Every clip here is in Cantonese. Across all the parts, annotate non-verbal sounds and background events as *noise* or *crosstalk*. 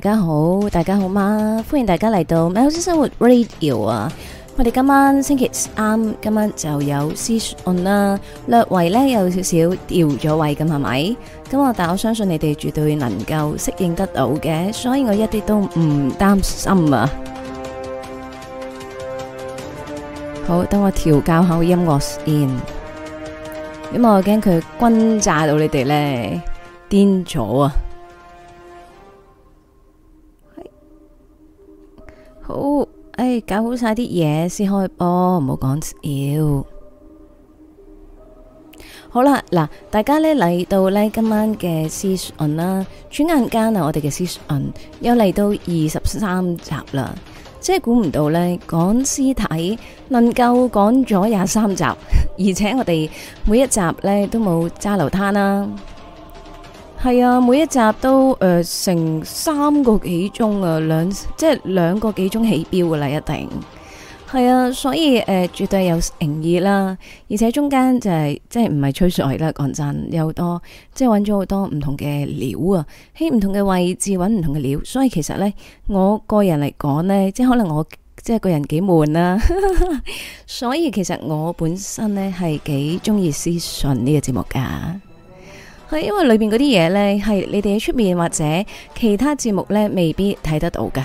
大家好，大家好啊！歡迎大家嚟到《喵式生活 Radio》啊！我哋今晚星期三，今晚就有試音啦。略為咧有少少調咗位咁係咪？咁我但我相信你哋絕對能夠適應得到嘅，所以我一啲都唔擔心啊！好，等我調校好音樂先，因為我驚佢轟炸到你哋咧癲咗啊！搞好晒啲嘢先開波，唔好講笑。好啦，嗱，大家呢嚟到呢今晚嘅屍訊啦，轉眼間啊，我哋嘅屍訊又嚟到二十三集啦，即係估唔到呢，講屍體能夠講咗廿三集，而且我哋每一集呢都冇揸流攤啦。係啊，每一集都誒、呃、成三個幾鐘啊，兩即係兩個幾鐘起標噶啦，一定係啊，所以誒、呃、絕對有誠意啦，而且中間就係、是、即係唔係吹水啦，講真有好多，即係揾咗好多唔同嘅料啊，喺唔同嘅位置揾唔同嘅料，所以其實呢，我個人嚟講呢，即係可能我即係個人幾悶啦、啊， *laughs* 所以其實我本身呢，係幾中意屍訊呢個節目噶。係因為裏面嗰啲嘢呢，係你哋喺出面或者其他節目呢未必睇得到噶。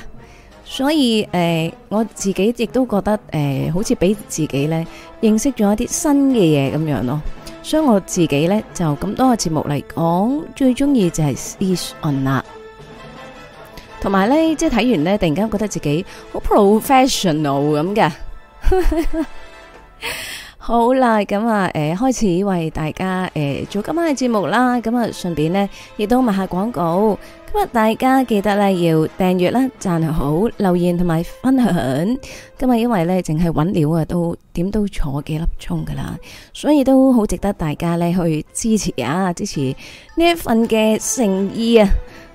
所以誒、呃，我自己亦都覺得誒、呃，好似俾自己呢認識咗一啲新嘅嘢咁樣咯。所以我自己呢，就咁多個節目嚟講，最中意就係屍訊啦。同埋呢，即係睇完呢，突然間覺得自己好 professional 咁嘅。 *laughs* 好啦，咁啊，誒，開始為大家誒做今晚嘅節目啦。咁啊，順便呢，亦都賣下廣告。今日大家記得呢，要訂閱啦，讚好，留言同埋分享。今日因為呢，淨係揾料啊，都點都坐幾粒鐘噶啦，所以都好值得大家呢去支持啊，支持呢一份嘅誠意啊。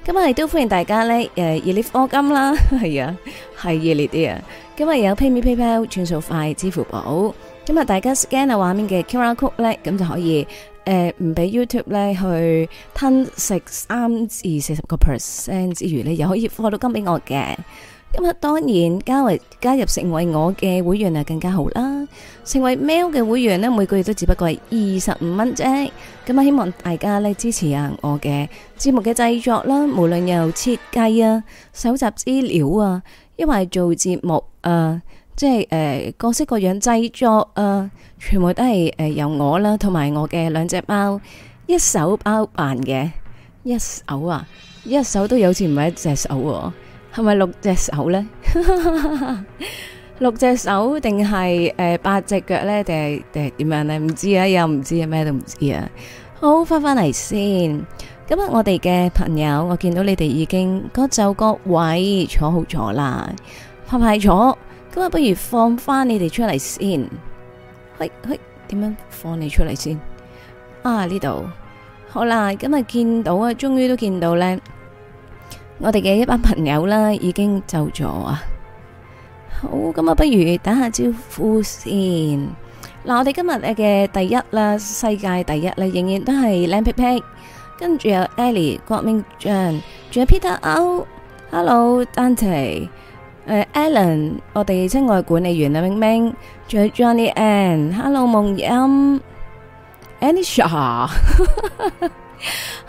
今日亦都歡迎大家呢，誒，熱烈課金啦，係 *laughs* 啊，係熱烈啲啊。今日有 PayMePayPal 轉數快，支付寶。今日大家 scan 啊畫面嘅 QR code 咧，咁就可以誒唔俾 YouTube 咧去吞食三至四十個 percent 之餘咧，又可以貨到金俾我嘅。咁啊，當然加為加入成為我嘅會員啊，更加好啦。成為 Mail 嘅會員咧，每個月都只不過係二十五蚊啫。咁啊，希望大家咧支持下我嘅節目嘅製作啦，無論又設計啊、搜集資料啊，因為做節目啊。即係誒，各式各樣製作啊，全部都係誒由我啦，同埋我嘅兩隻貓一手包辦嘅一手啊，一手都有似唔係一隻手喎、啊，係咪六隻手呢？ *laughs* 六隻手定係誒八隻腳呢？定係定係點樣呢？唔知啊，又唔知啊，咩都唔知啊。好，翻返嚟先，今日我哋嘅朋友，我見到你哋已經各就各位坐好坐啦，排排坐。咁啊，不如放翻你哋出嚟先，喂、哎、喂，點、哎、樣放你出嚟先？啊，呢度好啦，今日見到啊，終於都見到咧，我哋嘅一班朋友啦，已經走咗啊。好，咁啊，不如打下招呼先。嗱、啊，我哋今日嘅第一啦，世界第一啦，仍然都係靚皮皮，P ek，跟住有 Ellie、郭明俊，仲有 Peter 歐，Hello，Dante。O, Hello Dante。誒、uh,，Alan，我哋親愛管理員啊，明明，仲有 Johnny Ann，Hello n 夢音，Anisha，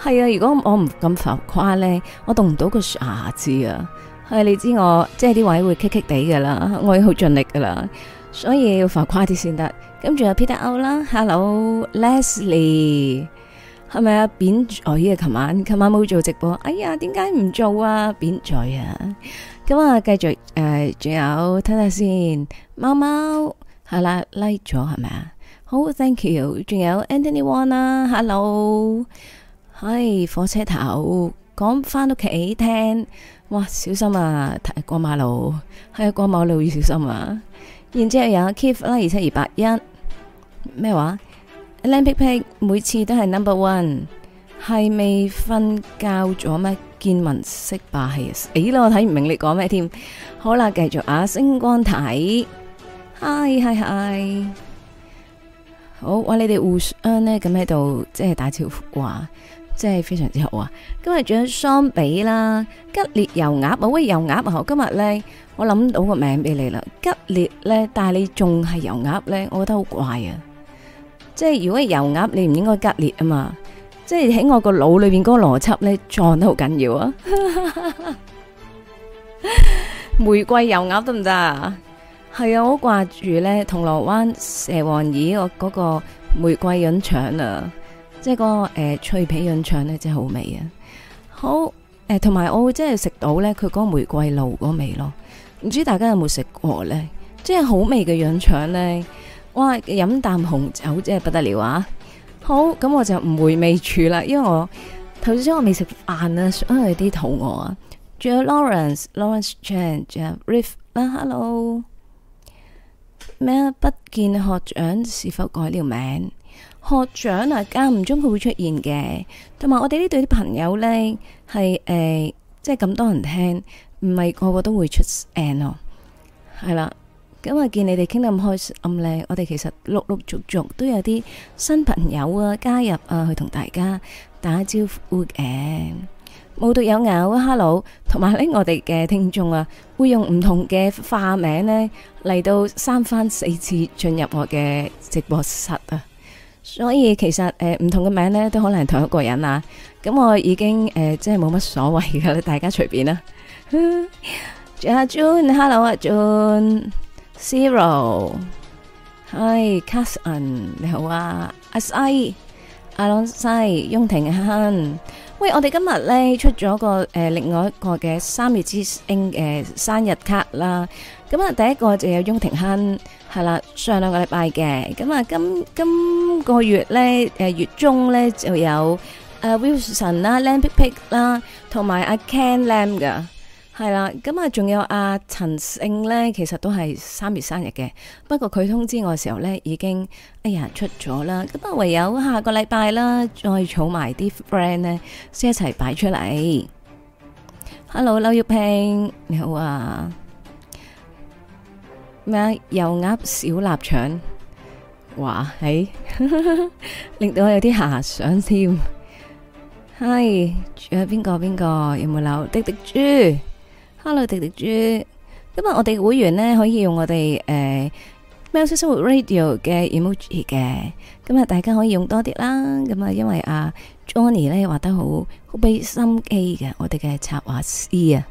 係 *laughs* 啊，如果我唔咁浮誇咧，我動唔到個 sha 字啊，係你知我，即係啲位會棘棘地噶啦，我已經好盡力噶啦，所以要浮誇啲先得。咁仲有 Peter O 啦，Hello Leslie。係咪啊？扁嘴啊！琴晚琴晚冇做直播，哎呀，點解唔做啊？扁嘴啊！咁啊，繼續誒，仲、呃、有睇睇先，貓貓係啦，like 咗係咪啊？好，thank you，仲有 Anthony Wong 啊，hello，哎，火車頭，講翻屋企聽，哇，小心啊，睇過馬路，係、哎、過馬路要小心啊！然之後有 Kev 啦二七二八一，咩話？靚屁屁每次都係 number one，係未瞓覺咗咩？見聞色霸氣，死啦，我睇唔明你講咩添。好啦，繼續啊，星光體，hi hi hi，好，話你哋互相咧咁喺度，即係打招呼啊，即係非常之好啊。今日仲有雙比啦，吉列油鴨，喂油鴨，今日咧我諗到個名俾你啦，吉列咧，但係你仲係油鴨咧，我覺得好怪啊。即係如果油鴨你唔應該吉列啊嘛，即係喺我個腦裏邊嗰個邏輯咧，撞得好緊要啊！ *laughs* 玫瑰油鴨得唔得啊？係啊，我掛住咧銅鑼灣蛇王椅嗰個玫瑰潤腸啊，即係、嗰個誒、呃、脆皮潤腸咧真係好味啊！好誒、同、呃、埋我會真係食到咧佢嗰個玫瑰露嗰味咯，唔知大家有冇食過咧？即係好味嘅潤腸咧。哇！飲啖紅酒真係不得了啊！好，咁我就唔回味住啦，因為我頭先我未食飯啊，所以有啲肚餓啊。仲有 Lawrence、Lawrence Chan 仲有 Riff 啦，Hello 咩？不見學長是否改呢個名？學長啊，間唔中佢會出現嘅。同埋我哋呢對啲朋友呢，係誒，即係咁多人聽，唔係個個都會出聲哦，係啦。咁啊！見你哋傾得咁開心咧，我哋其實陸陸續續都有啲新朋友啊加入啊，去同大家打招呼嘅。冇獨有偶，hello！同埋咧，我哋嘅聽眾啊，會用唔同嘅化名呢嚟到三番四次進入我嘅直播室啊。所以其實誒，唔、呃、同嘅名呢，都可能係同一個人啊。咁、嗯、我已經誒，即係冇乜所謂噶，大家隨便啦。 *laughs* John，hello，John。Zero，Hi，Carson，你好啊，阿西，阿隆西，翁庭亨，喂，我哋今日咧出咗個誒另外一個嘅三月之星誒生日卡啦，咁啊第一個就有翁庭亨係啦，上兩個禮拜嘅，咁啊今今個月咧誒月中咧就有誒 Wilson 啦、靚皮皮啦，同埋阿 Ken Lam 噶。係啦，咁啊，仲有阿陳勝咧，其實都係三月生日嘅，不過佢通知我嘅時候咧，已經哎呀出咗啦，咁啊唯有下個禮拜啦，再儲埋啲 friend 咧先一齊擺出嚟。Hello，劉玉平，你好啊！咩油鴨小臘腸話，哎， *laughs* 令到我有啲遐想添。係，仲有邊個邊個？有冇樓？滴滴豬？Hello，迪迪豬，今日我哋會員咧可以用我哋誒喵式生活 Radio 嘅 emoji 嘅，咁啊大家可以用多啲啦，咁啊因為阿、啊、Johnny 咧畫得好，好俾心機嘅，我哋嘅插畫師啊，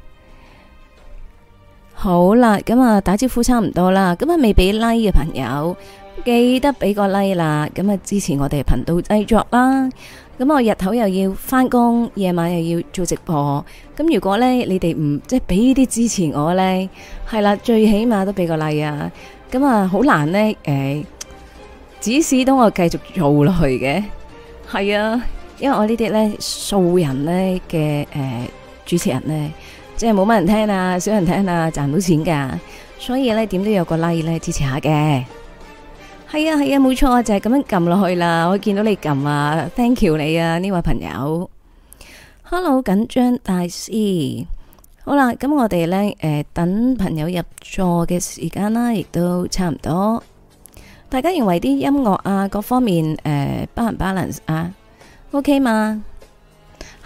好啦，咁啊打招呼差唔多啦，咁啊未俾 like 嘅朋友記得俾個 like 啦，咁啊支持我哋頻道製作啦。咁我日頭又要返工，夜晚又要做直播。咁如果呢，你哋唔即係俾呢啲支持我呢，係啦，最起碼都俾個 like 呀。啊！咁啊，好難呢，誒、欸，即使都我繼續做落去嘅，係啊，因為我呢啲呢素人呢嘅誒主持人呢，即係冇乜人聽啊，少人聽啊，賺到錢噶，所以呢，點都有個 l、like、呢支持下嘅。係啊，係啊，冇錯啊，沒錯就係咁樣撳落去啦。我見到你撳啊 *music* ，thank you 你啊呢位朋友。Hello，緊張大師。好啦，咁我哋呢，誒、呃、等朋友入座嘅時間啦，亦都差唔多。大家認為啲音樂啊各方面誒、呃、balance balance 啊，OK 嘛？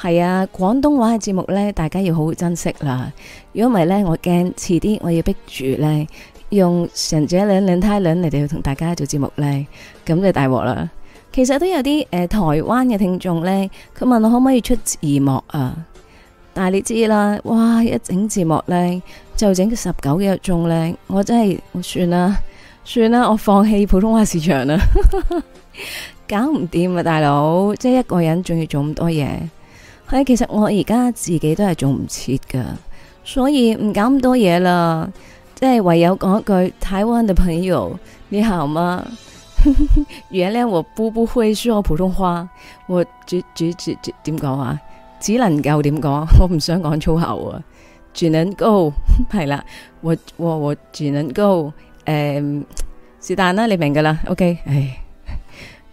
係啊，廣東話嘅節目呢，大家要好好珍惜啦。如果唔係呢，我驚遲啲我要逼住呢。用神者靚靚胎輪嚟，哋去同大家做節目呢，咁就大鑊啦。其實都有啲誒、呃，台灣嘅聽眾呢，佢問我可唔可以出字幕啊？但係你知啦，哇，一整字幕呢，就整十九幾個鐘呢。我真係我算啦算啦，我放棄普通話市場啦，搞唔掂啊，大佬！即係一個人仲要做咁多嘢，係其實我而家自己都係做唔切噶，所以唔搞咁多嘢啦。即係唯有講一句，台灣的朋友你好嗎？ *laughs* 原諒我不不會說普通話，我只只只只點講啊？只能夠點講？我唔想講粗口啊！只能夠係啦，我我我只能夠誒，是但啦，你明噶啦？OK，唉，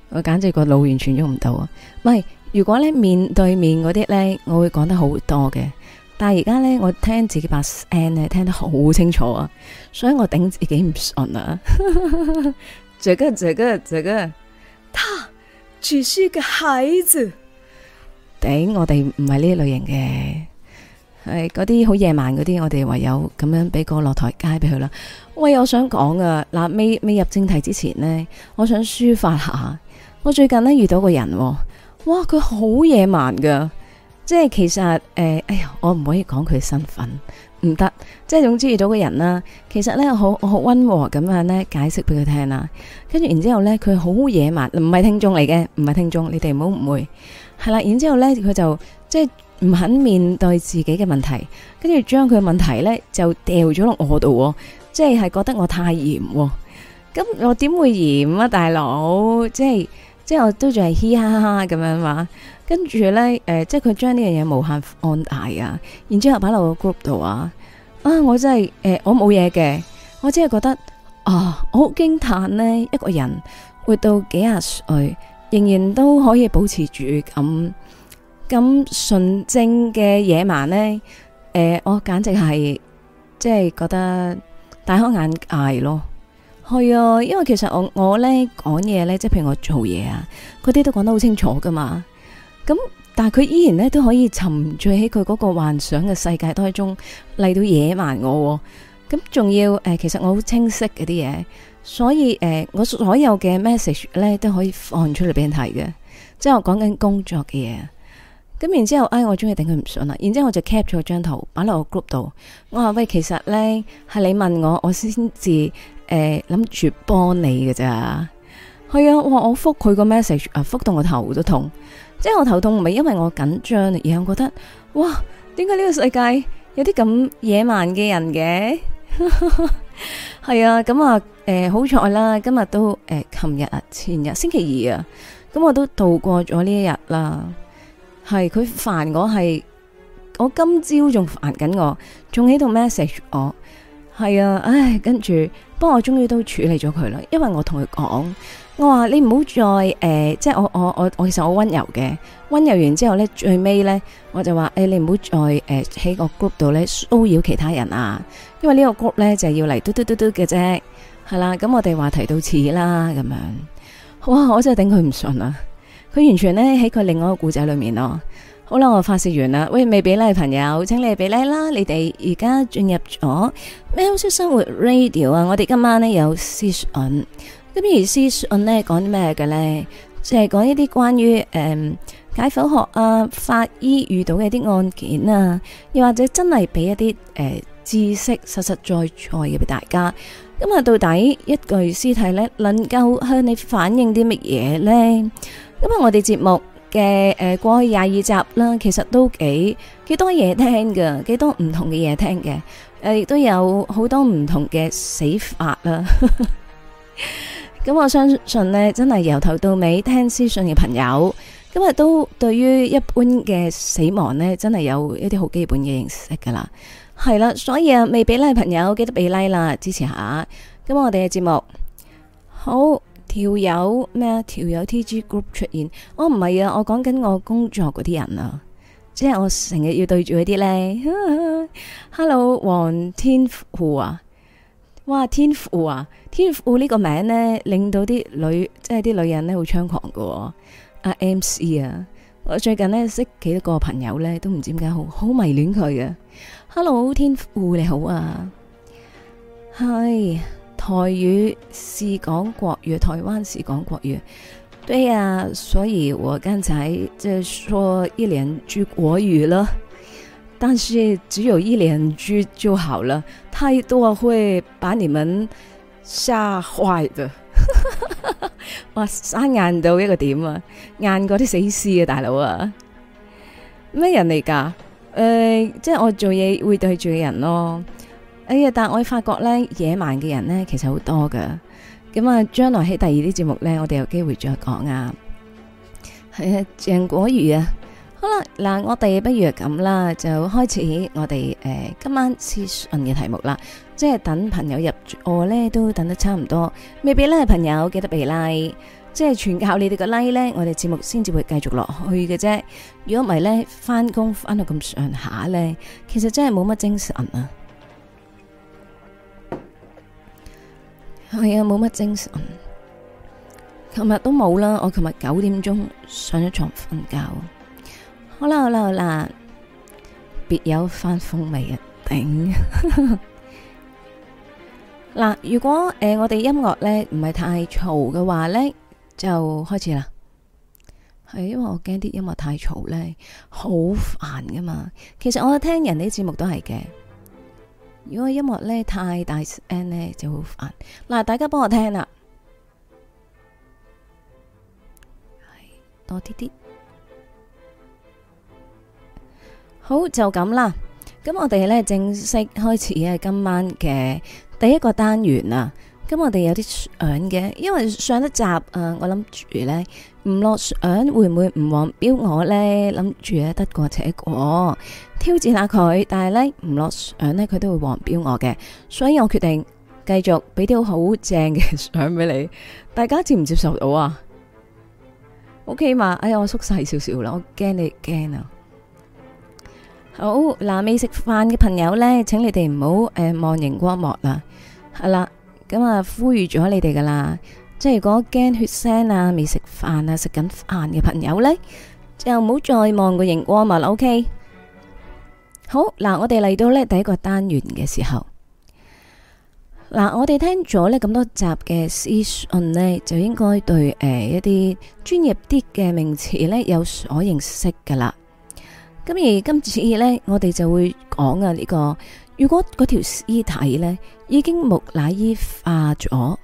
我簡直個腦完全喐唔到啊！唔係，如果咧面對面嗰啲咧，我會講得好多嘅。但係而家咧，我聽自己把聲咧，聽得好清楚啊！所以我頂自己唔順啊！ *laughs* *music* 這個這個這個，他只是一個孩子。頂我哋唔係呢類型嘅，係嗰啲好野蠻嗰啲，我哋唯有咁樣俾個落台階俾佢啦。喂，我想講啊，嗱，未未入正題之前呢，我想抒發下，我最近呢，遇到個人哦，哇，佢好野蠻噶。即係其實誒，哎、欸、呀，我唔可以講佢身份，唔得。即係總之遇到嘅人啦，其實咧好，我好温和咁樣咧解釋俾佢聽啦。跟住然之後咧，佢好野蠻，唔係聽眾嚟嘅，唔係聽眾，你哋唔好誤會。係啦，然之後咧，佢就即係唔肯面對自己嘅問題，跟住將佢問題咧就掉咗落我度，即係係覺得我太嚴。咁我點會嚴啊，大佬？即係即係我都仲係嘻哈哈咁樣話。跟住呢，呃、即係佢將呢樣嘢無限放大啊！然之後擺落個 group 度啊，啊，我真係我冇嘢嘅，我真係覺得啊，我好驚歎呢，一個人活到幾廿歲，仍然都可以保持住咁咁純正嘅野蠻呢、呃。我簡直係即係覺得大開眼界咯。係啊、哦，因為其實我我呢講嘢呢，即係譬如我做嘢啊，嗰啲都講得好清楚噶嘛。咁，但係佢依然咧都可以沉醉喺佢嗰個幻想嘅世界當中，嚟到野蠻我、哦。咁仲要誒、呃，其實我好清晰嗰啲嘢，所以誒、呃，我所有嘅 message 咧都可以放出嚟俾人睇嘅。即係我講緊工作嘅嘢，咁然之後，哎，我終於頂佢唔順啦。然之後我就 cap 咗張圖擺落我 group 度，我話喂，其實咧係你問我，我先至誒諗住幫你㗎咋。係啊。我我覆佢個 message 啊，覆到我頭都痛。即係我頭痛唔係因為我緊張啦，而我覺得哇，點解呢個世界有啲咁野蠻嘅人嘅？係 *laughs* 啊，咁、嗯、啊，誒，好彩啦，今日都誒，琴日啊，前日星期二啊，咁、嗯、我都度過咗呢一日啦。係佢煩我，係我今朝仲煩緊我，仲喺度 message 我。係啊，唉，跟住，不過我終於都處理咗佢啦，因為我同佢講。我話你唔好再誒，即係我我我我其實好溫柔嘅，溫柔完之後咧，最尾咧我就話誒，你唔好再誒喺個 group 度咧騷擾其他人啊，因為呢個 group 咧就要嚟嘟嘟嘟嘟嘅啫，係啦，咁我哋話題到此啦，咁樣，哇，我真係頂佢唔順啊，佢完全咧喺佢另外一個故仔裏面咯，好啦，我發洩完啦，喂，未俾力朋友，請你俾力啦，你哋而家進入咗喵式生活 Radio 啊，我哋今晚咧有屍訊。咁而屍訊呢講咩嘅呢？就係、是、講一啲關於誒、呃、解剖學啊、法醫遇到嘅啲案件啊，又或者真係俾一啲誒、呃、知識實實在在嘅俾大家。咁、嗯、啊，到底一具屍體呢，能夠向你反映啲乜嘢呢？咁、嗯、啊，我哋節目嘅誒、呃、過去廿二集啦，其實都幾幾多嘢聽㗎，幾多唔同嘅嘢聽嘅，誒、呃、亦都有好多唔同嘅死法啦。 *laughs* 咁我相信呢，真係由頭到尾聽屍訊嘅朋友，今日都對於一般嘅死亡呢，真係有一啲好基本嘅認識噶啦。係啦，所以啊，未俾拉嘅朋友記得俾拉、like、啦，支持下。今日我哋嘅節目好，條友咩啊？條友 TG group 出現？哦，唔係啊，我講緊我工作嗰啲人啊，即係我成日要對住佢啲呢。 *laughs* Hello，黃天富啊！哇！天喵啊，天喵呢個名呢，令到啲女即係啲女人呢，好猖狂噶、哦。阿 M C 啊，我最近呢識幾多個朋友呢，都唔知點解好好迷戀佢嘅。Hello，天喵你好啊，係，台語是講國語，台灣是講國語，對啊，所以我剛才即係就說一兩句國語囉。但是只有一兩句就好了，太多會把你們嚇壞的。 *laughs* 哇，生硬到一個點啊，硬過啲死屍啊，大佬啊，咩人嚟噶？誒、呃，即係我做嘢會對住嘅人咯。哎呀，但係我發覺咧，野蠻嘅人咧，其實好多噶。咁啊，將來喺第二啲節目咧，我哋有機會再講啊。係、哎、啊，鄭果如啊。好啦，嗱，我哋不如咁啦，就開始我哋誒、呃、今晚屍訊嘅題目啦。即係等朋友入，住我呢，都等得差唔多，未必呢，朋友記得俾 l、like, 即係全靠你哋個 like 呢，我哋節目先至會繼續落去嘅啫。如果唔係呢，翻工翻到咁上下呢，其實真係冇乜精神啊。係、哎、啊，冇乜精神。琴日都冇啦，我琴日九點鐘上咗床瞓覺。好啦好啦，嗱，別有番風味嘅頂。嗱， *laughs* 如果誒、呃、我哋音樂咧唔係太嘈嘅話咧，就開始啦。係因為我驚啲音樂太嘈咧，好煩噶嘛。其實我聽人哋節目都係嘅。如果音樂咧太大 N 咧，就好煩。嗱，大家幫我聽啦，係多啲啲。好就咁啦，咁我哋咧正式開始係今晚嘅第一個單元啦。咁我哋有啲相嘅，因為上一集誒，我諗住呢，唔落相會唔會唔黃標我呢？諗住得過且過，挑戰下佢。但係呢，唔落相呢，佢都會黃標我嘅。所以我決定繼續俾啲好正嘅相俾你，大家接唔接受到啊？O K 嘛？哎呀，我縮細少少啦，我驚你驚啊！好嗱，未食飯嘅朋友呢，請你哋唔好誒望熒光幕啦，係啦，咁啊呼籲咗你哋噶啦。即係如果驚血腥啊，未食飯啊，食緊飯嘅朋友呢，就唔好再望個熒光幕啦。O、OK? K，好嗱、呃，我哋嚟到呢第一個單元嘅時候，嗱、呃，我哋聽咗呢咁多集嘅資 n 呢，就應該對誒、呃、一啲專業啲嘅名詞呢有所認識噶啦。咁而今次咧，我哋就會講啊呢個，如果嗰條屍體咧已經木乃伊化咗，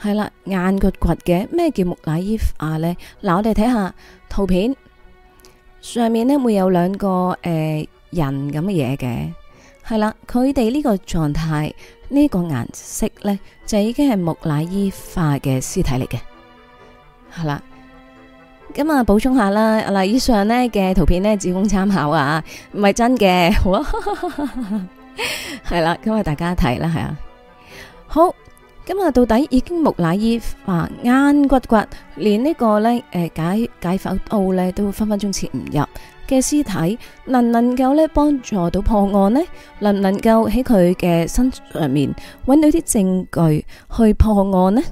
係啦，硬掘掘嘅，咩叫木乃伊化咧？嗱，我哋睇下圖片上面咧會有兩個誒、呃、人咁嘅嘢嘅，係啦，佢哋呢個狀態呢、呢個顏色咧就已經係木乃伊化嘅屍體嚟嘅，係啦。咁啊，補充下啦，嗱，以上咧嘅圖片呢，只供參考啊，唔係真嘅，好啊，係啦，咁啊，大家睇啦，係啊，好，咁啊，到底已經木乃伊化硬骨骨，連呢個咧，誒解解剖刀咧，都分分鐘切唔入嘅屍體，能唔能夠呢？幫助到破案呢？能唔能夠喺佢嘅身上面揾到啲證據去破案呢？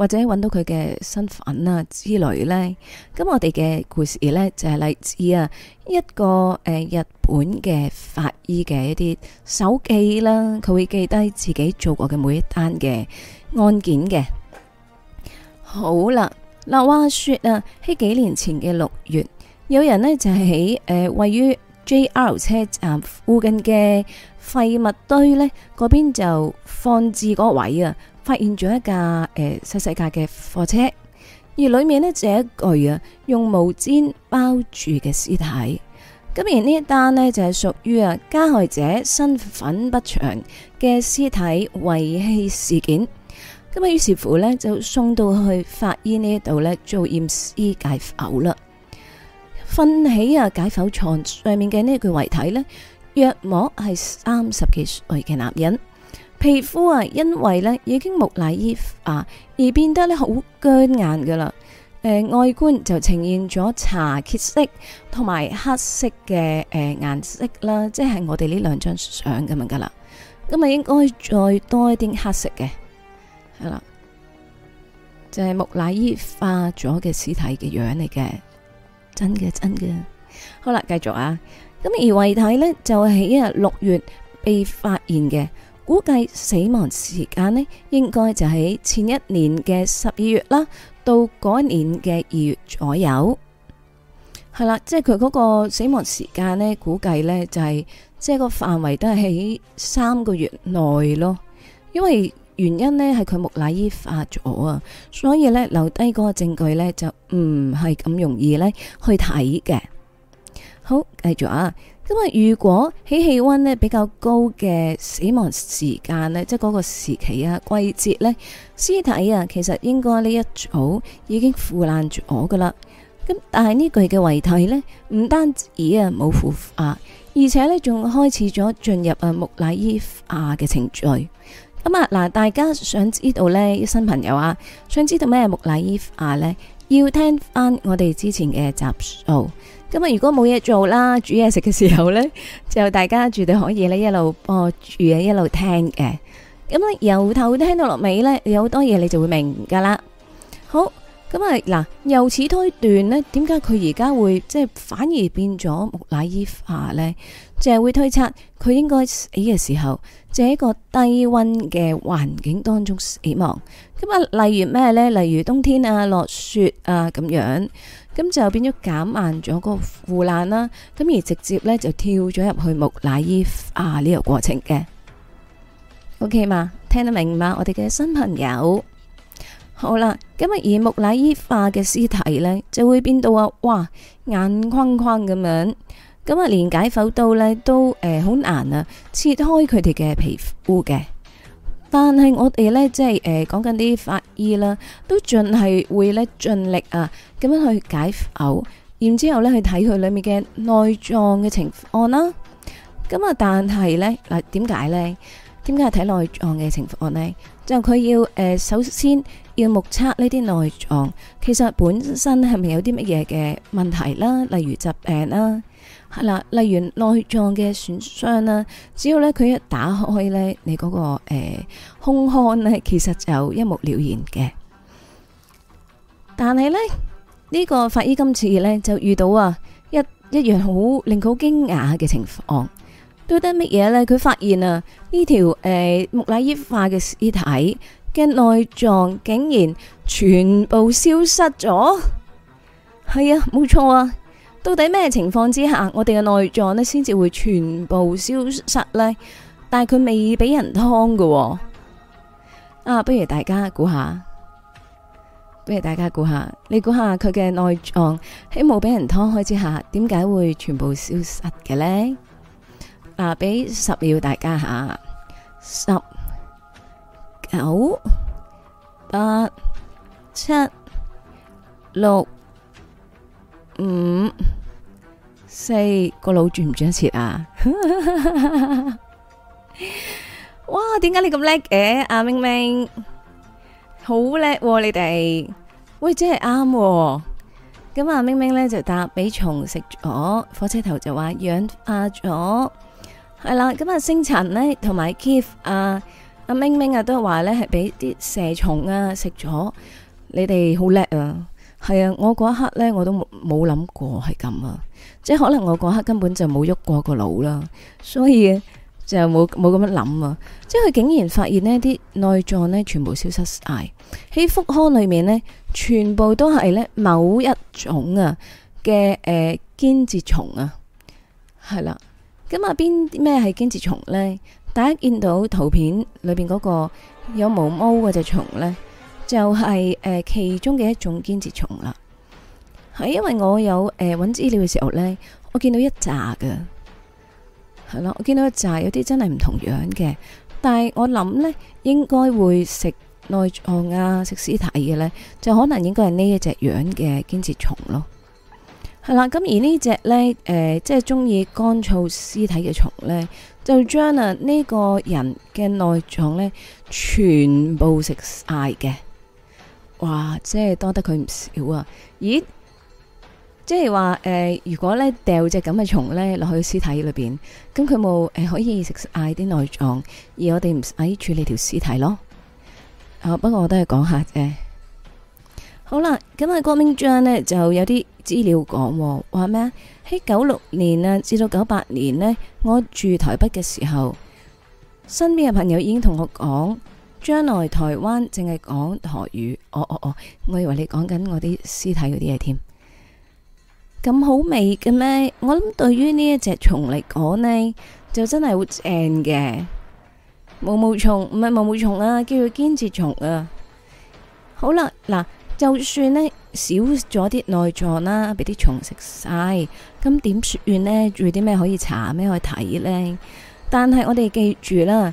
或者揾到佢嘅身份啊之類呢。咁我哋嘅故事呢，就係、是、嚟自啊，一個誒、呃、日本嘅法醫嘅一啲手記啦，佢會記低自己做過嘅每一單嘅案件嘅。好啦，嗱話説啊，喺幾年前嘅六月，有人呢就係喺誒位於 JR 車站附近嘅廢物堆呢嗰邊就放置嗰個位啊。發現咗一架誒細細架嘅貨車，而裏面呢，就一具啊用毛氈包住嘅屍體。咁而這一呢一單呢就係屬於啊加害者身份不詳嘅屍體遺棄事件。咁啊於是乎呢，就送到去法醫呢度呢，做驗屍解剖啦。瞓喺啊解剖床上面嘅呢具遺體呢，約莫係三十幾歲嘅男人。皮膚啊，因為咧已經木乃伊啊，而變得咧好僵硬噶啦。誒、呃，外觀就呈現咗茶褐色同埋黑色嘅誒顏色啦，即係我哋呢兩張相咁樣噶啦。咁咪應該再多一啲黑色嘅係啦，就係、是、木乃伊化咗嘅屍體嘅樣嚟嘅，真嘅真嘅。好啦，繼續啊。咁而遺體咧就喺啊六月被發現嘅。估計死亡時間咧，應該就喺前一年嘅十二月啦，到嗰年嘅二月左右，係啦，即係佢嗰個死亡時間咧，估計呢、就係，就係，即係個範圍都係喺三個月內咯。因為原因呢係佢木乃伊化咗啊，所以呢留低嗰個證據呢，就唔係咁容易呢去睇嘅。好，繼續啊！咁啊，如果喺氣温咧比較高嘅死亡時間咧，即係嗰個時期啊季節，呢屍體啊其實應該呢一早已經腐爛咗㗎啦。咁但係呢具嘅遺體呢，唔單止啊冇腐化，而且呢仲開始咗進入啊木乃伊化嘅程序。咁啊嗱，大家想知道呢，新朋友啊，想知道咩木乃伊化呢？要聽翻我哋之前嘅集數。咁啊，如果冇嘢做啦，煮嘢食嘅時候呢，就大家絕對可以呢一路播住嘢，一路聽嘅。咁咧由頭聽到落尾呢，有好多嘢你就會明噶啦。好，咁啊嗱，由此推斷呢，點解佢而家會即係反而變咗木乃伊化呢？就係會推測佢應該死嘅時候，就係一個低温嘅環境當中死亡。咁啊，例如咩呢？例如冬天啊，落雪啊，咁樣。咁就變咗減慢咗個腐爛啦，咁而直接呢，就跳咗入去木乃伊化呢個過程嘅，OK 嘛？聽得明嘛？我哋嘅新朋友好啦，咁啊而木乃伊化嘅屍體呢，就會變到啊，哇眼框框咁樣，咁啊連解剖刀呢都誒好難啊，切開佢哋嘅皮膚嘅。但係我哋咧，即係誒，講緊啲法醫啦，都盡係會咧盡力啊，咁樣去解剖，然之後咧去睇佢裏面嘅內臟嘅情況啦。咁啊，但係咧嗱，點解咧？點解係睇內臟嘅情況咧？就係佢要誒，首先要目測呢啲內臟，其實本身係咪有啲乜嘢嘅問題啦？例如疾病啦。係啦，例如內臟嘅損傷啦，只要咧佢一打開咧，你嗰、那個誒胸腔咧，其實就一目了然嘅。但係咧，呢、這個法醫今次咧就遇到啊一一樣好令佢好驚訝嘅情況，到底乜嘢咧？佢發現啊，呢條誒木乃伊化嘅屍體嘅內臟竟然全部消失咗。係啊，冇錯啊。到底咩情況之下，我哋嘅內臟呢先至會全部消失呢？但係佢未俾人劏㗎喎。啊！不如大家估下，不如大家估下，你估下佢嘅內臟，喺冇俾人劏開之下，點解會全部消失嘅呢？啊！俾十秒大家吓，十、九、八、七、六、。五四，個腦轉唔轉得切啊！哇，點解你咁叻嘅？阿明明好叻，你哋喂，真係啱。咁阿明明咧就答俾蟲食咗，火車頭就話養化咗。係啦，咁啊，星塵咧同埋 Kif 啊，阿明明啊都係話咧係俾啲蛇蟲啊食咗。你哋好叻啊！係啊，我嗰一刻呢，我都冇冇諗過係咁啊！即係可能我嗰刻根本就冇喐過個腦啦，所以就冇冇咁樣諗啊！即係佢竟然發現呢啲內臟呢全部消失晒，喺腹腔裏面呢，全部都係呢某一種啊嘅誒堅節蟲啊，係啦。咁啊，邊咩係堅節蟲呢？大家見到圖片裏邊嗰個有毛毛嗰隻蟲呢。就係、是、誒、呃、其中嘅一種堅節蟲啦，係因為我有誒搵資料嘅時候呢，我見到一扎嘅，係啦，我見到一紮有啲真係唔同樣嘅，但係我諗呢應該會食內臟啊食屍體嘅呢，就可能應該係呢一隻樣嘅堅節蟲咯，係啦，咁而呢隻呢，誒、呃，即係鍾意乾燥屍體嘅蟲呢，就將啊呢個人嘅內臟呢全部食晒嘅。哇，即係多得佢唔少啊！咦，即係話誒，如果呢掉隻咁嘅蟲呢落去屍體裏邊，咁佢冇誒可以食晒啲內臟，而我哋唔使處理條屍體咯。啊，不過我都係講下啫。好啦，咁啊，郭明章呢就有啲資料講，哦，話咩？喺九六年啊，至到九八年呢，我住台北嘅時候，身邊嘅朋友已經同我講。將來台灣淨係講台語，哦哦哦，我以為你講緊我啲屍體嗰啲嘢添，咁好味嘅咩？我諗對於呢一隻蟲嚟講呢，就真係好正嘅毛毛蟲，唔係毛毛蟲啊，叫做堅節蟲啊。好啦，嗱，就算呢少咗啲內臟啦，俾啲蟲食晒，咁點算呢？仲有啲咩可以查咩可以睇呢？但係我哋記住啦，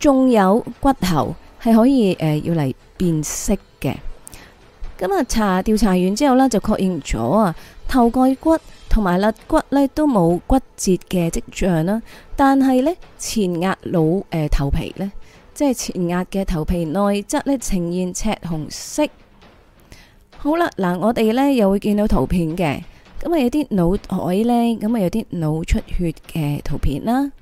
仲有骨頭。係可以誒、呃，要嚟辨識嘅。咁啊，查調查完之後呢，就確認咗啊，頭蓋骨同埋肋骨呢都冇骨折嘅跡象啦。但係呢，前額腦誒頭皮呢，即係前額嘅頭皮內側呢，呈現赤紅色。好啦，嗱，我哋呢又會見到圖片嘅。咁啊，有啲腦海呢，咁啊有啲腦出血嘅圖片啦。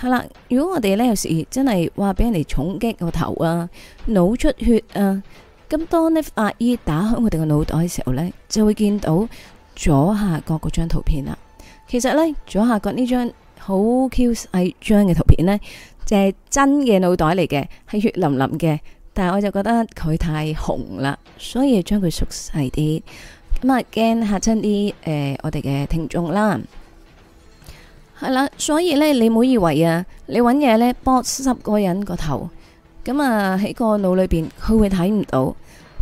係啦，如果我哋咧有時真係話俾人哋重擊個頭啊，腦出血啊，咁當呢法醫打開我哋個腦袋嘅時候咧，就會見到左下角嗰張圖片啦。其實咧左下角呢張好 Q 細張嘅圖片咧，就係、是、真嘅腦袋嚟嘅，係血淋淋嘅。但係我就覺得佢太紅啦，所以將佢縮細啲，咁啊驚嚇親啲誒我哋嘅聽眾啦。係啦，所以呢，你唔好以為啊，你揾嘢呢，剝濕個人個頭，咁啊喺個腦裏邊佢會睇唔到。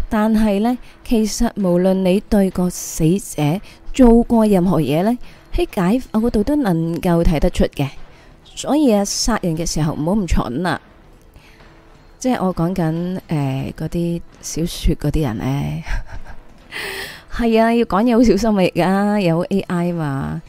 但係呢，其實無論你對個死者做過任何嘢呢，喺解剖度都能夠睇得出嘅。所以啊，殺人嘅時候唔好咁蠢啊！即係我講緊誒嗰啲小說嗰啲人呢，係 *laughs* 啊，要講嘢好小心咪㗎，有 AI 嘛。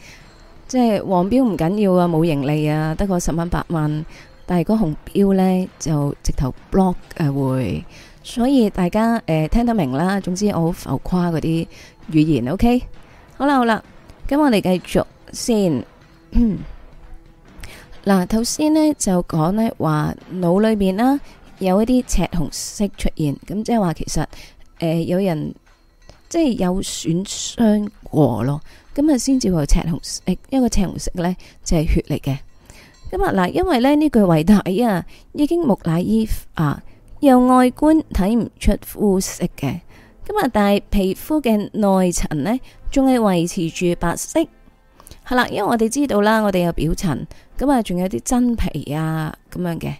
即係黃標唔緊要啊，冇盈利啊，得個十蚊八蚊，但係個紅標呢就直頭 block 誒會，所以大家誒、呃、聽得明啦。總之我好浮誇嗰啲語言，OK？好啦好啦，咁我哋繼續先。嗱， *coughs* 頭先呢就講呢話腦裡面啦有一啲赤紅色出現，咁即係話其實誒、呃、有人即係有損傷過咯。咁啊，先至會赤紅色，一個赤紅色呢就係血嚟嘅。咁啊嗱，因為咧呢具遺體啊，已經木乃伊啊，又外觀睇唔出膚色嘅。咁啊，但係皮膚嘅內層呢，仲係維持住白色。係啦，因為我哋知道啦，我哋有表層，咁啊，仲有啲真皮啊咁樣嘅，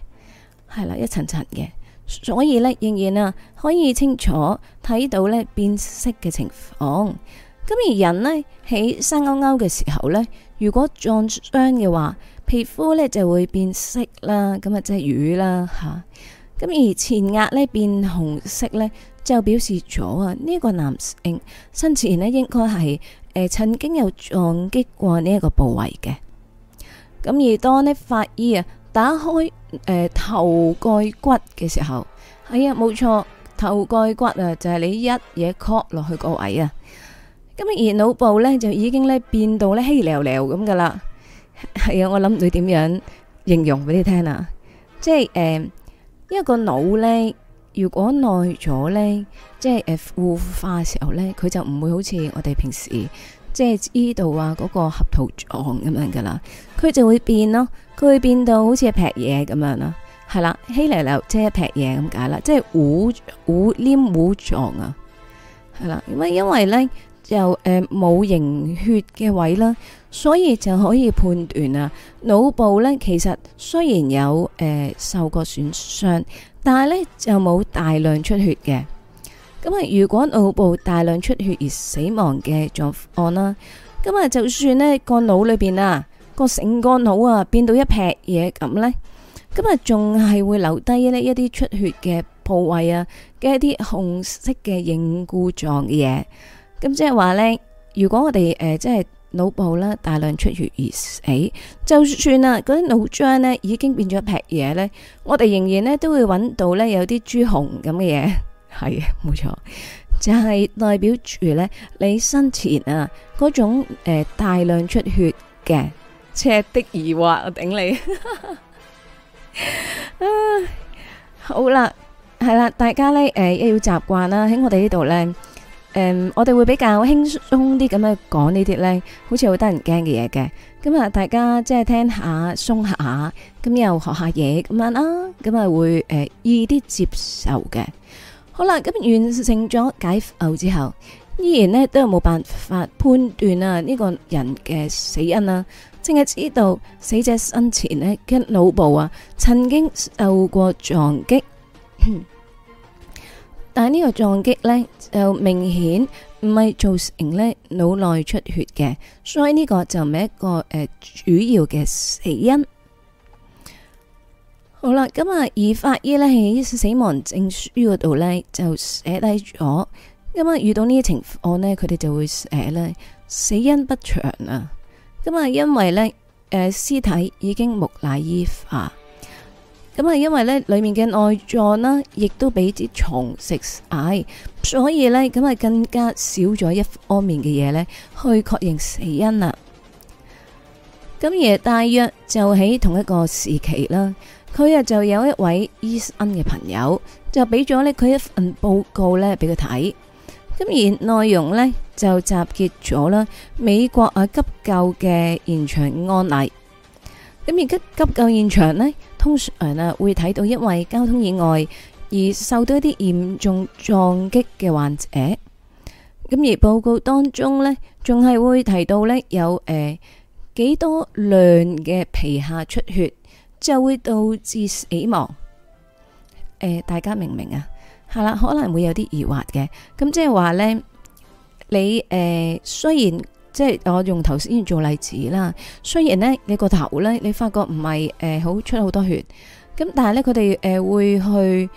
係啦一層層嘅，所以呢，仍然啊可以清楚睇到呢變色嘅情況。咁而人呢，喺生勾勾嘅時候呢，如果撞傷嘅話，皮膚呢就會變色啦。咁啊，即係瘀啦吓。咁而前額呢變紅色呢，就表示咗啊，呢個男性生前呢應該係誒曾經有撞擊過呢一個部位嘅。咁而當呢法醫啊打開誒、呃、頭蓋骨嘅時候，係啊冇錯，頭蓋骨啊就係、是、你一嘢 collapse 落去個位啊。咁而腦部咧就已經咧變到咧稀寥寥咁噶啦。係啊，我諗唔到點樣形容俾你聽啊。即係誒，因為、呃、個腦咧，如果耐咗咧，即係誒腐化嘅時候咧，佢就唔會好似我哋平時即係呢度啊嗰、那個合桃狀咁樣噶啦。佢就會變咯，佢會變到好似一劈嘢咁樣啦。係啦，稀寥寥即係一劈嘢咁解啦，即係糊糊黏糊狀啊。係啦，咁啊，因為咧。有誒冇凝血嘅位啦，所以就可以判斷啦、啊。腦部呢，其實雖然有誒、呃、受過損傷，但係呢就冇大量出血嘅。咁啊，如果腦部大量出血而死亡嘅狀況啦，咁啊，就算呢個腦裏邊啊個成個腦啊變到一劈嘢咁呢，咁啊，仲係會留低呢一啲出血嘅部位啊，嘅一啲紅色嘅凝固狀嘅嘢。咁即係話呢，如果我哋誒、呃，即係腦部咧大量出血而死，就算啊嗰啲腦漿咧已經變咗一劈嘢呢，我哋仍然咧都會揾到咧有啲豬紅咁嘅嘢，係冇錯，就係、是、代表住咧你生前啊嗰種誒、呃、大量出血嘅赤的疑惑，我頂你、 *laughs* 啊、好啦，係啦，大家呢，誒、呃，一要習慣啦，喺我哋呢度呢。誒、嗯，我哋會比較輕鬆啲咁樣講呢啲咧，好似好得人驚嘅嘢嘅。咁啊，大家即係聽下鬆下，咁又學下嘢咁樣啦。咁啊，會誒易啲接受嘅。好啦，咁、嗯、完成咗解剖之後，依然咧都係冇辦法判斷啊呢個人嘅死因啦。淨係知道死者生前咧，佢腦部啊曾經受過撞擊。 *laughs* 但係呢個撞擊呢，就明顯唔係造成呢腦內出血嘅，所以呢個就唔係一個誒、呃、主要嘅死因。好啦，咁啊，而法醫呢，喺死亡證書嗰度呢，就寫低咗。咁啊遇到呢啲情況呢，佢哋就會寫呢：「死因不詳啊。」咁啊，因為呢，誒、呃、屍體已經木乃伊化。咁係因為呢裏面嘅內臟呢，亦都俾啲蟲食晒，所以呢，咁係更加少咗一方面嘅嘢呢，去確認死因啦。咁而大約就喺同一個時期啦，佢啊就有一位醫生嘅朋友就俾咗呢佢，一份報告呢俾佢睇。咁而內容呢，就集結咗啦，美國啊急救嘅現場案例。咁而急急救現場呢，通常啊，會睇到因為交通意外而受到一啲嚴重撞擊嘅患者。咁而報告當中呢，仲係會提到呢，有、呃、誒幾多量嘅皮下出血，就會導致死亡。誒、呃，大家明唔明啊？係啦，可能會有啲疑惑嘅。咁即係話呢，你誒、呃、雖然。即係我用頭先做例子啦。雖然咧，你個頭咧，你發覺唔係誒，好出好多血咁，但係咧，佢哋誒會去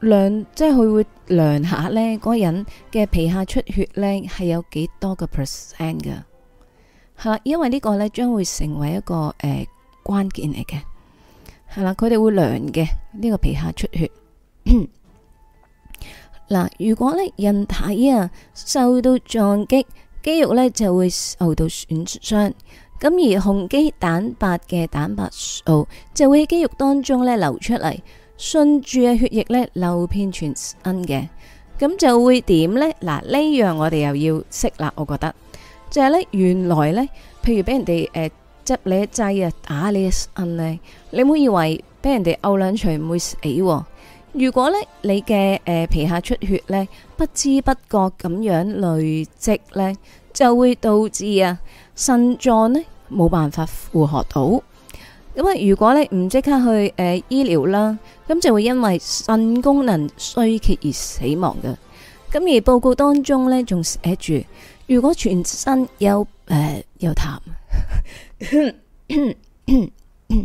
量，即係佢會量下咧，嗰個人嘅皮下出血咧係有幾多個 percent 㗎，係啦，因為呢個咧將會成為一個誒關鍵嚟嘅，係啦，佢哋會量嘅呢個皮下出血嗱。 *coughs* 如果咧人體啊受到撞擊。肌肉呢就會受到損傷，咁而紅肌蛋白嘅蛋白素就會喺肌肉當中呢流出嚟，順住啊血液呢流遍全身嘅，咁就會點呢？嗱，呢樣我哋又要識啦，我覺得就係呢，原來呢，譬如俾人哋誒執你一劑啊，打你一針呢，你唔好以為俾人哋毆兩錘唔會死，啊？如果咧，你嘅誒皮下出血咧，不知不覺咁樣累積咧，就會導致啊腎臟呢冇辦法負荷到。咁啊，如果你唔即刻去誒醫療啦，咁就會因為腎功能衰竭而死亡嘅。咁而報告當中呢，仲寫住如果全身有誒、呃有， *laughs* 有，呃、有痰，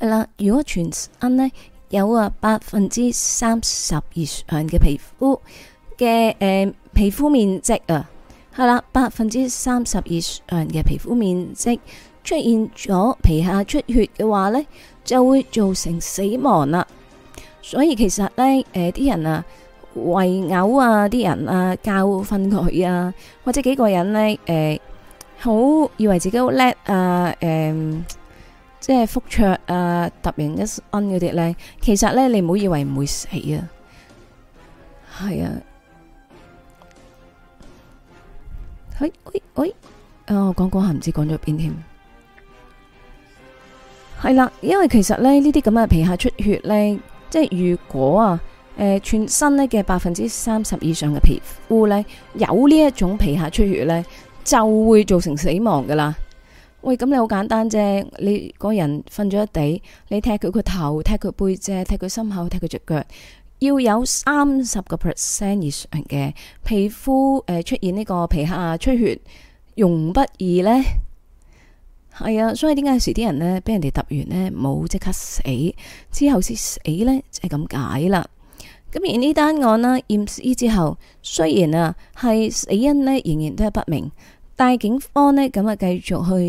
係啦，如果全身呢。」有啊，百分之三十以上嘅皮膚嘅誒皮膚面積啊，係啦，百分之三十以上嘅皮膚面積出現咗皮下出血嘅話咧，就會造成死亡啦。所以其實咧，誒、呃、啲人啊，圍毆啊，啲人啊，教訓佢啊，或者幾個人咧，誒、呃，好以為自己好叻啊，誒、呃。即係腹灼啊，突然一 un 嗰啲呢。其實呢，你唔好以為唔會死啊，係啊，喂、哎、喂、哎哎哦、啊我講講下唔知講咗邊添，係啦，因為其實咧呢啲咁嘅皮下出血呢，即係如果啊，誒、呃、全身咧嘅百分之三十以上嘅皮膚呢，有呢一種皮下出血呢，就會造成死亡噶啦。喂，咁你好簡單啫，你個人瞓咗一地，你踢佢個頭，踢佢背脊，踢佢心口，踢佢隻腳，要有三十個 percent 以上嘅皮膚誒、呃、出現呢個皮下出血容不易呢？係啊，所以點解有時啲人呢，俾人哋揼完呢，冇即刻死，之後先死呢？就係、是、咁解啦。咁而呢單案呢，驗屍之後，雖然啊係死因呢，仍然都係不明。大警方呢，咁啊，繼續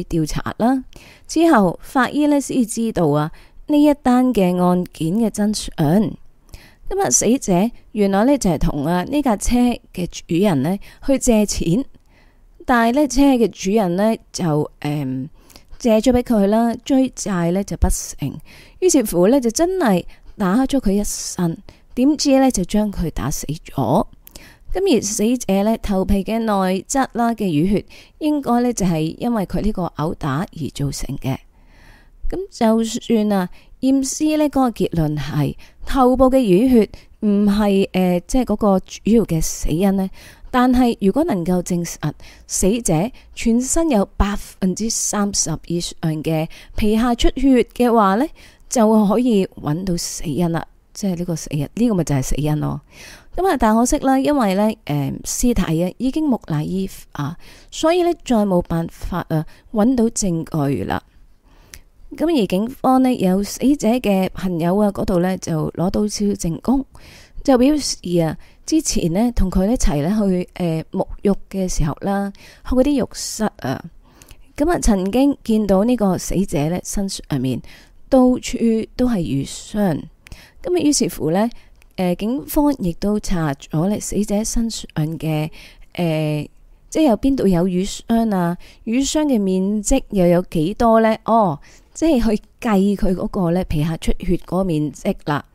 去調查啦。之後法醫呢先知道啊，呢一單嘅案件嘅真相。咁啊，死者原來呢就係同啊呢架車嘅主人呢去借錢，但係呢車嘅主人呢就誒、嗯、借咗俾佢啦，追債呢就不成，於是乎呢，就真係打咗佢一身，點知呢就將佢打死咗。咁而死者咧頭皮嘅內側啦嘅淤血，應該咧就係因為佢呢個毆打而造成嘅。咁就算啊，驗屍呢個結論係頭部嘅淤血唔係誒即係嗰個主要嘅死因呢。但係如果能夠證實死者全身有百分之三十以上嘅皮下出血嘅話呢，就可以揾到死因啦。即係呢個死因呢，呢個咪就係死因咯。咁啊，但可惜啦，因為咧，誒、呃，屍體啊已經木乃伊啊，所以咧，再冇辦法啊，搵到證據啦。咁而警方呢，有死者嘅朋友啊，嗰度咧就攞到少少證供，就表示啊，之前呢同佢一齊咧去誒、呃、沐浴嘅時候啦，去嗰啲浴室啊，咁啊曾經見到呢個死者咧身上面到處都係瘀傷，咁啊於是乎咧。誒，警方亦都查咗咧死者身上嘅誒、呃，即係有邊度有瘀傷啊？瘀傷嘅面積又有幾多呢？哦，即係去計佢嗰個咧皮下出血嗰個面積啦。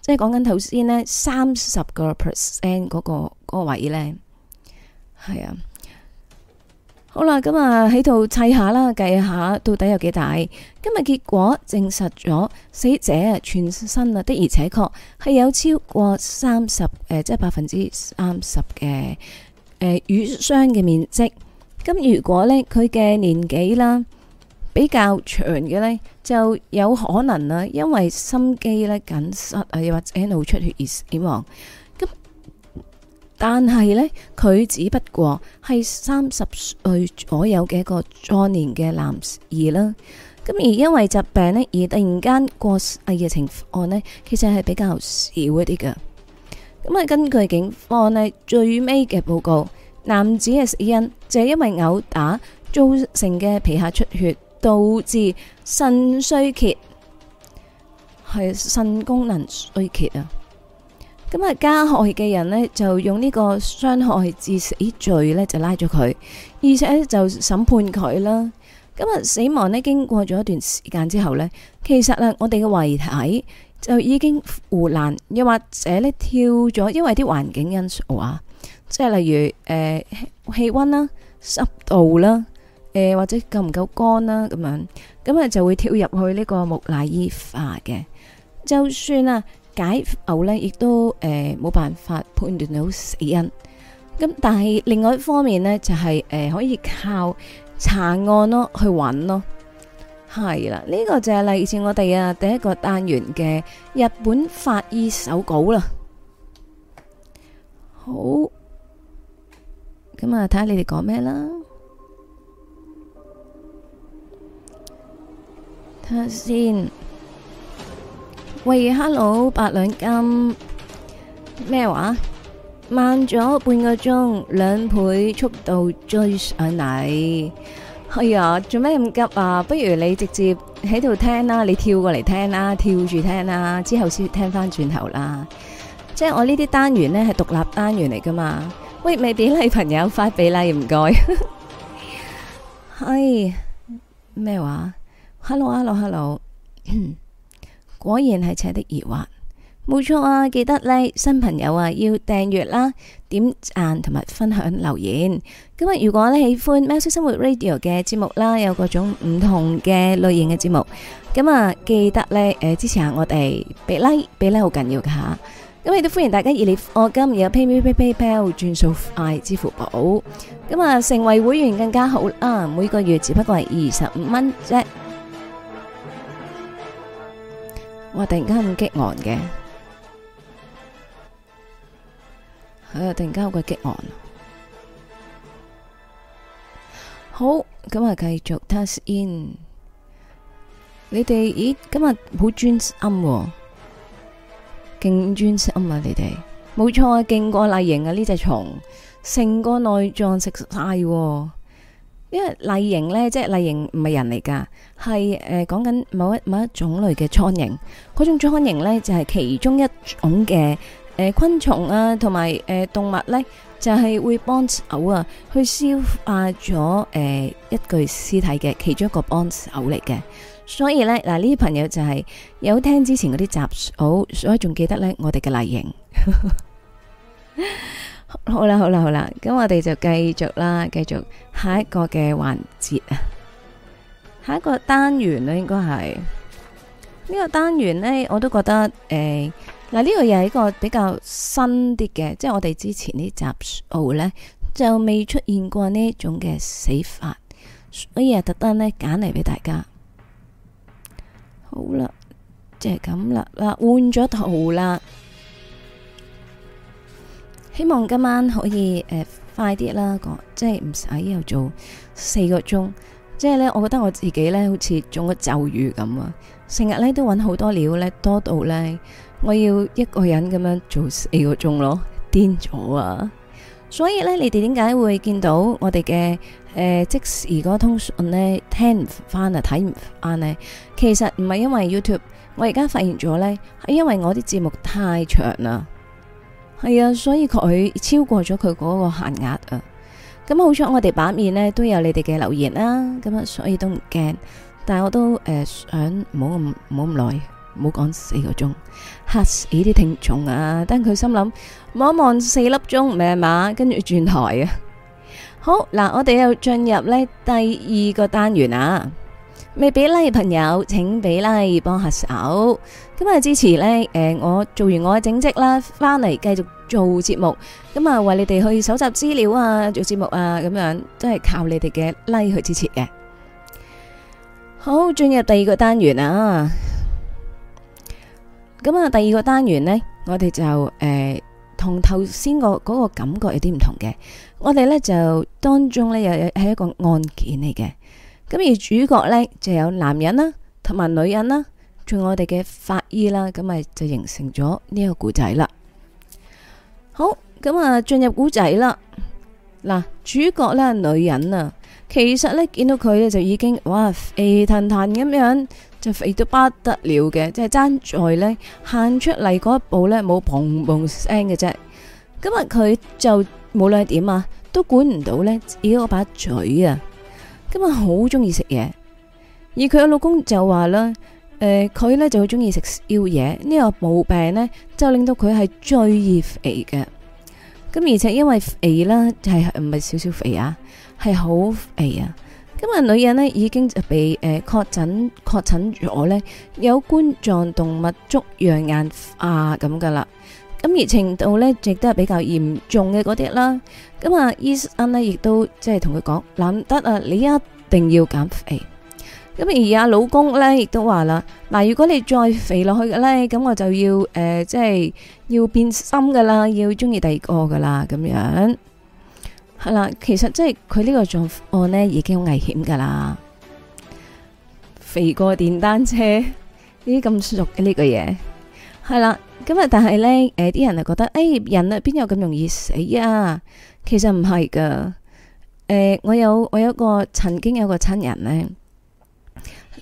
即係講緊頭先呢，三十個 percent 嗰個、嗰個位咧，係啊。好啦，咁啊喺度砌下啦，計下到底有幾大？今日結果證實咗死者啊全身啊的而且確係有超過三十誒，即係百分之三十嘅誒瘀傷嘅面積。咁如果咧佢嘅年紀啦比較長嘅咧，就有可能啦因為心肌咧緊塞，啊，又或者腦出血而死亡。但係呢，佢只不過係三十歲左右嘅一個壯年嘅男士啦。咁而因為疾病呢，而突然間過世嘅情況呢，其實係比較少一啲噶。咁啊，根據警方呢最尾嘅報告，男子嘅死因就係因為毆打造成嘅皮下出血，導致腎衰竭，係腎功能衰竭啊。咁啊，加害嘅人呢，就用呢個傷害致死罪呢，就拉咗佢，而且就審判佢啦。咁啊，死亡咧經過咗一段時間之後呢，其實啊，我哋嘅遺體就已經腐爛，又或者咧跳咗，因為啲環境因素啊，即係例如誒氣溫啦、濕、呃、度啦，誒、呃、或者夠唔夠乾啦咁樣，咁啊就會跳入去呢個木乃伊化嘅，就算啦。解剖呢，亦都誒冇辦法判斷到死因。咁但係另外一方面呢，就係誒可以靠查案咯，去揾咯。係啦，呢個就係類似我哋啊第一個單元嘅日本法醫手稿啦。好，咁啊睇下你哋講咩啦。睇下先。喂，hello，八兩金咩話？慢咗半個鐘，兩倍速度追上你。哎呀，做咩咁急啊？不如你直接喺度聽啦，你跳過嚟聽啦，跳住聽啦，之後先聽翻轉頭啦。即係我呢啲單元呢係獨立單元嚟噶嘛？喂，未俾你朋友發俾啦，唔該。係咩話？Hello，hello，hello。果然係扯的疑惑，冇錯啊！記得呢，新朋友啊，要訂閱啦、點讚同埋分享留言。咁啊，如果咧喜歡《喵式生活 Radio》嘅節目啦，有各種唔同嘅類型嘅節目，咁啊，記得呢，誒、呃，支持下我哋俾 like 俾 like，好緊要噶吓。咁、啊、亦都歡迎大家熱烈我今日有 PayPayPayPayPay 轉數快，支付寶。咁啊，成為會員更加好啦，每個月只不過係二十五蚊啫。我突然間咁激昂嘅，佢又突然間好鬼激昂。好，今日繼續 test in。你哋咦，今日好專心喎，勁專心啊！你哋冇錯啊，勁過麗蠅啊！呢隻蟲成個內臟食晒喎。因為麗蠅呢，即係麗蠅唔係人嚟噶，係誒講緊某一某一種類嘅蒼蠅，嗰種蒼蠅呢，就係、是、其中一種嘅誒、呃、昆蟲啊，同埋誒動物呢，就係、是、會幫手啊，去消化咗誒、呃、一具屍體嘅其中一個幫手嚟嘅，所以呢，嗱呢啲朋友就係有聽之前嗰啲雜草，所以仲記得呢，我哋嘅麗蠅。 *laughs* 好啦，好啦，好啦，咁我哋就繼續啦，繼續下一個嘅環節啊，下一個單元咧，應該係呢、這個單元呢，我都覺得誒，嗱、呃、呢、這個又係一個比較新啲嘅，即、就、係、是、我哋之前啲集數呢，就未出現過呢種嘅死法，所以啊特登呢揀嚟俾大家。好啦，即係咁啦，嗱換咗圖啦。希望今晚可以誒、呃、快啲啦，講即係唔使又做四個鐘，即係呢。我覺得我自己呢，好似中咗咒語咁啊，成日呢都揾好多料呢，多到呢，我要一個人咁樣做四個鐘咯，癲咗啊！所以呢，你哋點解會見到我哋嘅、呃、即時嗰通訊呢，聽唔翻啊，睇唔翻咧？其實唔係因為 YouTube，我而家發現咗呢，係因為我啲節目太長啦。係啊、哎，所以佢超過咗佢嗰個限額啊！咁好彩，我哋版面呢都有你哋嘅留言啦，咁啊，所以都唔驚。但係我都誒想唔好咁唔好咁耐，唔好講四個鐘，嚇死啲聽眾啊！等佢心諗望一望四粒鐘，唔係嘛？跟住轉台啊！好嗱，我哋又進入呢第二個單元啊！未俾啦，朋友，請俾拉，幫下手。今日之前呢，誒，我做完我嘅整職啦，翻嚟繼續。做節目咁啊，為你哋去搜集資料啊，做節目啊，咁樣都係靠你哋嘅 like 去支持嘅。好，進入第二個單元啊。咁啊，第二個單元呢，我哋就誒同頭先個個感覺有啲唔同嘅。我哋呢，就當中呢，有係一個案件嚟嘅。咁而主角呢，就有男人啦，同埋女人啦，仲有我哋嘅法醫啦，咁咪就，就形成咗呢個故仔啦。好咁啊，進入古仔啦！嗱，主角咧女人啊，其實咧見到佢咧就已經哇，肥騰騰咁樣，就肥到不得了嘅，即係爭在咧行出嚟嗰一步咧冇砰砰聲嘅啫。今日佢就無論係點啊，都管唔到咧自己嗰把嘴啊。今日好中意食嘢，而佢嘅老公就話啦。誒，佢咧、呃、就好中意食宵夜，呢個毛病呢就令到佢係最易肥嘅。咁、嗯、而且因為肥啦，係唔係少少肥啊？係好肥啊。咁、嗯、啊，女人呢已經就被誒確診確診咗呢有冠狀動脈粥樣硬化咁噶啦。咁、嗯、而程度呢亦都係比較嚴重嘅嗰啲啦。咁、嗯、啊，醫生呢亦都即係同佢講，難得啊，你一定要減肥。咁而家老公咧，亦都話啦嗱，如果你再肥落去嘅咧，咁我就要誒、呃，即係要變心噶啦，要中意第二個噶啦，咁樣係啦。其實即係佢呢個狀況咧，已經好危險噶啦，肥過電單車呢啲咁熟嘅呢個嘢係啦。咁啊，但係咧，誒、呃、啲人就覺得誒、欸、人啊，邊有咁容易死啊？其實唔係噶，誒、呃、我有我有一個曾經有一個親人咧。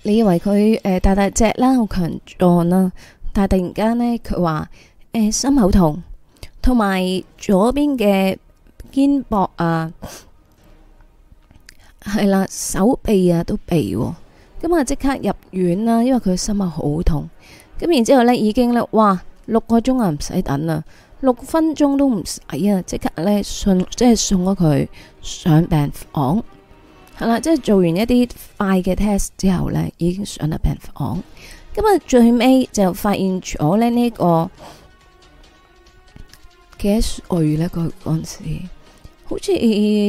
你以為佢誒，大大隻啦，好強壯啦，但係突然間呢，佢話誒，心口痛，同埋左邊嘅肩膊啊，係啦，手臂啊都痹，啊，咁啊即刻入院啦，因為佢心口好痛，咁然之後咧已經咧，哇六個鐘啊唔使等啦，六分鐘都唔使啊，即刻呢，送即係送咗佢上病房。係啦，即係做完一啲快嘅 test 之後咧，已經上咗病房。咁啊，最尾就發現咗咧呢個幾歲咧？嗰陣時好似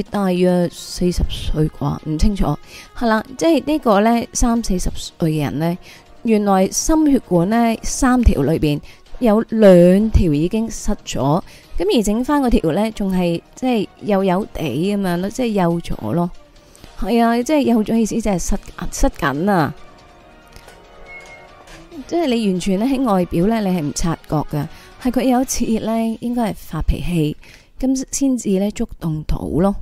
大約四十歲啩，唔清楚。係啦，即係呢個咧三四十歲嘅人咧，原來心血管咧三條裏邊有兩條已經塞咗，咁而整翻嗰條咧仲係即係幼幼地咁樣咯，即係幼咗咯。係啊，即係有種意思就係失失緊啊，即係你完全咧喺外表咧，你係唔察覺嘅。係佢有一次咧，應該係發脾氣，咁先至咧觸動到咯。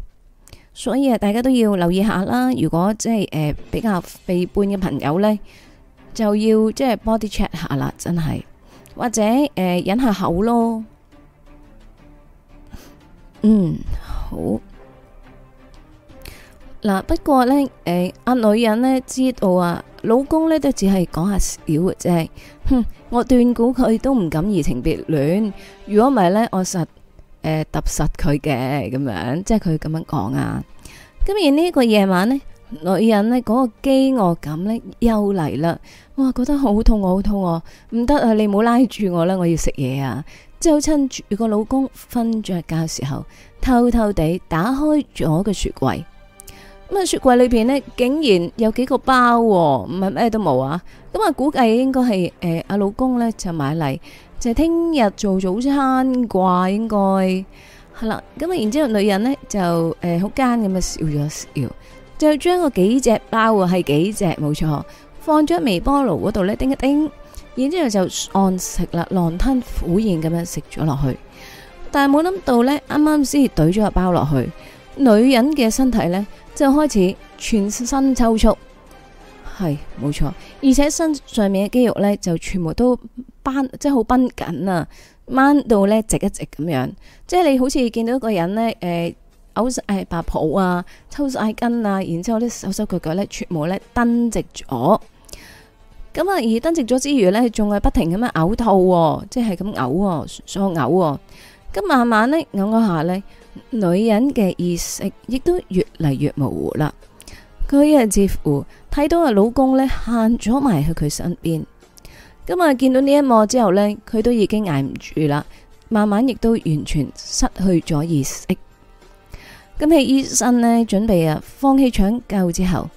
所以啊，大家都要留意下啦。如果即係誒比較肥胖嘅朋友咧，就要即係 body check 下啦，真係，或者誒忍下口咯。嗯，好。嗱、啊，不過呢，誒、呃，阿女人呢知道啊，老公呢都只係講下笑嘅啫。哼，我斷估佢都唔敢移情別戀。如果唔係呢，我實揼實佢嘅咁樣，即係佢咁樣講啊。咁而呢個夜晚呢，女人呢嗰、那個飢餓感呢又嚟啦。哇，覺得好痛我，好痛啊！唔得啊！你唔好拉住我啦，我要食嘢啊！即係趁住個老公瞓着覺嘅時候，偷偷地打開咗個雪櫃。咁啊！雪櫃裏邊咧，竟然有幾個包，唔係咩都冇啊。咁啊，估計應該係誒阿老公咧就買嚟，就係聽日做早餐啩。應該係啦。咁啊，然之後女人咧就誒好奸咁樣，笑咗笑，就將嗰幾隻包啊，係幾隻冇錯，放咗微波爐嗰度咧，叮一叮。然之後就按食啦，狼吞虎嚥咁樣食咗落去。但係冇諗到咧，啱啱先懟咗個包落去，女人嘅身體咧。即係開始全身抽搐，係冇錯，而且身上面嘅肌肉呢，就全部都繃，即係好繃緊啊，彎到呢直一直咁樣，即係你好似見到一個人呢，誒、呃，嘔，誒，白泡啊，抽晒筋啊，然之後啲手手腳腳呢，全部呢蹬直咗，咁啊，而登直咗之餘呢，仲係不停咁樣嘔吐，即係咁嘔，想嘔，咁慢慢呢，嘔一下呢。女人嘅意識亦都越嚟越模糊啦。佢啊，似乎睇到阿老公呢喊咗埋去佢身邊。咁啊，見到呢一幕之後呢，佢都已經挨唔住啦，慢慢亦都完全失去咗意識。咁喺醫生呢，準備啊放棄搶救之後，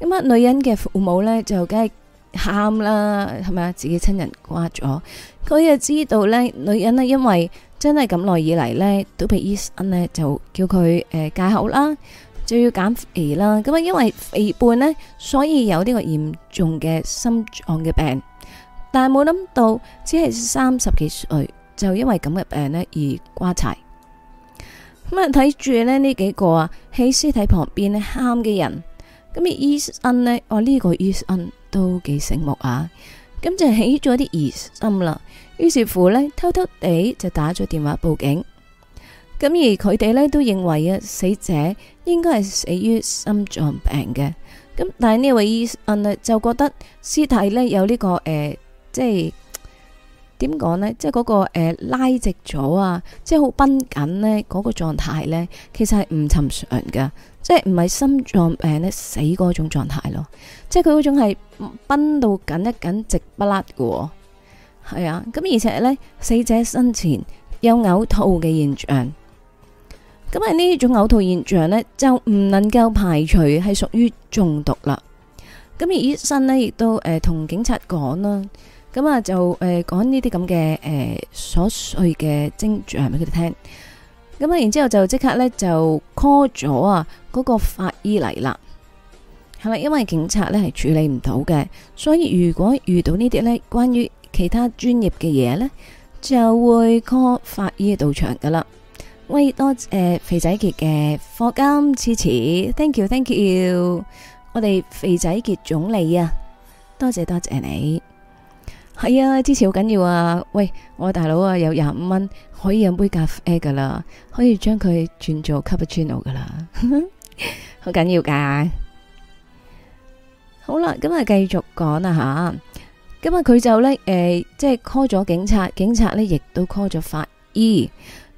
咁啊，女人嘅父母呢，就梗係喊啦，係咪啊，自己親人瓜咗。佢就知道呢，女人呢，因為，真係咁耐以嚟、e、呢，都俾醫生呢就叫佢誒、呃、戒口啦，就要減肥啦。咁啊，因為肥胖呢，所以有呢個嚴重嘅心臟嘅病。但係冇諗到，只係三十幾歲就因為咁嘅病呢而瓜柴。咁、嗯、啊，睇住咧呢幾個啊喺屍體旁邊咧喊嘅人，咁啲醫生呢，哦呢、這個醫、e、生都幾醒目啊，咁就起咗啲疑心啦。於是乎偷偷地就打咗電話報警。咁而佢哋呢，都認為啊，死者應該係死於心臟病嘅。咁但係呢位醫生呢，就覺得屍體呢、這個，有呢個誒，即係點講呢？即係嗰、那個誒、呃、拉直咗啊，即係好繃緊呢嗰個狀態呢，其實係唔尋常噶，即係唔係心臟病呢，死嗰種狀態咯，即係佢嗰種係繃到緊一緊直不甩嘅。係啊，咁而且呢，死者生前有嘔吐嘅現象，咁係呢種嘔吐現象呢，就唔能夠排除係屬於中毒啦。咁而醫生呢，亦都誒同、呃、警察講啦，咁啊就誒講呢啲咁嘅誒瑣碎嘅症狀俾佢哋聽，咁啊，然之後就即刻呢，就 call 咗啊嗰個法醫嚟啦，係啦、啊，因為警察呢係處理唔到嘅，所以如果遇到呢啲呢關於。其他專業嘅嘢呢，就會 call 法醫到場噶啦。喂，多謝肥仔杰嘅課金，支持，thank you thank you，我哋肥仔杰總理啊，多謝多謝你。係啊，支持好緊要啊。喂，我大佬啊有廿五蚊，可以飲杯咖啡噶啦，可以將佢轉做 cappuccino 嘅啦，好 *laughs* 緊要噶。好啦，咁繼續講啊吓。今日佢就咧，誒，即係 call 咗警察，警察咧亦都 call 咗法醫。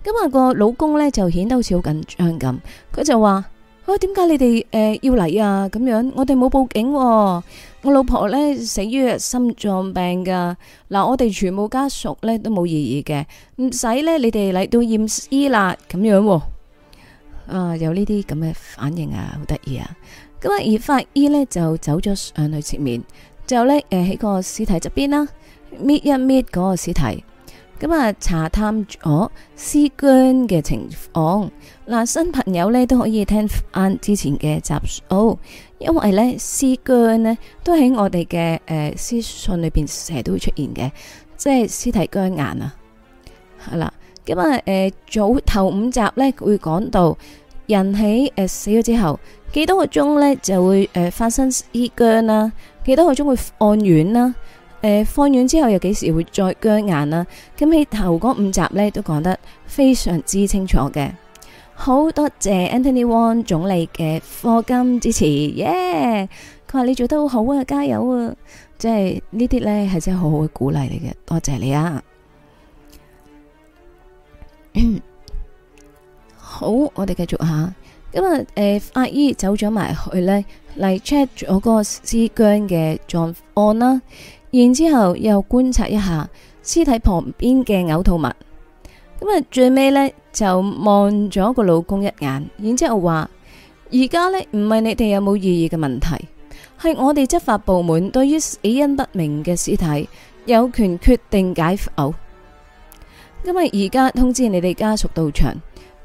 今日個老公咧就顯得好似好緊張咁，佢就話：誒，點解你哋誒要嚟啊？咁樣，我哋冇報警，我老婆咧死於心臟病噶。嗱，我哋全部家屬咧都冇異議嘅，唔使咧你哋嚟到驗屍啦，咁樣。啊，有呢啲咁嘅反應啊，好得意啊！咁啊，而法醫咧就走咗上去前面。就咧，誒喺個屍體側邊啦，搣一搣嗰個屍體，咁啊查探咗屍僵嘅情況。嗱，新朋友咧都可以聽翻之前嘅集哦，因為咧屍僵咧都喺我哋嘅誒屍訊裏邊成日都會出現嘅，即係屍體僵硬啊。係、嗯、啦，咁啊，誒、呃、早頭五集咧會講到。人喺誒、呃、死咗之後，幾多個鐘呢就會誒、呃、發生屍僵啦、啊，幾多個鐘會按軟啦，誒、呃、放軟之後又幾時會再僵硬啦、啊？咁喺頭嗰五集呢都講得非常之清楚嘅。好多謝 Anthony Wong 總理嘅課金支持，耶！佢話你做得好好啊，加油啊！即係呢啲呢係真係好好嘅鼓勵你嘅，多謝你啊！ *coughs* 好，我哋繼續下。咁啊，誒，法醫走咗埋去呢嚟 check 咗個屍僵嘅狀況啦，然之後又觀察一下屍體旁邊嘅嘔吐物。咁啊，最尾呢就望咗個老公一眼，然之後話：而家呢，唔係你哋有冇異議嘅問題，係我哋執法部門對於死因不明嘅屍體有權決定解剖。咁啊，而家通知你哋家屬到場。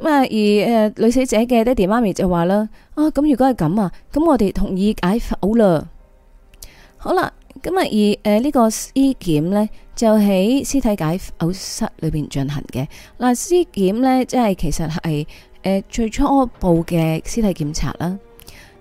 咁啊，而誒、呃，女死者嘅爹哋媽咪就話啦，啊，咁如果係咁啊，咁我哋同意解剖啦。好啦，咁啊，而誒、呃、這個、呢個屍檢咧，就喺屍體解剖室裏邊進行嘅。嗱、呃，屍檢咧，即係其實係誒、呃、最初步嘅屍體檢查啦。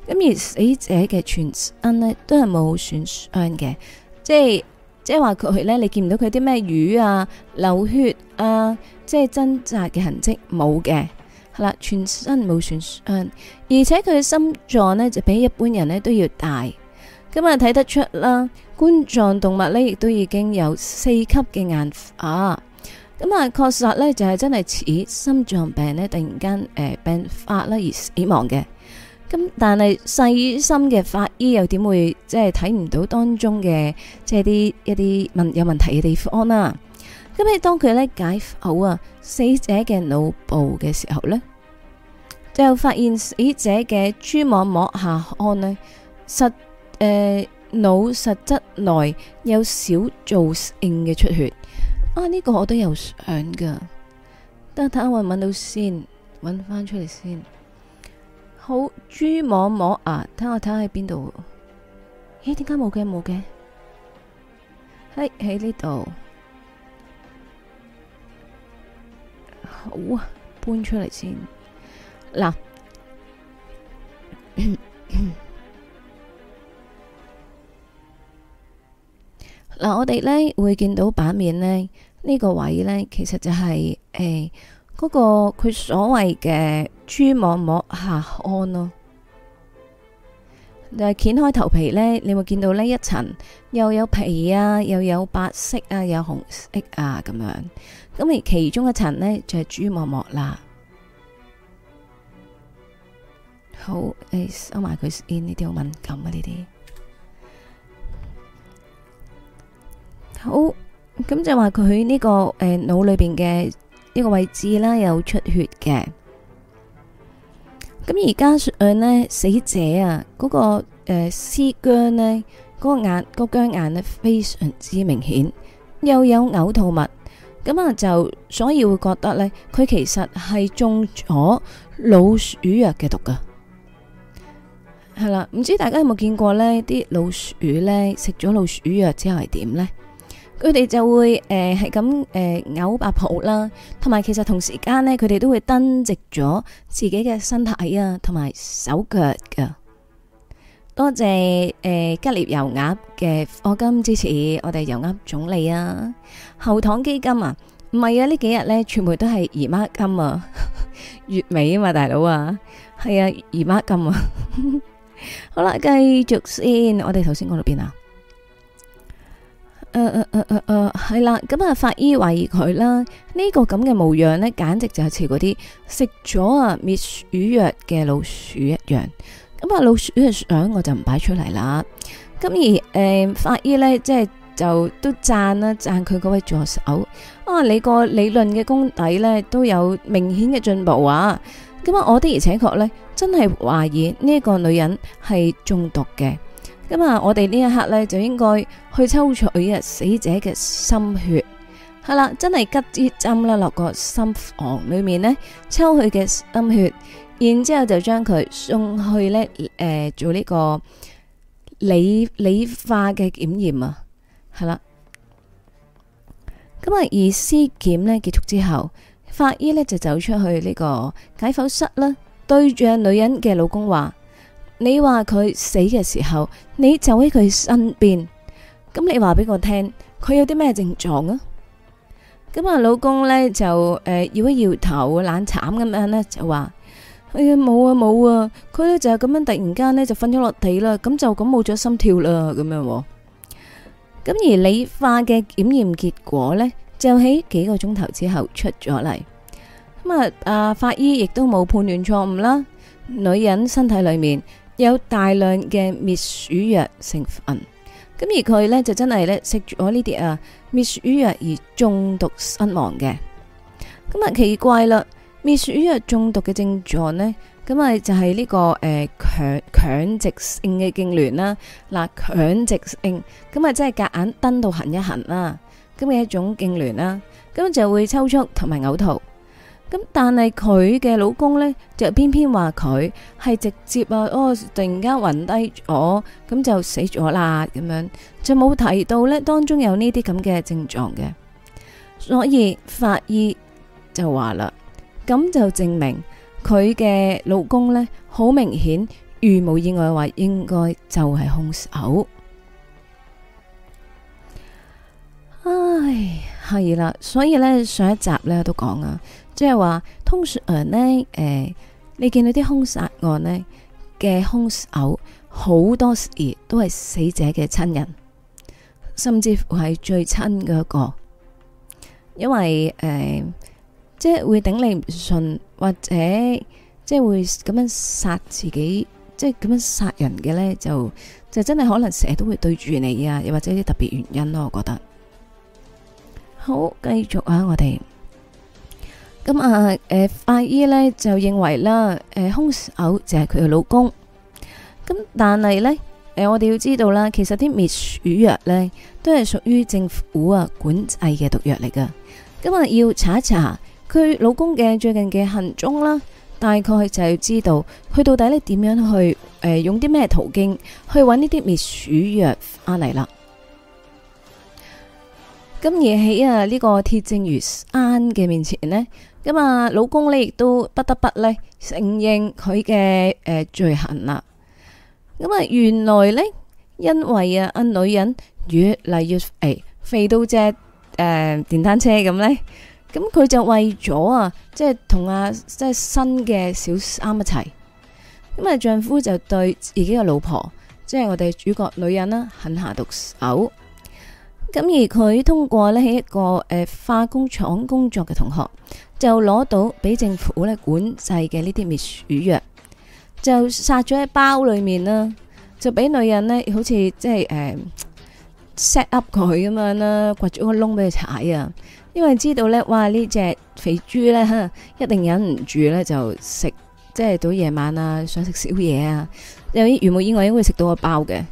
咁而死者嘅全身咧都係冇損傷嘅，即係即係話佢咧，你見唔到佢啲咩瘀啊、流血啊。即係掙扎嘅痕迹冇嘅，係啦，全身冇損傷，而且佢嘅心臟呢就比一般人呢都要大，咁啊睇得出啦。冠狀動脈呢亦都已經有四級嘅硬化，咁啊確實呢，就係、是、真係似心臟病呢突然間誒、呃、病發啦而死亡嘅，咁但係細心嘅法醫又點會即係睇唔到當中嘅即係啲一啲問有問題嘅地方啦？咁你當佢咧解剖啊死者嘅腦部嘅時候呢，就發現死者嘅蛛網膜下腔呢實誒腦、呃、實質內有小灶性嘅出血啊！呢、這個我都有想噶，等我睇下揾唔揾到先，揾翻出嚟先。好，蛛網膜啊，睇下睇下喺邊度？咦、欸，點解冇嘅冇嘅？喺喺呢度。好啊、哦，搬出嚟先。嗱，嗱， *coughs* 我哋呢會見到版面呢，呢、這個位呢，其實就係誒嗰個佢所謂嘅蛛網膜下腔咯。就係、是、掀開頭皮呢，你會見到呢一層又有皮啊，又有白色啊，又有紅色啊咁樣。咁而其中一層呢，就係蛛網膜啦。好，誒收埋佢先。呢啲好敏感啊，呢啲。好，咁就話佢呢個誒腦、呃、裏邊嘅呢個位置啦，有出血嘅。咁而家誒咧，死者啊，嗰、嗰個誒屍僵咧，呃薑呢嗰個眼、嗰個僵眼、那個、呢，非常之明顯，又有嘔吐物。咁啊，就所以會覺得咧，佢其實係中咗老鼠藥嘅毒噶，係啦。唔知大家有冇見過咧，啲老鼠咧食咗老鼠藥之後係點咧？佢哋就會誒係咁誒嘔白泡啦，同埋其實同時間咧，佢哋都會蹬直咗自己嘅身體啊，同埋手腳噶。多謝、呃、吉列油鴨嘅課金支持，我哋油鴨總理啊，後堂基金啊，唔係啊，呢幾日呢，全部都係姨媽金啊， *laughs* 月尾啊嘛，大佬啊，係啊姨媽金啊， *laughs* 好啦，繼續先，我哋頭先講到邊啊？誒誒係啦，咁啊法醫懷疑佢啦，呢、這個咁嘅模樣呢，簡直就係似嗰啲食咗啊滅鼠藥嘅老鼠一樣。咁啊，老鼠嘅相我就唔擺出嚟啦。咁而誒、呃，法醫咧即係就都讚啦，啊，讚佢嗰位助手。啊，你個理論嘅功底咧都有明顯嘅進步啊！咁啊，我的而且確咧，真係懷疑呢個女人係中毒嘅。咁啊，我哋呢一刻咧就應該去抽取啊死者嘅心血。係啦，真係拮支針咧，落個心房裏面咧，抽佢嘅心血，然之後就將佢送去咧，誒、呃、做呢個理理化嘅檢驗啊。係啦，咁啊，而屍檢呢結束之後，法醫呢就走出去呢個解剖室啦，對住女人嘅老公話：你話佢死嘅時候，你就喺佢身邊，咁你話俾我聽，佢有啲咩症狀啊？咁啊，老公呢就誒搖一搖頭，懶慘咁樣呢就話，哎呀冇啊冇啊，佢呢就咁樣突然間呢就瞓咗落地啦，咁就咁冇咗心跳啦，咁樣喎。咁而理化嘅檢驗結果呢，就喺幾個鐘頭之後出咗嚟。咁啊，啊法醫亦都冇判斷錯誤啦。女人身體裏面有大量嘅滅鼠藥成分。咁而佢咧，就真係咧，食咗呢啲啊滅鼠藥而中毒身亡嘅。咁啊奇怪啦！滅鼠藥中毒嘅症狀咧，咁啊就係呢個誒強強直性嘅痙攣啦，嗱強直性咁啊真係夾硬瞪到痕一痕啦，咁嘅一種痙攣啦，咁就會抽搐同埋嘔吐。咁但係佢嘅老公呢，就偏偏話佢係直接啊，哦，突然間暈低咗，咁就死咗啦咁樣，就冇提到呢當中有呢啲咁嘅症狀嘅。所以法醫就話啦，咁就證明佢嘅老公呢，好明顯，如冇意外嘅話，應該就係兇手。唉，係啦，所以呢，上一集呢都講啊。即係話，通常呢，誒、呃，你見到啲兇殺案呢，嘅兇手，好多時都係死者嘅親人，甚至乎係最親嘅一個。因為誒，即係、呃、即係會頂你唔順，或者即係會咁樣殺自己，即係咁樣殺人嘅呢，就就真係可能成日都會對住你啊，又或者啲特別原因咯，我覺得。好，繼續啊，我哋。咁啊誒，法醫咧就認為啦，誒、啊、凶手就係佢嘅老公。咁但係呢，誒、啊、我哋要知道啦，其實啲滅鼠藥呢都係屬於政府啊管制嘅毒藥嚟㗎。咁啊要查一查佢老公嘅最近嘅行蹤啦，大概就要知道佢到底咧點樣去誒、啊、用啲咩途徑去搵呢啲滅鼠藥返嚟啦。咁而喺啊呢個鐵證如山嘅面前呢。咁啊，老公呢亦都不得不呢承認佢嘅誒罪行啦。咁啊，原來呢，因為啊，女人越嚟越肥，肥、欸、到隻誒、呃、電單車咁呢，咁佢就為咗啊，即係同啊即係新嘅小三一齊，咁啊，丈夫就對自己嘅老婆，即係我哋主角女人呢，狠下毒手。咁而佢通過呢喺一個誒、呃、化工廠工作嘅同學。就攞到俾政府咧管制嘅呢啲滅鼠藥，就殺咗喺包裏面啦，就俾女人咧，好似即係誒 set up 佢咁樣啦，掘、呃、咗個窿俾佢踩啊！因為知道咧，哇呢隻肥豬咧一定忍唔住咧就食，即、就、係、是、到夜晚啊想食宵夜啊，有啲愚昧以外，應該會食到個包嘅。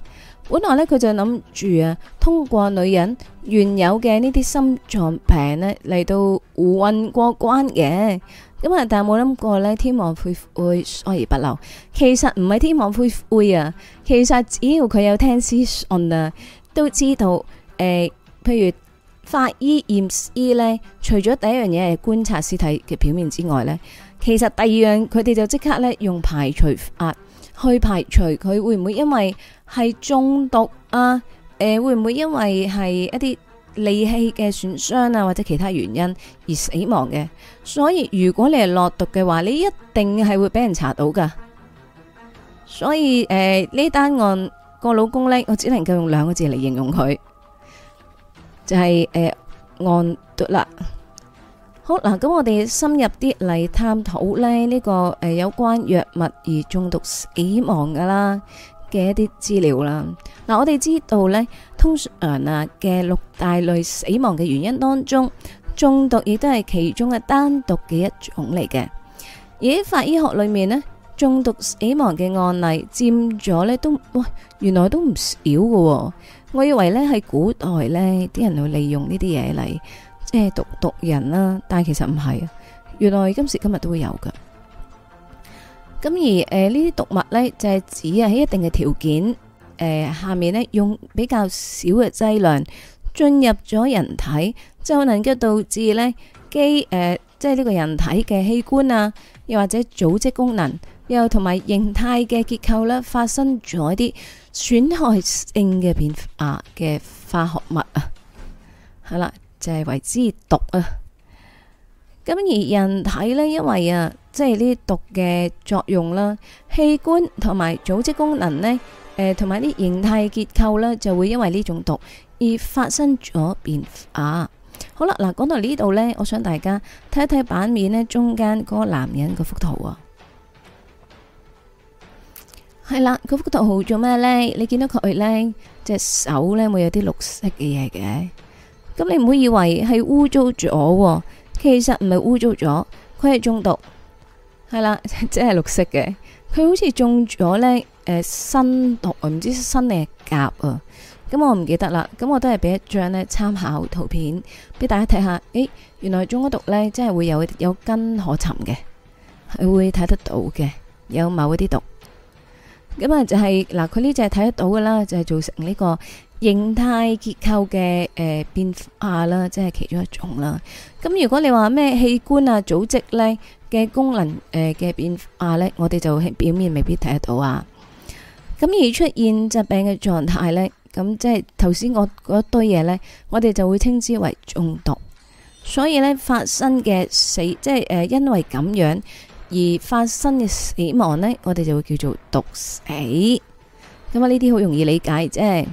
本來咧佢就諗住啊，通過女人原有嘅呢啲心臟病咧嚟到護運過關嘅，咁啊但係冇諗過咧，天網恢恢，疏而不漏。其實唔係天網恢恢啊，其實只要佢有聽屍訊啊，都知道誒、呃，譬如法醫驗屍咧，除咗第一樣嘢係觀察屍體嘅表面之外咧，其實第二樣佢哋就即刻咧用排除法。去排除佢會唔會因為係中毒啊？誒，會唔會因為係一啲利器嘅損傷啊，或者其他原因而死亡嘅？所以如果你係落毒嘅話，你一定係會俾人查到噶。所以誒，呢單案個老公呢，我只能夠用兩個字嚟形容佢，就係誒案毒啦。好啦，咁我哋深入啲嚟探討咧呢個誒有關藥物而中毒死亡噶啦嘅一啲資料啦。嗱，我哋知道咧，通常啊嘅六大類死亡嘅原因當中，中毒亦都係其中嘅單獨嘅一種嚟嘅。而喺法醫學裏面咧，中毒死亡嘅案例占咗咧都，哇，原來都唔少噶喎。我以為咧係古代咧啲人會利用呢啲嘢嚟。咩毒毒人啦，啊？但係其實唔係，啊，原來今時今日都會有嘅。咁而誒呢啲毒物呢，就係、是、指喺一定嘅條件誒、呃、下面呢，用比較少嘅劑量進入咗人體，就能夠導致呢，機誒、呃，即係呢個人體嘅器官啊，又或者組織功能又同埋形態嘅結構呢，發生咗一啲損害性嘅變化嘅化學物啊，係啦。就係為之毒啊！咁而人體咧，因為啊，即係呢毒嘅作用啦，器官同埋組織功能咧，誒，同埋啲形態結構咧，就會因為呢種毒而發生咗變化。好啦，嗱，講到呢度咧，我想大家睇一睇版面咧，中間嗰個男人嗰幅圖啊，係啦，嗰幅圖做咩咧？你見到佢咧，隻手咧會有啲綠色嘅嘢嘅。咁你唔好以為係污糟咗，其實唔係污糟咗，佢係中毒，係啦，即係綠色嘅，佢好似中咗呢誒，新毒啊，唔知新定係甲啊，咁我唔記得啦。咁我都係俾一張呢參考圖片俾大家睇下，誒、欸，原來中咗毒呢，真係會有有根可尋嘅，係會睇得到嘅，有某啲毒。咁啊、就是，就係嗱，佢呢只係睇得到噶啦，就係造成呢個形態結構嘅誒、呃、變化啦，即係其中一種啦。咁如果你話咩器官啊、組織呢嘅功能誒嘅、呃、變化呢，我哋就表面未必睇得到啊。咁而出現疾病嘅狀態呢，咁即係頭先我嗰堆嘢呢，我哋就會稱之為中毒。所以呢，發生嘅死，即係誒、呃，因為咁樣。而發生嘅死亡呢，我哋就會叫做毒死。咁啊，呢啲好容易理解，啫，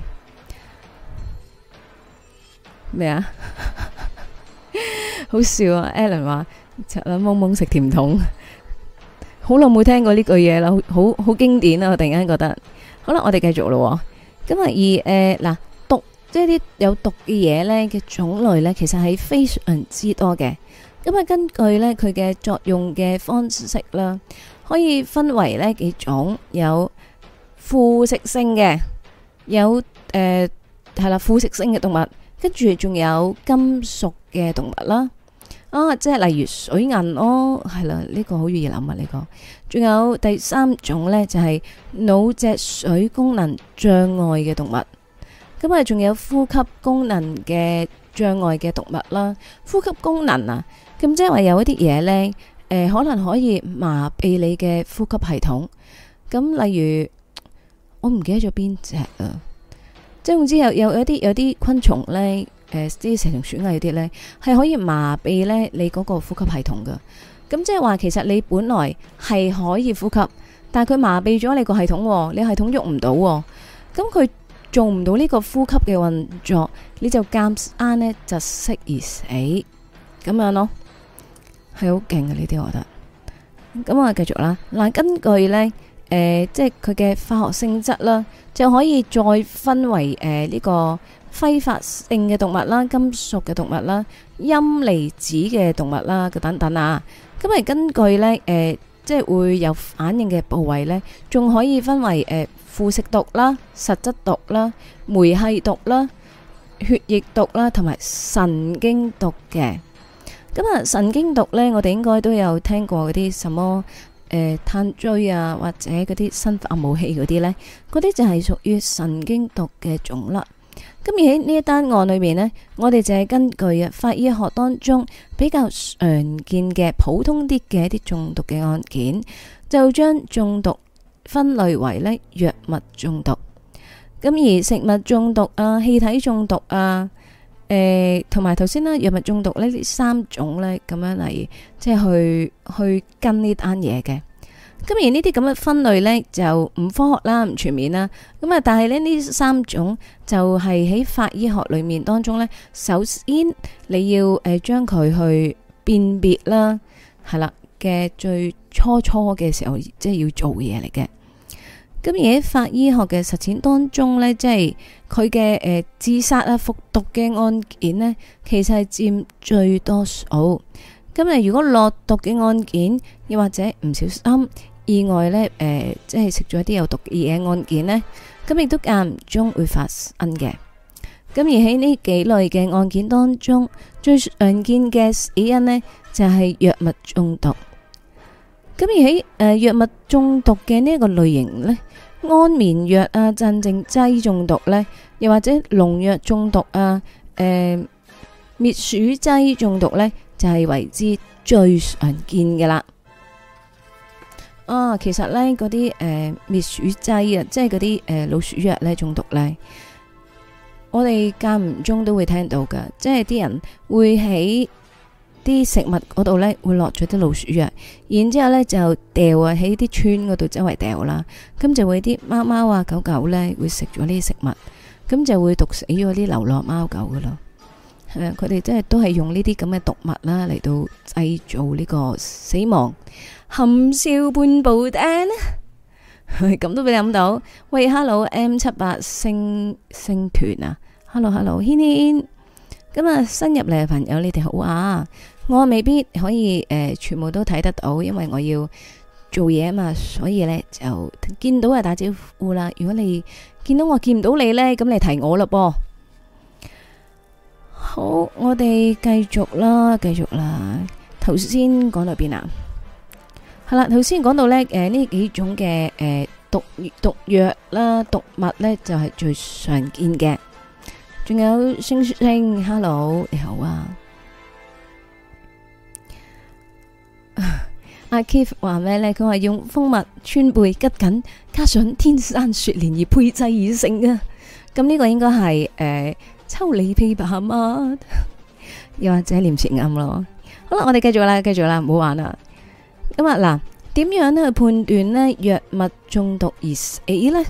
咩啊？ *laughs* 好笑啊！Alan 話：柒粒懵懵食甜筒，好耐冇聽過呢句嘢啦，好好經典啊！我突然間覺得，好啦，我哋繼續咯。咁啊，而誒嗱、呃，毒即係啲有毒嘅嘢呢，嘅種類呢，其實係非常之多嘅。咁啊，根據咧佢嘅作用嘅方式啦，可以分為咧幾種，有腐蝕性嘅，有誒係啦腐蝕性嘅毒物，跟住仲有金屬嘅毒物啦。啊，即係例如水銀咯，係啦，呢個好容易諗啊呢個。仲有第三種咧，就係腦脊髓功能障礙嘅毒物。咁啊，仲有呼吸功能嘅障礙嘅毒物啦，呼吸功能啊。咁即係話有一啲嘢咧，誒、呃，可能可以麻痹你嘅呼吸系統。咁例如，我唔記得咗邊隻啦，即係總之有有一啲有啲昆蟲咧，誒、呃，啲蛇蟲鼠蟻嗰啲咧，係可以麻痹咧你嗰個呼吸系統噶。咁即係話，其實你本來係可以呼吸，但係佢麻痹咗你個系統，哦，你系統喐唔，哦、到，咁佢做唔到呢個呼吸嘅運作，你就咁啱呢窒息而死，咁樣咯。係好勁嘅呢啲，我覺得。咁啊，繼續啦。嗱，根據咧，誒，即係佢嘅化學性質啦，就可以再分為誒呢個揮發性嘅毒物啦、金屬嘅毒物啦、陰離子嘅毒物啦嘅等等啊。咁啊，根據咧，誒，即係會有反應嘅部位咧，仲可以分為誒腐蝕毒啦、實質毒啦、酶系毒啦、血液毒啦同埋神經毒嘅。咁啊，神經毒呢，我哋應該都有聽過嗰啲乜嘢誒、呃，炭疽啊，或者嗰啲生化武器嗰啲呢。嗰啲就係屬於神經毒嘅種類。咁而喺呢一單案裏面呢，我哋就係根據法醫學當中比較常見嘅普通啲嘅一啲中毒嘅案件，就將中毒分類為呢藥物中毒。咁而食物中毒啊，氣體中毒啊。誒，同埋頭先啦，藥物中毒呢，呢三種咧，咁樣嚟，即係去去跟呢單嘢嘅。咁而呢啲咁嘅分類咧，就唔科學啦，唔全面啦。咁啊，但係咧，呢三種就係喺法醫學裏面當中咧，首先你要誒將佢去辨別啦，係啦嘅最初初嘅時候，即係要做嘢嚟嘅。咁而喺法醫學嘅實踐當中呢，即係佢嘅誒自殺啊、服毒嘅案件呢，其實係佔最多數。咁啊，如果落毒嘅案件，又或者唔小心意外呢，誒、呃，即係食咗啲有毒嘅嘢，案件呢，咁亦都間唔中會發生嘅。咁而喺呢幾類嘅案件當中，最常見嘅死因呢，就係、是、藥物中毒。咁而喺誒藥物中毒嘅呢一個類型呢，安眠藥啊、鎮靜劑中毒呢，又或者農藥中毒啊、誒、呃、滅鼠劑中毒呢，就係、是、為之最常見嘅啦。啊，其實呢，嗰啲誒滅鼠劑啊，即係嗰啲誒老鼠藥呢，中毒呢，我哋間唔中都會聽到噶，即係啲人會喺啲食物嗰度咧會落咗啲老鼠藥，然之後咧就掉啊，喺啲村嗰度周圍掉啦，咁就會啲貓貓啊狗狗咧會食咗呢啲食物，咁就會毒死咗啲流浪貓狗噶咯。誒，佢哋真係都係用呢啲咁嘅毒物啦嚟到製造呢個死亡。含笑半步釘，咁都俾你諗到。喂，Hello M 七八星星團啊，Hello Hello，軒軒。咁啊，新入嚟嘅朋友，你哋好啊！我未必可以誒、呃，全部都睇得到，因為我要做嘢啊嘛，所以呢，就見到啊打招呼啦。如果你見到我見唔到你呢，咁你提我嘞噃。好，我哋繼續啦，繼續啦。頭先講到邊啊？係啦，頭先講到呢，誒呢幾種嘅誒、呃、毒毒藥啦，毒物呢，就係、是、最常見嘅。仲有星星，Hello，你好啊！阿 Keith 話咩咧？佢話用蜂蜜、川貝、桔梗，加上天山雪蓮而配製而成啊！咁呢個應該係誒秋梨枇杷啊，又 *laughs* 或者蓮子羹咯。好啦，我哋繼續啦，繼續啦，唔好玩啦。咁啊，嗱，點樣去判斷咧藥物中毒而死咧？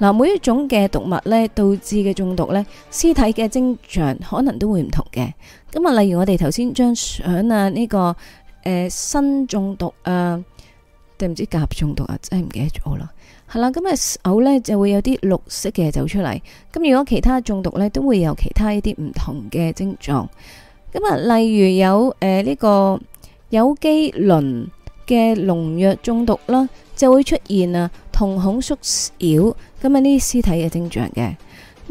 嗱，每一種嘅毒物咧，導致嘅中毒咧，屍體嘅徵象，可能都會唔同嘅。咁啊，例如我哋頭先張相啊，呢個誒砷中毒啊，定唔知甲中毒啊，真係唔記得咗啦。係啦，咁啊，嘔咧就會有啲綠色嘅走出嚟。咁如果其他中毒咧，都會有其他一啲唔同嘅症狀。咁啊，例如有誒呢、呃這個有機磷嘅農藥中毒啦。就會出現啊，瞳孔縮小咁，啊呢啲屍體嘅症狀嘅，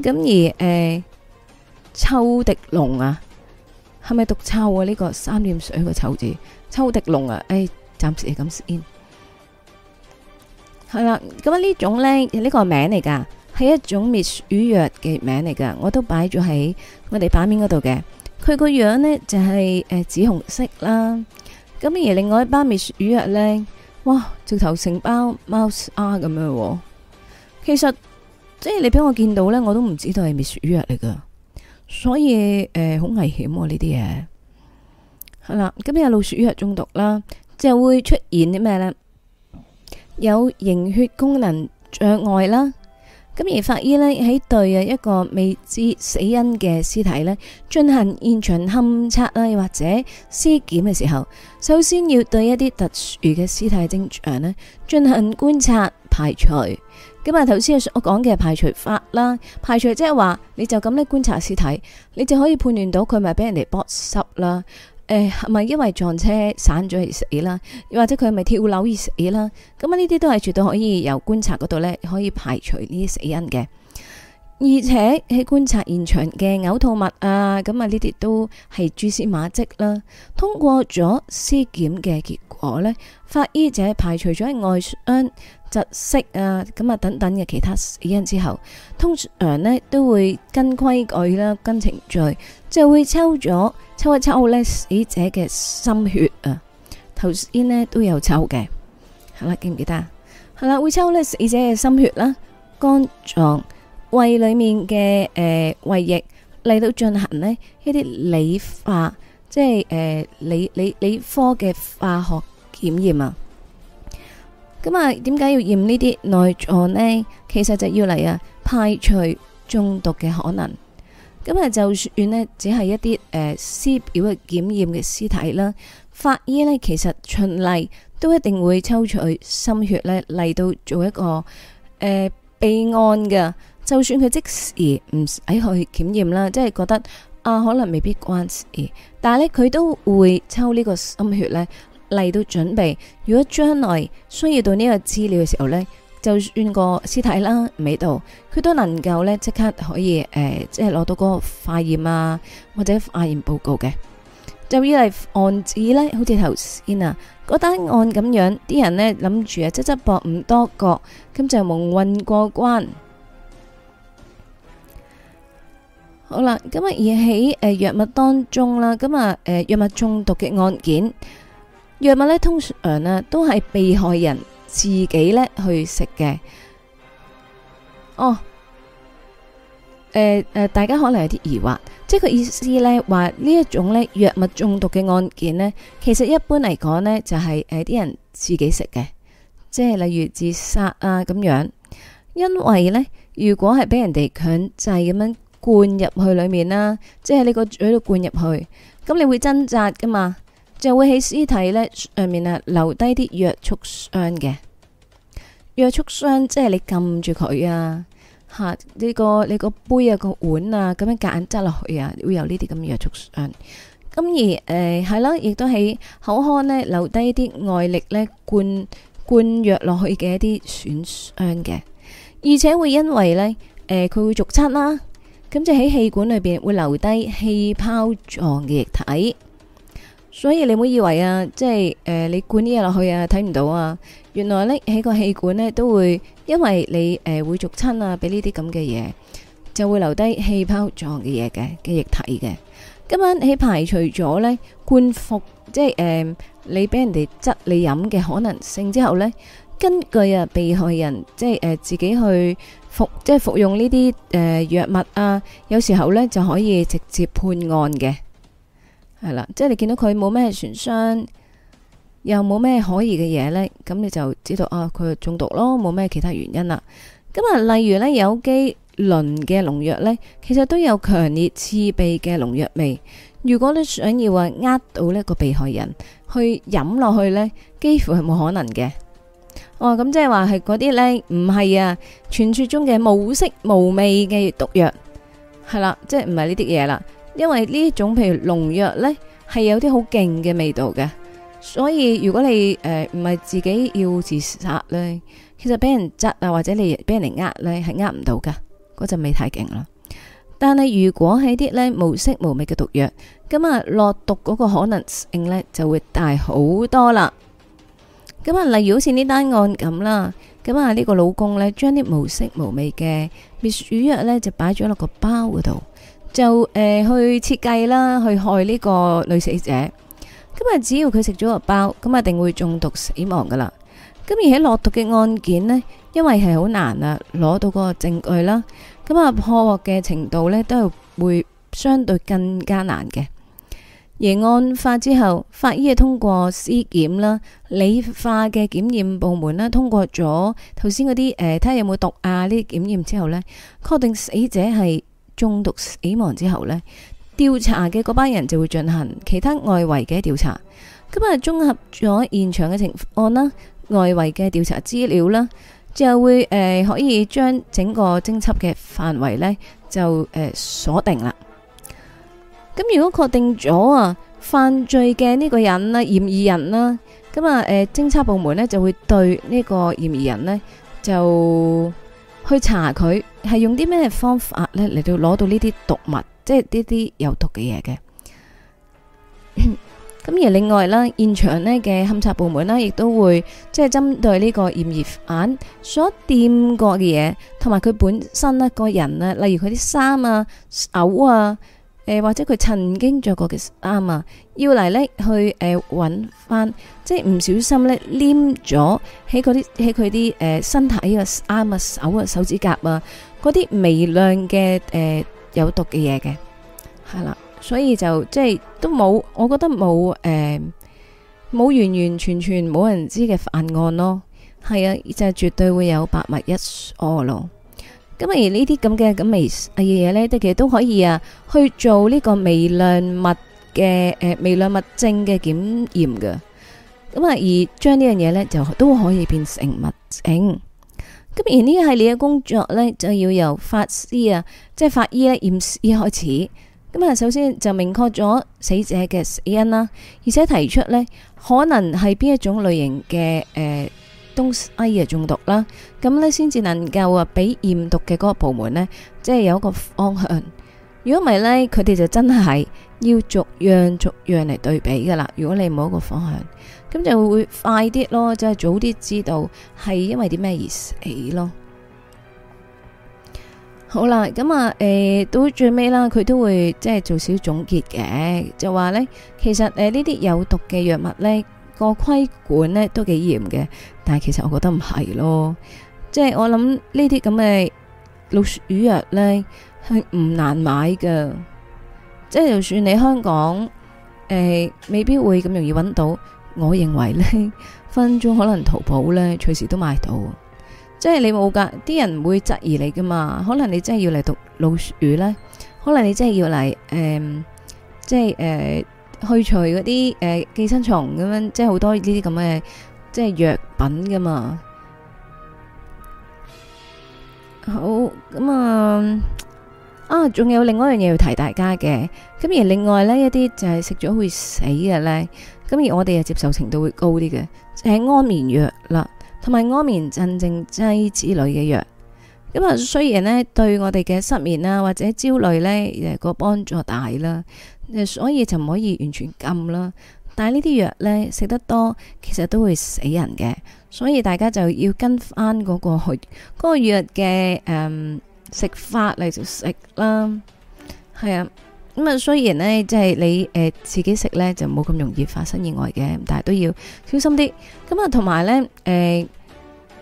咁而誒秋迪龍啊，係咪讀秋啊？呢個三點水個秋字，秋迪龍啊，誒，暫時係咁先。係啦，咁啊呢種咧，呢個名嚟噶，係一種滅鼠藥嘅名嚟噶，我都擺咗喺我哋版面嗰度嘅。佢個樣咧就係誒紫紅色啦，咁而另外一班滅鼠藥咧，哇！頭成包 mouse R 咁樣，其實即係你俾我見到呢，我都唔知道係咪鼠藥嚟噶，所以誒、呃啊、好危險喎呢啲嘢。係啦，咁樣有老鼠藥中毒啦，即就會出現啲咩呢？有凝血功能障礙啦。咁而法醫呢，喺對啊一個未知死因嘅屍體呢，進行現場勘測啦，又或者屍檢嘅時候，首先要對一啲特殊嘅屍體徵象呢，進行觀察排除。咁啊頭先我講嘅排除法啦，排除即係話你就咁咧觀察屍體，你就可以判斷到佢咪俾人哋剝濕啦。誒，係咪、哎、因為撞車散咗而死啦？或者佢係咪跳樓而死啦？咁啊呢啲都係絕對可以由觀察嗰度呢，可以排除呢啲死因嘅。而且喺觀察現場嘅嘔吐物啊，咁啊呢啲都係蛛絲馬跡啦。通過咗屍檢嘅結果呢，法醫者排除咗喺外傷。窒息啊，咁啊等等嘅其他死因之後，通常呢都會跟規矩啦，跟程序就會抽咗抽一抽咧死者嘅心血啊，頭先呢都有抽嘅，係啦記唔記得？係啦會抽咧死者嘅心血啦，肝臟、胃裏面嘅誒胃液嚟到進行呢一啲理化，即係誒理理理科嘅化學檢驗啊。咁啊，點解要驗呢啲內臟咧？其實就係要嚟啊，排除中毒嘅可能。咁啊，就算咧只係一啲誒屍表嘅檢驗嘅屍體啦，法醫咧其實循例都一定會抽取心血咧嚟到做一個誒備案噶。就算佢即時唔使去檢驗啦，即係覺得啊可能未必關事，但係咧佢都會抽呢個心血咧。嚟到準備，如果將來需要到呢個資料嘅時候呢，就算個屍體啦，唔喺度佢都能夠呢，即刻可以誒、呃，即係攞到嗰個化驗啊，或者化驗報告嘅。就以例案子呢，好似頭先啊，嗰單案咁樣，啲人呢諗住啊，即即搏唔多覺，咁就蒙混過關。好啦，咁啊而喺誒藥物當中啦，咁啊誒藥物中毒嘅案件。藥物咧通常咧都係被害人自己咧去食嘅，哦，誒誒，大家可能有啲疑惑，即係個意思咧話呢一種咧藥物中毒嘅案件咧，其實一般嚟講咧就係誒啲人自己食嘅，即係例如自殺啊咁樣，因為咧如果係俾人哋強制咁樣灌入去裏面啦，即係你個嘴度灌入去，咁你會掙扎噶嘛？就會喺屍體咧上面啊留低啲約束傷嘅約束傷，即係你撳住佢啊，吓、這、呢個你、這個杯啊、這個碗啊，咁樣夾硬執落去啊，會有呢啲咁嘅約束傷。咁而誒係、呃、啦，亦都喺口腔呢，留低啲外力呢，灌灌藥落去嘅一啲損傷嘅，而且會因為呢，誒、呃、佢會逐出啦，咁就喺氣管裏邊會留低氣泡狀嘅液體。所以你唔好以為啊，即係誒、呃，你灌啲嘢落去啊，睇唔到啊。原來呢喺個氣管呢，都會，因為你誒、呃、會灼親啊，俾呢啲咁嘅嘢，就會留低氣泡狀嘅嘢嘅嘅液體嘅。今晚喺排除咗呢灌服，即係誒、呃、你俾人哋執你飲嘅可能性之後呢，根據啊被害人即係誒、呃、自己去服，即係服用呢啲誒藥物啊，有時候呢，就可以直接判案嘅。係啦，即係你見到佢冇咩損傷，又冇咩可疑嘅嘢，呢，咁你就知道啊，佢中毒咯，冇咩其他原因啦。咁啊，例如呢，有機磷嘅農藥呢，其實都有強烈刺鼻嘅農藥味。如果你想要話呃到呢一個被害人去飲落去呢，幾乎係冇可能嘅。哦，咁、嗯、即係話係嗰啲呢，唔係啊，傳說中嘅無色無味嘅毒藥，係啦，即係唔係呢啲嘢啦。因為呢一種譬如農藥呢，係有啲好勁嘅味道嘅，所以如果你誒，唔係自己要自殺呢，其實俾人執啊或者你俾人嚟，呃，呢，係呃唔到噶，嗰陣味太勁啦。但係如果係啲呢無色無味嘅毒藥，咁啊落毒嗰個可能性呢就會大好多啦。咁啊，例如好似呢單案咁啦，咁啊呢個老公呢，將啲無色無味嘅滅鼠藥呢，就擺咗落個包嗰度。就誒去設計啦，去害呢個女死者。咁啊，只要佢食咗個包，咁啊定會中毒死亡噶啦。咁而喺落毒嘅案件咧，因為係好難啊，攞到嗰個證據啦，咁啊破獲嘅程度咧都係會相對更加難嘅。而案發之後，法醫係通過屍檢啦、理化嘅檢驗部門啦，通過咗頭先嗰啲誒，睇下有冇毒啊呢啲檢驗之後咧，確定死者係。中毒死亡之後呢調查嘅嗰班人就會進行其他外圍嘅調查。咁啊，綜合咗現場嘅情況啦、外圍嘅調查資料啦，就會誒、呃、可以將整個偵察嘅範圍呢就誒鎖、呃、定啦。咁如果確定咗啊，犯罪嘅呢個人啦、嫌疑人啦，咁啊誒偵察部門呢就會對呢個嫌疑人呢就。去查佢係用啲咩方法咧嚟到攞到呢啲毒物，即係呢啲有毒嘅嘢嘅。咁 *coughs* 而另外啦，現場呢嘅勘查部門咧，亦都會即係針對呢個嫌疑犯所掂過嘅嘢，同埋佢本身啊個人啊，例如佢啲衫啊、嘔啊。誒、呃，或者佢曾經着過嘅衫啊，要嚟咧去誒揾翻，即係唔小心咧粘咗喺啲喺佢啲誒身體嘅啱啊手啊手指甲啊，嗰啲微量嘅誒、呃、有毒嘅嘢嘅，係啦，所以就即係都冇，我覺得冇誒冇完完全全冇人知嘅犯案咯，係啊，就係、是、絕對會有百密一疏咯。咁而呢啲咁嘅咁微嘅嘢咧，都其實都可以啊，去做呢個微量物嘅誒微量物證嘅檢驗噶。咁啊而將呢樣嘢咧，就都可以變成物證。咁而呢一系列嘅工作咧，就要由法師啊，即係法醫咧驗屍開始。咁啊，首先就明確咗死者嘅死因啦，而且提出咧可能係邊一種類型嘅誒。東西啊中毒啦，咁呢先至能夠啊俾驗毒嘅嗰個部門呢，即係有一個方向。如果唔係呢，佢哋就真係要逐樣逐樣嚟對比噶啦。如果你冇一個方向，咁就會快啲咯，即係早啲知道係因為啲咩而死咯。好啦，咁啊，誒到最尾啦，佢都會即係做少總結嘅，就話呢，其實誒呢啲有毒嘅藥物呢，個規管呢都幾嚴嘅。但係其實我覺得唔係咯，即係我諗呢啲咁嘅老鼠藥呢，係唔難買噶，即係就算你香港、呃、未必會咁容易揾到，我認為呢分鐘可能淘寶呢，隨時都買到，即係你冇噶，啲人唔會質疑你噶嘛，可能你真係要嚟讀老鼠魚呢，可能你真係要嚟、呃、即係、呃、去除嗰啲、呃、寄生蟲咁樣，即係好多呢啲咁嘅。即係藥品噶嘛好，好咁啊，啊，仲有另外一樣嘢要提大家嘅。咁而另外呢一啲就係食咗會死嘅，呢咁而我哋又接受程度會高啲嘅，係、就係、安眠藥啦，同埋安眠鎮靜劑之類嘅藥。咁啊，雖然呢對我哋嘅失眠啊或者焦慮咧，誒、個幫助大啦，所以就唔可以完全禁啦。但係呢啲藥呢，食得多，其實都會死人嘅，所以大家就要跟翻嗰、個嗰、個藥嘅、嗯、食法嚟就食啦。係啊，咁、嗯、啊雖然呢，即、就、係、係、你誒、呃、自己食呢，就冇咁容易發生意外嘅，但係都要小心啲。咁啊，同埋呢，誒、呃，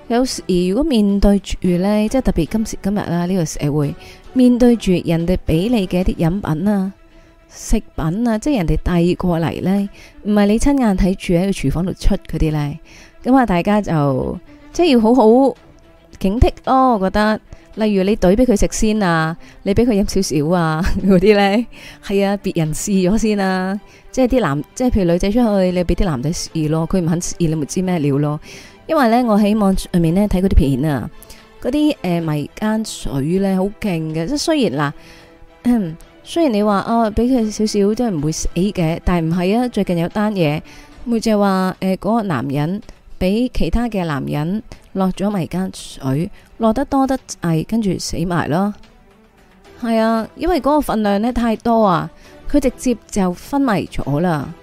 有時如果面對住呢，即係特別今時今日啦呢個社會，面對住人哋俾你嘅一啲飲品啊。食品啊，即係人哋帶過嚟呢，唔係你親眼睇住喺個廚房度出嗰啲呢。咁啊，大家就即係要好好警惕咯。我覺得，例如你懟俾佢食先啊，你俾佢飲少少啊嗰啲呢，係啊，別人試咗先啊，即係啲男，即係譬如女仔出去，你俾啲男仔試咯，佢唔肯試，你咪知咩料咯。因為呢，我喺網上面、呃、呢睇嗰啲片啊，嗰啲誒迷姦水呢好勁嘅，即係雖然嗱。嗯雖然你話啊，俾佢少少都係唔會死嘅，但係唔係啊！最近有單嘢，咪就係話誒，嗰、呃嗰個男人俾其他嘅男人落咗迷姦水，落得多得滯，跟住死埋咯。係啊，因為嗰個份量咧太多啊，佢直接就昏迷咗啦。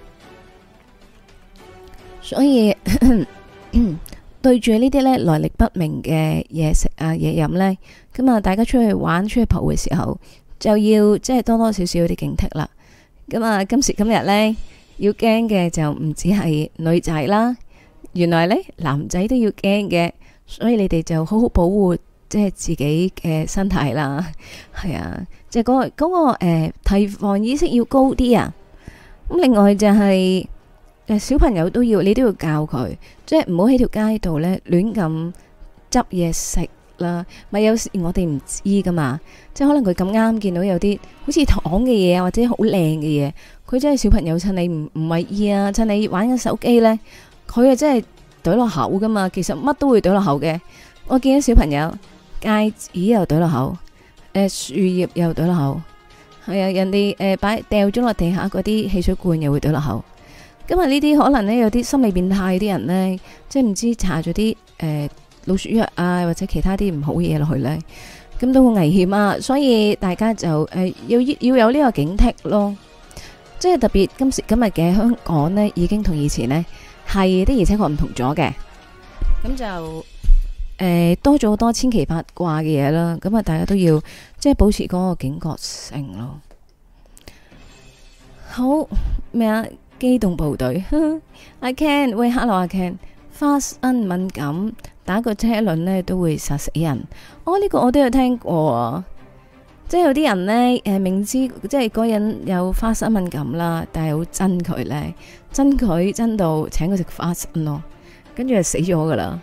所以 *coughs* 對住呢啲咧來歷不明嘅嘢食啊嘢飲咧，咁啊，大家出去玩出去蒲嘅時候。就要即係多多少少有啲警惕啦。咁啊，今時今日呢，要驚嘅就唔止係女仔啦。原來呢，男仔都要驚嘅，所以你哋就好好保護即係自己嘅身體啦。係啊，即係嗰個嗰個誒，提防意識要高啲啊。咁另外就係誒，小朋友都要你都要教佢，即係唔好喺條街度呢亂咁執嘢食。啦，咪有時我哋唔知噶嘛，即係可能佢咁啱見到有啲好似糖嘅嘢啊，或者好靚嘅嘢，佢真係小朋友趁你唔唔為意啊，趁你玩緊手機呢，佢又真係懟落口噶嘛，其實乜都會懟落口嘅。我見啲小朋友戒指又懟落口，誒樹葉又懟落口，係啊，人哋誒擺掉咗落地下嗰啲汽水罐又會懟落口。今日呢啲可能咧有啲心理變態啲人呢，即係唔知搽咗啲誒。老鼠藥啊，或者其他啲唔好嘢落去呢，咁都好危險啊。所以大家就誒、呃，要要有呢個警惕咯，即係特別今時今日嘅香港呢，已經同以前呢係啲，而且確唔同咗嘅，咁就誒、呃，多咗好多千奇百怪嘅嘢啦。咁啊，大家都要即係保持嗰個警覺性咯。好咩啊？機動部隊 *laughs* ，I can 喂，hello，I can fast and 敏感。打個車輪呢都會殺死人，哦，呢個我都有聽過，即係有啲人呢，誒，明知即係嗰人有花生敏感啦，但係好憎佢呢，憎佢憎到請佢食花生咯，跟住就死咗噶啦。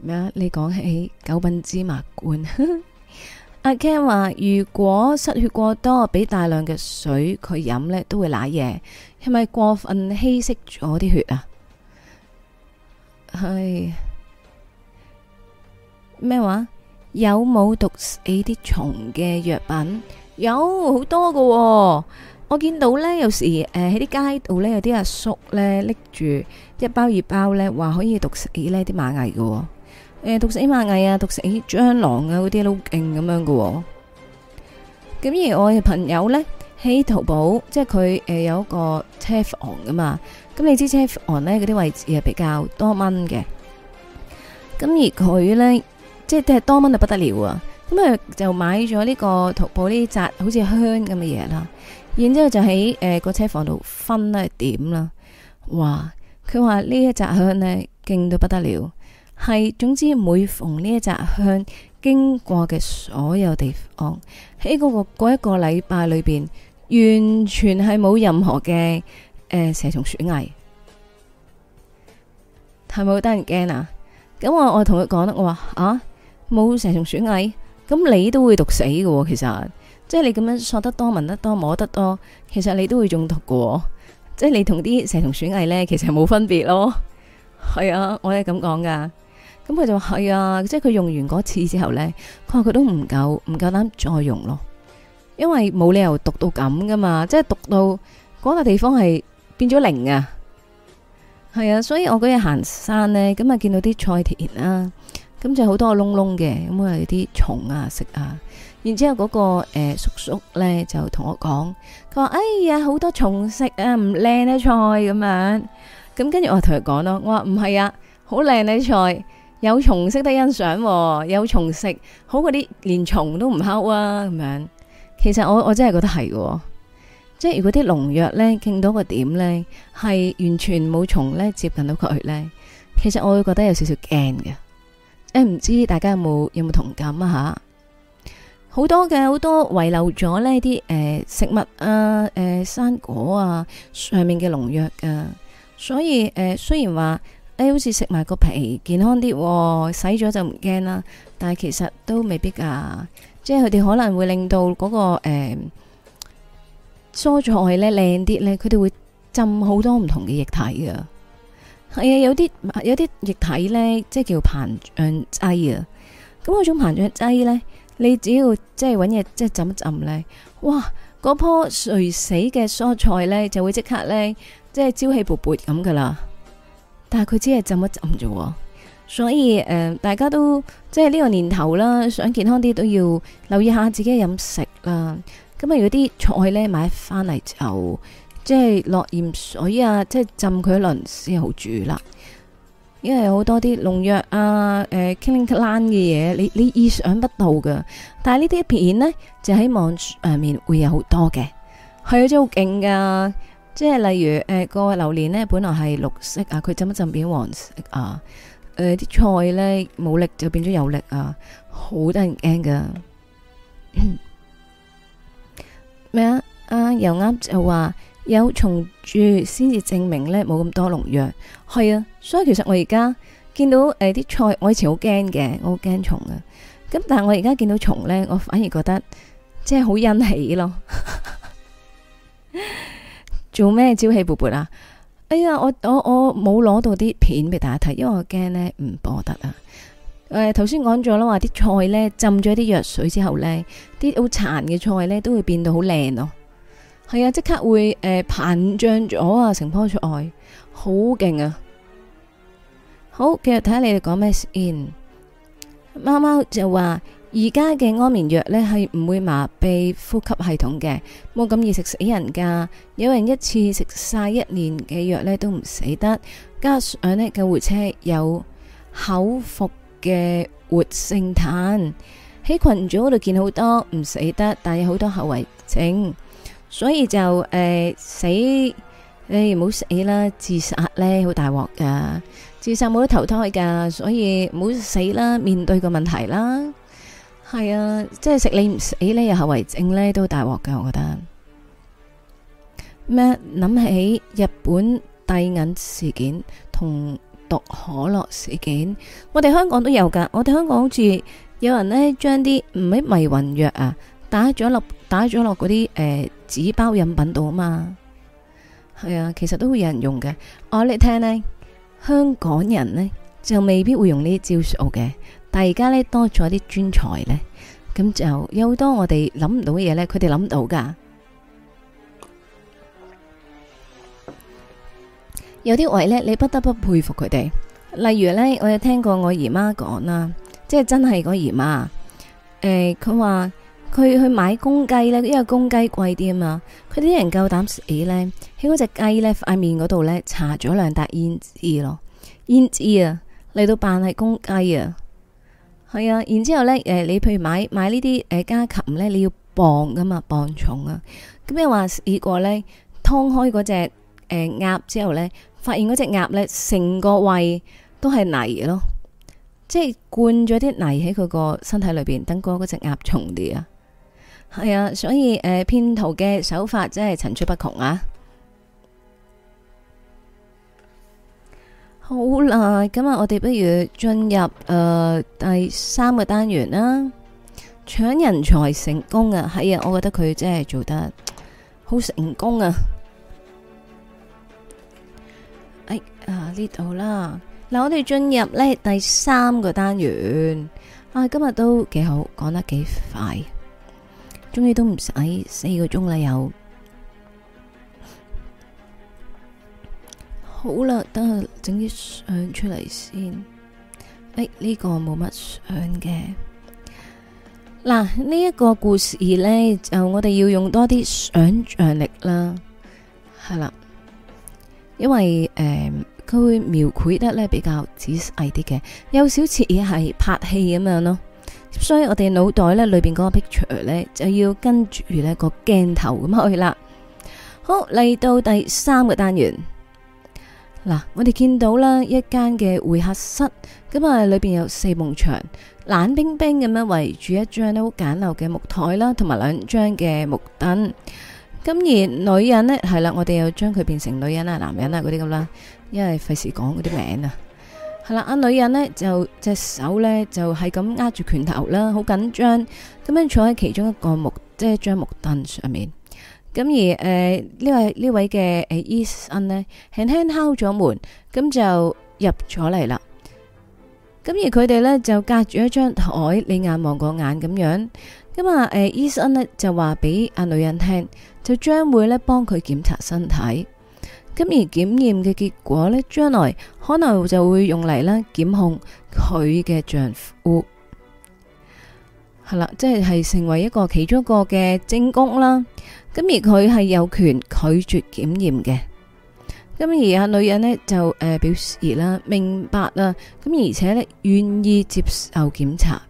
咩啊？你講起九品芝麻官，阿 Ken 話如果失血過多，俾大量嘅水佢飲呢，都會奶嘢，係咪過分稀釋咗啲血啊？係咩話有冇毒死啲蟲嘅藥品？有好多噶，我見到咧，有時誒喺啲街道咧，有啲阿叔咧拎住一包二包咧，話可以毒死咧啲螞蟻噶，誒，毒死螞蟻啊，毒死蟑螂啊，嗰啲都好勁咁樣噶。咁而我嘅朋友咧喺淘寶，即係佢誒有一個車房噶嘛。咁你知車房呢嗰啲位置係比較多蚊嘅。咁而佢呢，即係多蚊就不得了啊！咁啊就買咗呢個淘寶呢紮好似香咁嘅嘢啦，然之後就喺誒個車房度分啦點啦，哇！佢話呢一扎香呢勁到不得了，係總之每逢呢一扎香經過嘅所有地方，喺、那個個嗰一個禮拜裏邊，完全係冇任何嘅。誒，蛇蟲鼠蟻係咪好得人驚啊？咁我我同佢講咧，我話啊，冇蛇蟲鼠蟻，咁你都會毒死嘅哦。其實即係你咁樣索得多、聞得多、摸得多，其實你都會中毒嘅。即係你同啲蛇蟲鼠蟻呢，其實冇分別咯。係啊，我係咁講噶。咁佢就話係啊，即係佢用完嗰次之後呢，佢話佢都唔夠唔夠膽再用咯，因為冇理由毒到咁噶嘛。即係毒到嗰個地方係。變咗零啊，係啊，所以我嗰日行山咧，咁啊見到啲菜田啦，咁就好多窿窿嘅，咁啊啲蟲啊食啊，然之後嗰個誒叔叔咧就同我講，佢話哎呀好多蟲食啊，唔靚嘅菜咁樣，咁跟住我同佢講咯，我話唔係啊，好靚嘅菜，有蟲識得欣賞，有蟲食，好過啲連蟲都唔好啊咁樣。其實我我真係覺得係嘅。即係如果啲農藥咧見到個點咧，係完全冇蟲咧接近到佢咧，其實我會覺得有少少驚嘅。誒、欸，唔知大家有冇有冇同感啊？吓，好多嘅好多遺留咗呢啲誒食物啊，誒、呃，生果啊上面嘅農藥噶，所以誒、呃、雖然話誒、欸、好似食埋個皮健康啲、啊，洗咗就唔驚啦，但係其實都未必噶、啊，即係佢哋可能會令到嗰、那個誒。呃蔬菜呢靚啲呢，佢哋會浸好多唔同嘅液體噶，係啊，有啲有啲液體呢，即係叫膨脹劑啊。咁嗰種膨脹劑呢，你只要即係揾嘢即係浸一浸呢，哇，嗰棵垂死嘅蔬菜呢，就會即刻呢，即係朝氣勃勃咁噶啦。但係佢只係浸一浸啫，所以誒、呃，大家都即係呢個年頭啦，想健康啲都要留意下自己飲食啦。咁啊，如果有啲菜咧買翻嚟，就即係落鹽水啊，即係浸佢一輪先好煮啦。因為好多啲農藥啊、誒 cleaning 嘅嘢，你你意想不到嘅。但係呢啲片呢，就喺網上面會有好多嘅，係啊，真係好勁噶！即係例如誒個、呃、榴蓮呢，本來係綠色啊，佢浸一浸變黃色啊、呃。誒啲菜呢，冇力就變咗有力啊，好得人驚噶。 *coughs* 咩啊？阿油啱就話有蟲蛀先至證明咧冇咁多農藥，係啊。所以其實我而家見到誒啲、呃、菜，我以前好驚嘅，我好驚蟲啊。咁但係我而家見到蟲咧，我反而覺得即係好欣喜咯。 *laughs* 做咩朝氣勃勃啊？哎呀，我我我冇攞到啲片俾大家睇，因為我驚咧唔播得啊。誒，頭先講咗啦，話啲菜呢浸咗啲藥水之後呢，啲好殘嘅菜呢都會變到好靚咯，係啊，即刻、啊、會誒、呃、膨脹咗啊，成棵菜好勁啊！好，繼續睇下你哋講咩 in 貓貓就話：而家嘅安眠藥呢係唔會麻痹呼吸系統嘅，冇咁易食死人噶。有人一次食晒一年嘅藥呢都唔死得，加上呢救護車有口服。嘅活性炭喺群組嗰度見好多唔死得，但有好多後遺症，所以就誒、呃、死，你唔好死啦，自殺呢好大鑊噶，自殺冇得投胎噶，所以唔好死啦，面對個問題啦，係啊，即係食你唔死呢，有後遺症呢都大鑊噶，我覺得咩諗起日本帝銀事件同。毒可樂事件，我哋香港都有噶。我哋香港好似有人呢，將啲唔係迷魂藥啊，打咗落打咗落嗰啲誒紙包飲品度啊嘛。係啊，其實都會有人用嘅。我、啊、哋聽呢，香港人呢，就未必會用呢啲招數嘅，但係而家呢，多咗啲專才呢，咁就有好多我哋諗唔到嘅嘢呢，佢哋諗到噶。有啲位呢，你不得不佩服佢哋。例如呢，我有聽過我姨媽講啦，即係真係個姨媽。誒、欸，佢話佢去買公雞呢，因為公雞貴啲啊嘛。佢啲人夠膽死呢？喺嗰隻雞呢塊面嗰度呢，搽咗兩笪胭脂咯，胭脂啊嚟到扮係公雞啊。係啊，然之後咧，誒，你譬如買買呢啲誒家禽呢，你要磅噶嘛，磅重啊。咁你話試過呢，劏開嗰隻誒鴨之後呢？發現嗰隻鴨呢，成個胃都係泥咯，即係灌咗啲泥喺佢個身體裏邊，等嗰嗰隻鴨重啲啊，係啊，所以誒、騙、呃、徒嘅手法真係層出不窮啊！好啦，噉我哋不如進入誒、呃、第三個單元啦，搶人才成功啊，係啊，我覺得佢真係做得好成功啊！啊呢度啦，嗱、啊、我哋進入呢第三個單元，啊今日都幾好，講得幾快，終於都唔使四個鐘啦有好啦，等下整啲相出嚟先，誒、欸、呢、這個冇乜相嘅。嗱呢一個故事呢，就我哋要用多啲想象力啦，係啦，因為誒。嗯佢會描繪得咧比較仔細啲嘅，有少少似係拍戲咁樣咯。所以我哋腦袋咧裏邊嗰個 picture 呢，就要跟住呢個鏡頭咁去啦。好，嚟到第三個單元嗱，我哋見到啦一間嘅會客室，咁啊裏邊有四埲牆冷冰冰咁樣圍住一張好簡陋嘅木台啦，同埋兩張嘅木凳。咁而女人呢，係啦，我哋又將佢變成女人啊，男人啊嗰啲咁啦。因為費事講嗰啲名啊，係啦，阿女人呢，就隻手呢，就係咁握住拳頭啦，好緊張，咁樣坐喺其中一個木即係張木凳上面。咁而誒呢、呃、位呢位嘅誒、呃、醫生呢，輕輕敲咗門，咁就入咗嚟啦。咁而佢哋呢，就隔住一張台，你眼望個眼咁樣。咁、呃、啊，誒醫生呢，就話俾阿女人聽，就將會呢，幫佢檢查身體。咁而檢驗嘅結果呢，將來可能就會用嚟啦檢控佢嘅丈夫，係啦，即係係成為一個其中一個嘅證供啦。咁而佢係有權拒絕檢驗嘅。咁而阿女人呢，就誒表示啦，明白啦，咁而且呢願意接受檢查。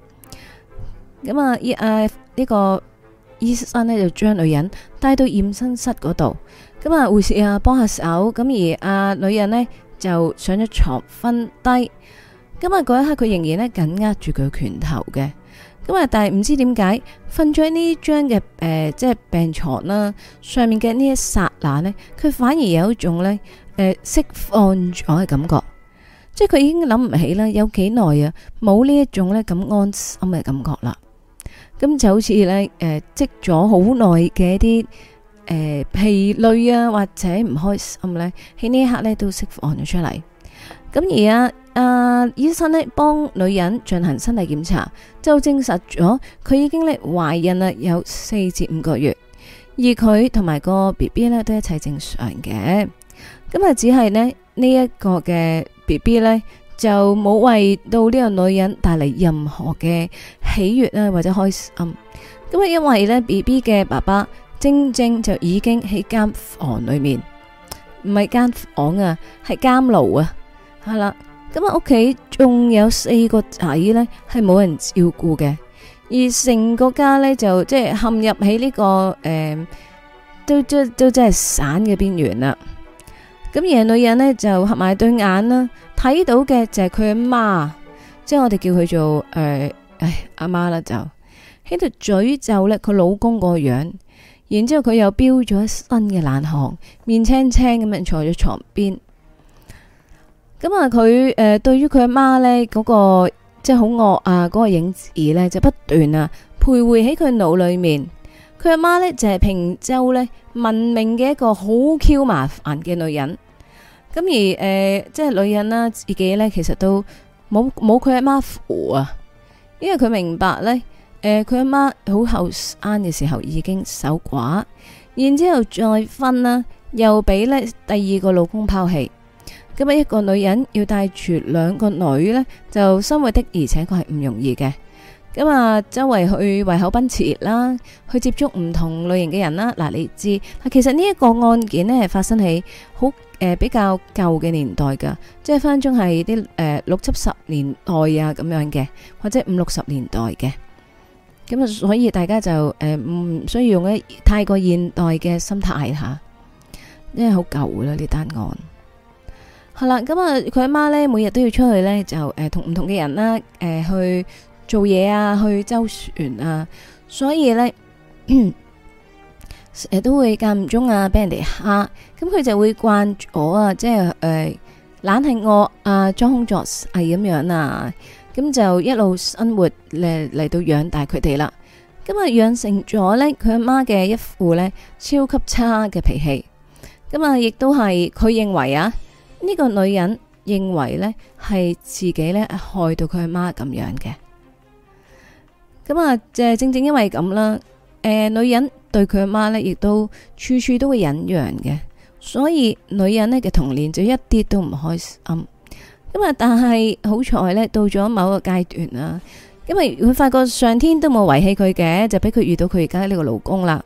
咁啊，呢個醫生呢，就將女人帶到驗身室嗰度。咁、嗯、啊，護士啊，幫下手。咁而阿女人呢，就上咗床瞓低。咁、嗯、啊，嗰一刻佢仍然呢緊握住佢拳頭嘅。咁、嗯、啊，但係唔知點解，瞓咗喺呢張嘅誒，即係病床啦、啊，上面嘅呢一剎那呢，佢反而有一種呢誒釋、呃、放咗嘅感覺。即係佢已經諗唔起啦，有幾耐啊，冇呢一種呢咁安心嘅感覺啦。咁、嗯、就好似呢，誒積咗好耐嘅一啲。呃、疲累啊，或者唔開心呢，喺呢一刻呢都釋放咗出嚟。咁而阿、啊、阿、啊、醫生呢幫女人進行身體檢查，就證實咗佢已經呢懷孕啦，有四至五個月。而佢同埋個 B B 呢都一切正常嘅。咁啊，只係呢呢一個嘅 B B 呢，就冇為到呢個女人帶嚟任何嘅喜悅啊，或者開心。咁啊，因為呢 B B 嘅爸爸。正正就已經喺間房裏面，唔係間房啊，係監牢啊，係啦。咁啊，屋企仲有四個仔呢，係冇人照顧嘅，而成個家呢，就即係陷入喺呢、這個誒、呃，都都都真係散嘅邊緣啦。咁而女人呢，就合埋對眼啦，睇到嘅就係佢阿媽，即係我哋叫佢做誒，唉、呃、阿、哎、媽啦，就喺度詛咒咧佢老公個樣。然之後佢又飆咗一身嘅冷汗，面青青咁啊坐咗床邊。咁啊佢誒對於佢阿媽呢、那、嗰個即係好惡啊嗰、那個影子呢，就不斷啊徘徊喺佢腦裡面。佢阿媽呢，就係平洲呢聞名嘅一個好 Q 麻煩嘅女人。咁而誒、呃、即係女人啦，自己呢，其實都冇冇佢阿媽苦啊，因為佢明白呢。誒，佢阿媽好後生嘅時候已經守寡，然之後再婚啦，又俾呢第二個老公拋棄。咁啊，一個女人要帶住兩個女呢，就生活的而且確係唔容易嘅。咁啊，周圍去為口奔馳啦，去接觸唔同類型嘅人啦。嗱，你知嗱，其實呢一個案件呢，係發生喺好誒比較舊嘅年代噶，即係翻中係啲誒六七十年代啊咁樣嘅，或者五六十年代嘅。咁啊、嗯，所以大家就誒唔、呃、需要用一太過現代嘅心態下、啊、因為好舊啦呢單案。係啦，咁啊，佢阿媽咧每日都要出去咧，就誒、呃、同唔同嘅人啦，誒、呃、去做嘢啊，去周旋啊，所以咧誒成日都會間唔中啊俾人哋蝦，咁、嗯、佢就會慣咗、就是呃、啊，即係誒懶係惡啊裝腔作勢係咁樣啊。咁就一路生活嚟到養大佢哋啦，咁啊養成咗呢，佢阿媽嘅一副呢超級差嘅脾氣，咁啊亦都係佢認為啊呢、呢個女人認為呢係自己呢害到佢阿媽咁樣嘅，咁啊就正正因為咁啦，誒、呃、女人對佢阿媽呢亦都處處都會忍讓嘅，所以女人呢嘅童年就一啲都唔開心。咁啊！但係好彩咧，到咗某個階段啦，因為佢發覺上天都冇遺棄佢嘅，就俾佢遇到佢而家呢個老公啦。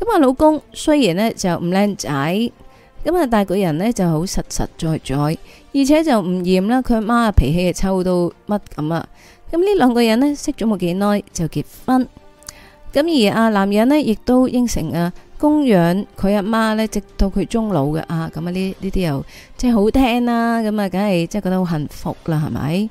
咁啊，老公雖然呢就唔靚仔，咁啊，但佢人呢就好實實在在，而且就唔嫌啦。佢阿媽脾氣又臭到乜咁啊。咁呢兩個人呢識咗冇幾耐就結婚，咁而阿男人呢亦都應承啊。供養佢阿媽呢，直到佢終老嘅啊，咁啊呢呢啲又即係好聽啦、啊，咁啊梗係即係覺得好幸福啦，係咪？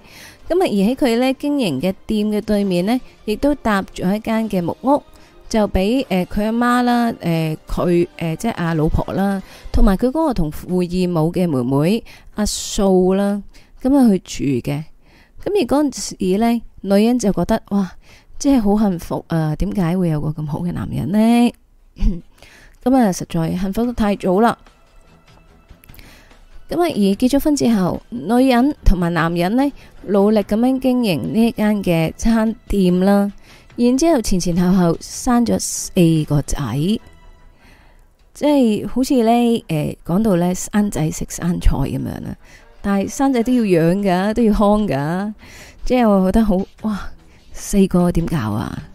咁啊而喺佢呢經營嘅店嘅對面呢，亦都搭住一間嘅木屋，就俾誒佢阿媽啦，誒佢誒即係阿老婆啦，同埋佢嗰個同父異母嘅妹妹阿素啦，咁啊去住嘅。咁而嗰陣時咧，女人就覺得哇，即係好幸福啊！點解會有個咁好嘅男人呢？ *laughs* 」咁咪實在幸福得太早啦！咁啊，而結咗婚之後，女人同埋男人呢，努力咁樣經營呢間嘅餐店啦，然之後前前後後生咗四個仔，即係好似呢誒，講到呢，生仔食生菜咁樣啦，但係生仔都要養噶，都要康噶，即係我覺得好哇，四個點搞啊？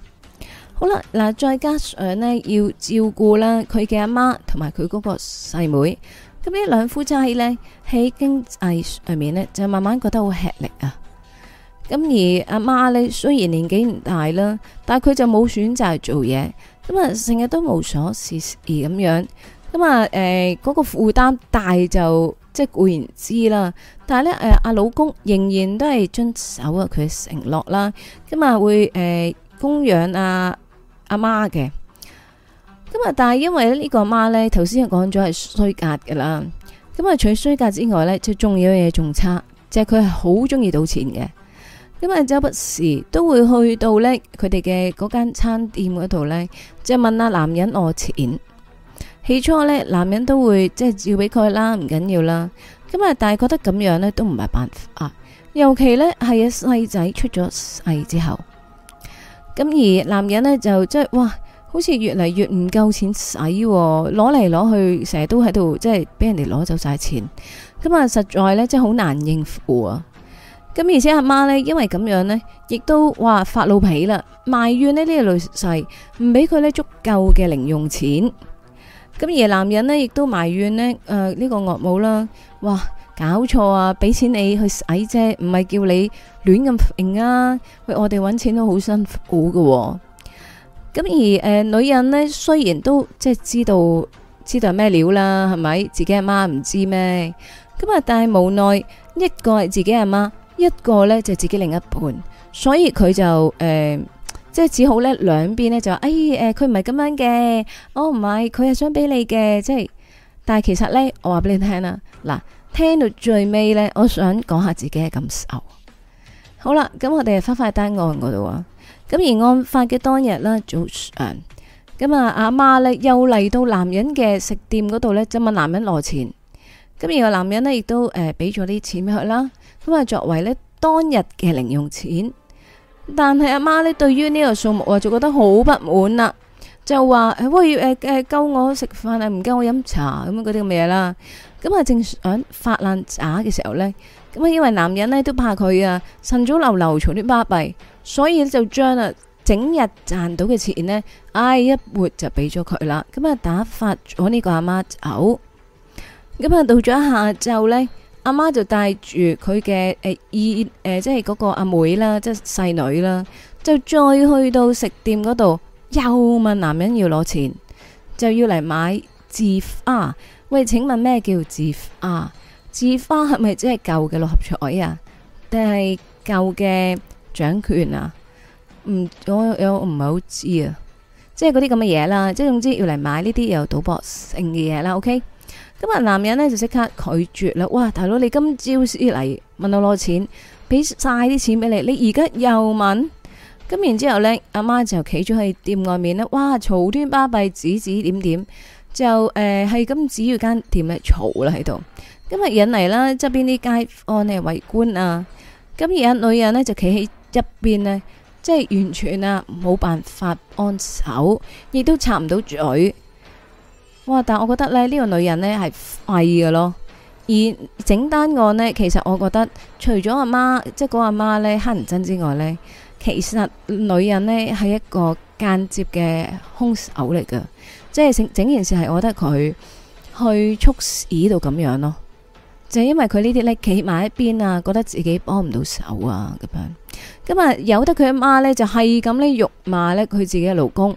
好啦，嗱，再加上呢，要照顧啦佢嘅阿媽同埋佢嗰個細妹、妹，咁呢兩夫妻呢，喺經濟上面呢，就慢慢覺得好吃力啊。咁而阿媽呢，雖然年紀唔大啦，但係佢就冇選擇做嘢，咁啊成日都無所事事咁樣，咁啊誒嗰個負擔大就即係固然知啦，但係呢，誒、呃、阿老公仍然都係遵守諾、嗯呃、啊佢嘅承諾啦，咁啊會誒供養啊阿媽嘅，咁啊，但係因為呢個阿媽呢，頭先講咗係衰格噶啦，咁啊除衰格之外呢，最重要嘅嘢仲差，即係佢係好中意賭錢嘅，咁啊周不時都會去到呢，佢哋嘅嗰間餐店嗰度呢，即係問下男人攞錢，起初呢，男人都會即係照俾佢啦，唔緊要啦，咁啊但係覺得咁樣呢都唔係辦法啊，尤其呢，係阿細仔出咗世之後。咁而男人呢，就即係哇，好似越嚟越唔夠錢使，攞嚟攞去，成日都喺度即係俾人哋攞走晒錢。咁啊實在呢，真係好難應付啊。咁而且阿媽呢，因為咁樣呢，亦都話發老脾啦，埋怨呢呢個女婿唔俾佢呢足夠嘅零用錢。咁而男人呢，亦都埋怨呢誒呢個岳母啦，哇！搞錯啊！俾錢你去使啫，唔係叫你亂咁揈啊。喂，我哋搵錢都好辛苦噶、啊。咁而誒、呃，女人呢，雖然都即係知道知道係咩料啦，係咪自己阿媽唔知咩？咁啊，但係無奈一個係自己阿媽，一個呢就是、自己另一半，所以佢就誒、呃、即係只好呢兩邊呢，就哎誒，佢唔係咁樣嘅，我唔係佢係想俾你嘅，即係但係其實呢，我話俾你聽啦嗱。聽到最尾呢，我想講下自己嘅感受。好啦，咁我哋係翻翻單案嗰度。咁而案發嘅當日呢，早上，咁啊阿媽呢又嚟到男人嘅食店嗰度呢，就問男人攞錢。咁然後，男人呢亦都誒俾咗啲錢俾佢啦。咁啊作為呢當日嘅零用錢，但係阿媽呢對於呢個數目啊就覺得好不滿啦，就話誒喂，誒誒夠我食飯啊，唔夠我飲茶咁樣嗰啲咁嘅嘢啦。等等咁啊，正想發爛渣嘅時候呢，咁啊，因為男人呢都怕佢啊，晨早流流嘈啲巴閉，所以就將啊整日賺到嘅錢呢，哎一撥就俾咗佢啦。咁啊，打發咗呢個阿媽走。咁啊，到咗下晝呢，阿媽就帶住佢嘅誒二誒，即係嗰個阿妹啦，即係細女啦，就再去到食店嗰度，又問男人要攞錢，就要嚟買字花。喂，請問咩叫字啊？字花係咪即係舊嘅六合彩啊？定係舊嘅獎券啊？唔，我我唔係好知啊，即係嗰啲咁嘅嘢啦。即係總之要嚟買呢啲有賭博性嘅嘢啦。OK，咁啊，男人呢就即刻拒絕啦。哇，大佬你今朝嚟問我攞錢，俾晒啲錢俾你，你而家又問，咁然之後咧，阿媽就企咗喺店外面呢。哇，嘈喧巴閉指指點點。就誒，係、呃、咁，只要間店咧嘈啦喺度，今日引嚟啦，側邊啲街坊咧、哦、圍觀啊，咁而家女人呢，就企喺一邊呢，即係完全啊冇辦法安手，亦都插唔到嘴。哇！但係我覺得咧，呢、這個女人呢，係廢嘅咯。而整單案呢，其實我覺得除咗阿媽,媽，即係嗰阿媽呢，乞人憎之外呢，其實女人呢，係一個間接嘅凶手嚟噶。即係整，整件事，係我覺得佢去促使到咁樣咯，就係因為佢呢啲咧企埋一邊啊，覺得自己幫唔到手啊，咁樣咁啊，由得佢阿媽呢就係咁呢辱罵咧佢自己嘅老公，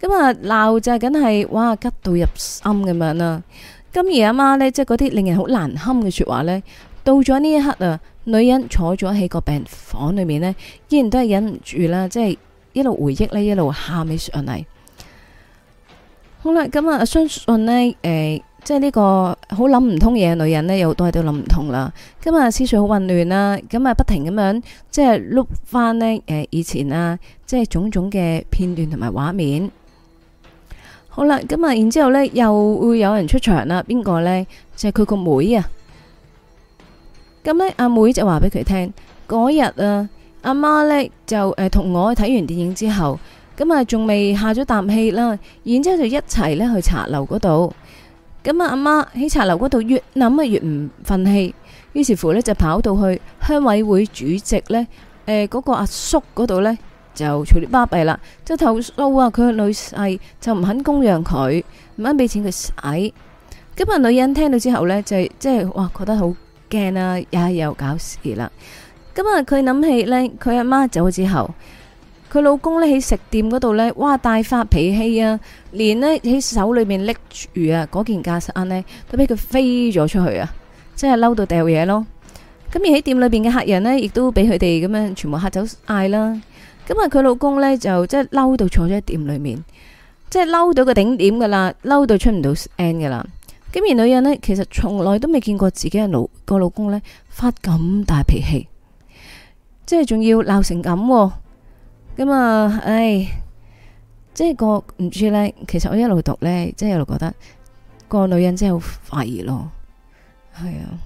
咁啊鬧就梗係哇吉到入心咁樣啦。今夜阿媽呢，即係嗰啲令人好難堪嘅說話呢，到咗呢一刻啊，女人坐咗喺個病房裏面呢，依然都係忍唔住啦，即係一路回憶呢，一路喊起上嚟。好啦，咁啊，相信咧，誒，即係呢個好諗唔通嘢嘅女人咧，有好多人都諗唔通啦。咁啊，思緒好混亂啦，咁啊，不停咁樣即係碌翻咧，誒，以前啊，即係種種嘅片段同埋畫面。好啦，咁啊，然之後咧，又會有人出場啦。邊個咧？就係佢個妹啊。咁咧，阿妹就話俾佢聽，嗰日啊，阿媽咧就誒同我去睇完電影之後。咁啊，仲未下咗啖氣啦，然之後就一齊呢去茶樓嗰度。咁啊，阿媽喺茶樓嗰度越諗啊越唔忿氣，於是乎呢就跑到去鄉委會主席呢誒嗰個阿叔嗰度呢，就嘈啲巴閉啦，就投訴啊佢個女婿就唔肯供養佢，唔肯俾錢佢使。咁啊，女人聽到之後呢，就係即係哇覺得好驚啊，又係又搞事啦。咁啊，佢諗起呢，佢阿媽走咗之後。佢老公呢喺食店嗰度呢，哇！大發脾氣啊，連呢喺手裏面拎住啊嗰件袈裟呢，都俾佢飛咗出去啊！即係嬲到掉嘢咯。咁而喺店裏邊嘅客人呢，亦都俾佢哋咁樣全部吓走嗌啦。咁啊，佢老公呢，就即係嬲到坐咗喺店裏面，即係嬲到個頂點噶啦，嬲到出唔到聲噶啦。咁而女人呢，其實從來都未見過自己嘅老個老公呢，發咁大脾氣，即係仲要鬧成咁。咁啊，唉、嗯，即係個唔知呢。其實我一路讀呢，即係一路覺得個女人真係好發熱咯，係啊。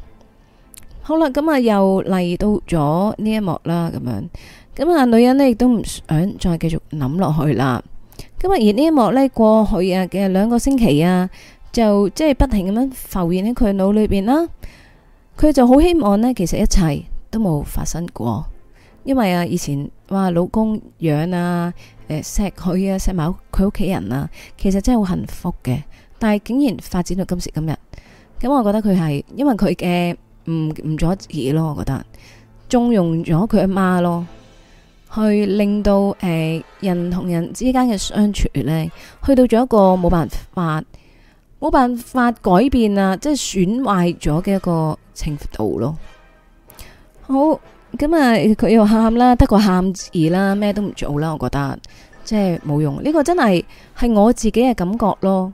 好啦，咁啊又嚟到咗呢一幕啦，咁樣。咁啊女人呢亦都唔想再繼續諗落去啦。咁啊而呢一幕呢，過去啊嘅兩個星期啊，就即係不停咁樣浮現喺佢腦裏邊啦。佢就好希望呢，其實一切都冇發生過。因為啊，以前哇，老公養啊，誒錫佢啊，錫埋佢屋企人啊，其實真係好幸福嘅。但係竟然發展到今時今日，咁我覺得佢係因為佢嘅唔唔阻止咯，我覺得縱容咗佢阿媽咯，去令到誒、呃、人同人之間嘅相處呢，去到咗一個冇辦法、冇辦法改變啊，即係損壞咗嘅一個程度咯。好。咁啊，佢又喊啦，得個喊字啦，咩都唔做啦，我覺得即係冇用。呢個真係係我自己嘅感覺咯。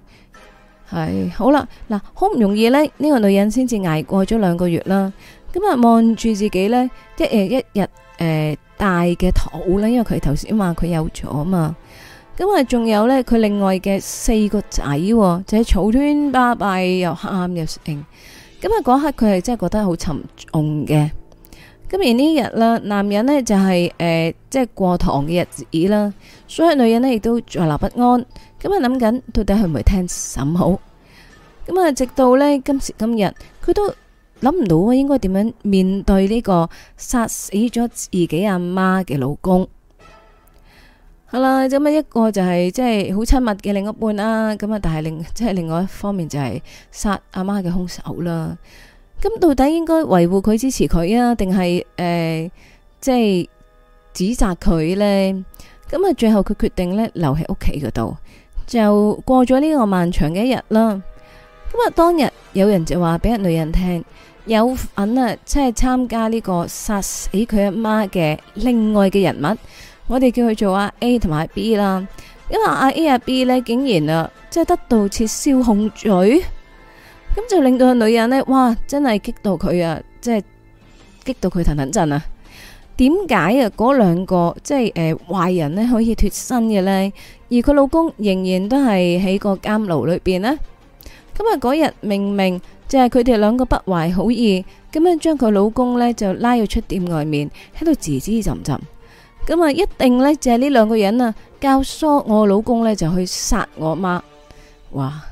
係好啦，嗱，好唔容易咧，呢個女人先至挨過咗兩個月啦。咁啊，望住自己咧，一日一日誒大嘅肚啦，因為佢頭先話佢有咗啊嘛。咁啊，仲有咧，佢另外嘅四個仔就係嘈喧巴閉又喊又應。咁啊，嗰刻佢係真係覺得好沉重嘅。今年呢日啦，男人呢就係、是、誒，即、呃、係、就是、過堂嘅日子啦，所有女人呢亦都坐立不安。咁啊諗緊到底係唔係聽審好？咁啊直到呢今時今日，佢都諗唔到應該點樣面對呢個殺死咗自己阿媽嘅老公。係啦，咁啊一個就係即係好親密嘅另一半啦，咁啊但係另即係、就是、另外一方面就係殺阿媽嘅凶手啦。咁到底應該維護佢支持佢啊，定係誒即係指責佢呢？咁啊，最後佢決定呢留喺屋企嗰度，就過咗呢個漫長嘅一日啦。咁啊，當日有人就話俾個女人聽，有份啊，即係參加呢個殺死佢阿媽嘅另外嘅人物，我哋叫佢做阿 A 同埋 B 啦。因為阿 A 阿 B 呢，竟然啊即係得到撤銷控罪。咁就令到個女人咧，哇！真係激到佢啊，即係激到佢騰騰震啊！點解啊？嗰兩個即係誒壞人咧，可以脱身嘅咧，而佢老公仍然都係喺個監牢裏邊咧。咁啊，嗰日明明就係佢哋兩個不懷好意，咁樣將佢老公咧就拉到出店外面，喺度吱吱浸浸。咁啊，一定咧就係呢兩個人啊教唆我老公咧就去殺我媽，哇。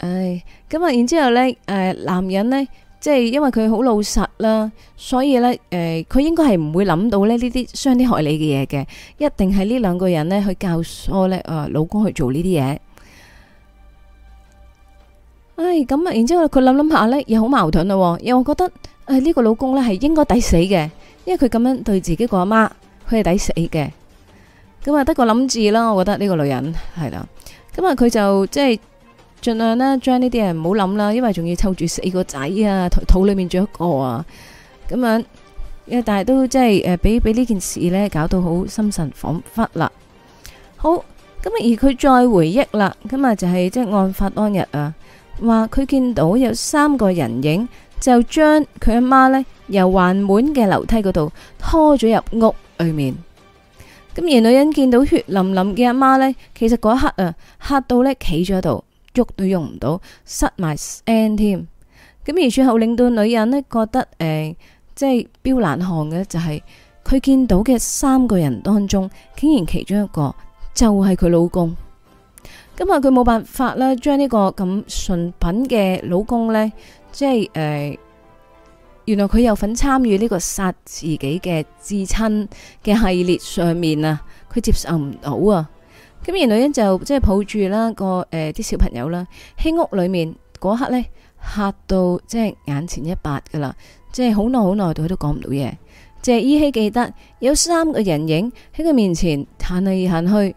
唉，咁啊，然之後咧，誒，男人呢，即係因為佢好老實啦，所以咧，誒、呃，佢應該係唔會諗到咧呢啲傷天害理嘅嘢嘅，一定係呢兩個人呢去教唆咧，誒，老公去做呢啲嘢。唉，咁啊，然之後佢諗諗下咧，又好矛盾咯，哦呃這個，因為我覺得，誒，呢個老公咧係應該抵死嘅，因為佢咁樣對自己個阿媽，佢係抵死嘅。咁啊，得個諗字啦，我覺得呢個女人係啦，咁啊，佢就即係。盡量咧，將呢啲人唔好諗啦，因為仲要湊住四個仔啊，肚裏面仲有一個啊，咁樣。因為但係都即係誒，俾俾呢件事呢搞到好心神恍惚啦。好，咁而佢再回憶啦，咁啊就係即係案發當日啊，話佢見到有三個人影，就將佢阿媽呢由環門嘅樓梯嗰度拖咗入屋裏面。咁而女人見到血淋淋嘅阿媽呢，其實嗰一刻啊，嚇到呢企咗喺度。喐都用唔到，塞埋聲添。咁而最後令到女人呢覺得，誒、呃，即係標冷汗嘅就係，佢見到嘅三個人當中，竟然其中一個就係佢老公。咁啊，佢冇辦法啦，將呢個咁純品嘅老公呢，即係誒、呃，原來佢有份參與呢個殺自己嘅至親嘅系列上面啊，佢接受唔到啊！咁而女人就即係抱住啦個誒啲小朋友啦，喺屋裏面嗰刻呢，吓到即係眼前一白噶啦，即係好耐好耐佢都講唔到嘢，淨係依稀記得有三個人影喺佢面前行嚟行去，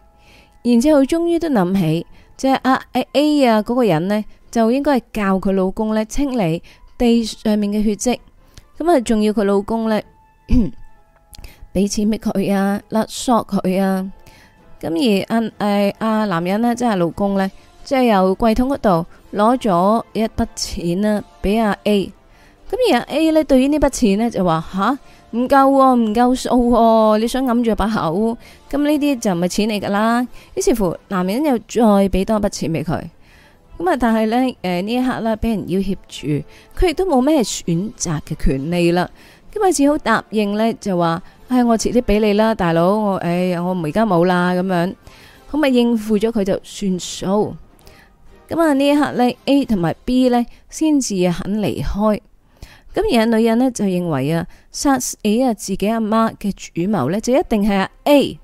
然之後佢終於都諗起，即係阿 A 啊嗰個人呢，就應該係教佢老公呢清理地上面嘅血迹，咁啊仲要佢老公呢俾 *coughs* 錢搣佢啊甩索佢啊。咁而阿誒阿男人呢，即係老公呢，即係由貴通櫃桶嗰度攞咗一筆錢啦，俾阿 A。咁而阿 A 呢，對於呢筆錢呢，就話吓唔夠喎，唔夠數喎，你想揞住把口？咁呢啲就唔係錢嚟噶啦。於是乎，男人又再俾多一筆錢俾佢。咁啊，但係呢，誒、呃、呢一刻呢，俾人要挾住，佢亦都冇咩選擇嘅權利啦。咁啊，只好答應呢，就話。係、哎、我遲啲俾你啦，大佬，我哎呀，我唔而家冇啦咁樣，咁咪應付咗佢就算數。咁啊呢一刻呢 A 同埋 B 呢，先至肯離開。咁而家女人呢，就認為啊，殺死啊自己阿媽嘅主謀呢，就一定係阿 A。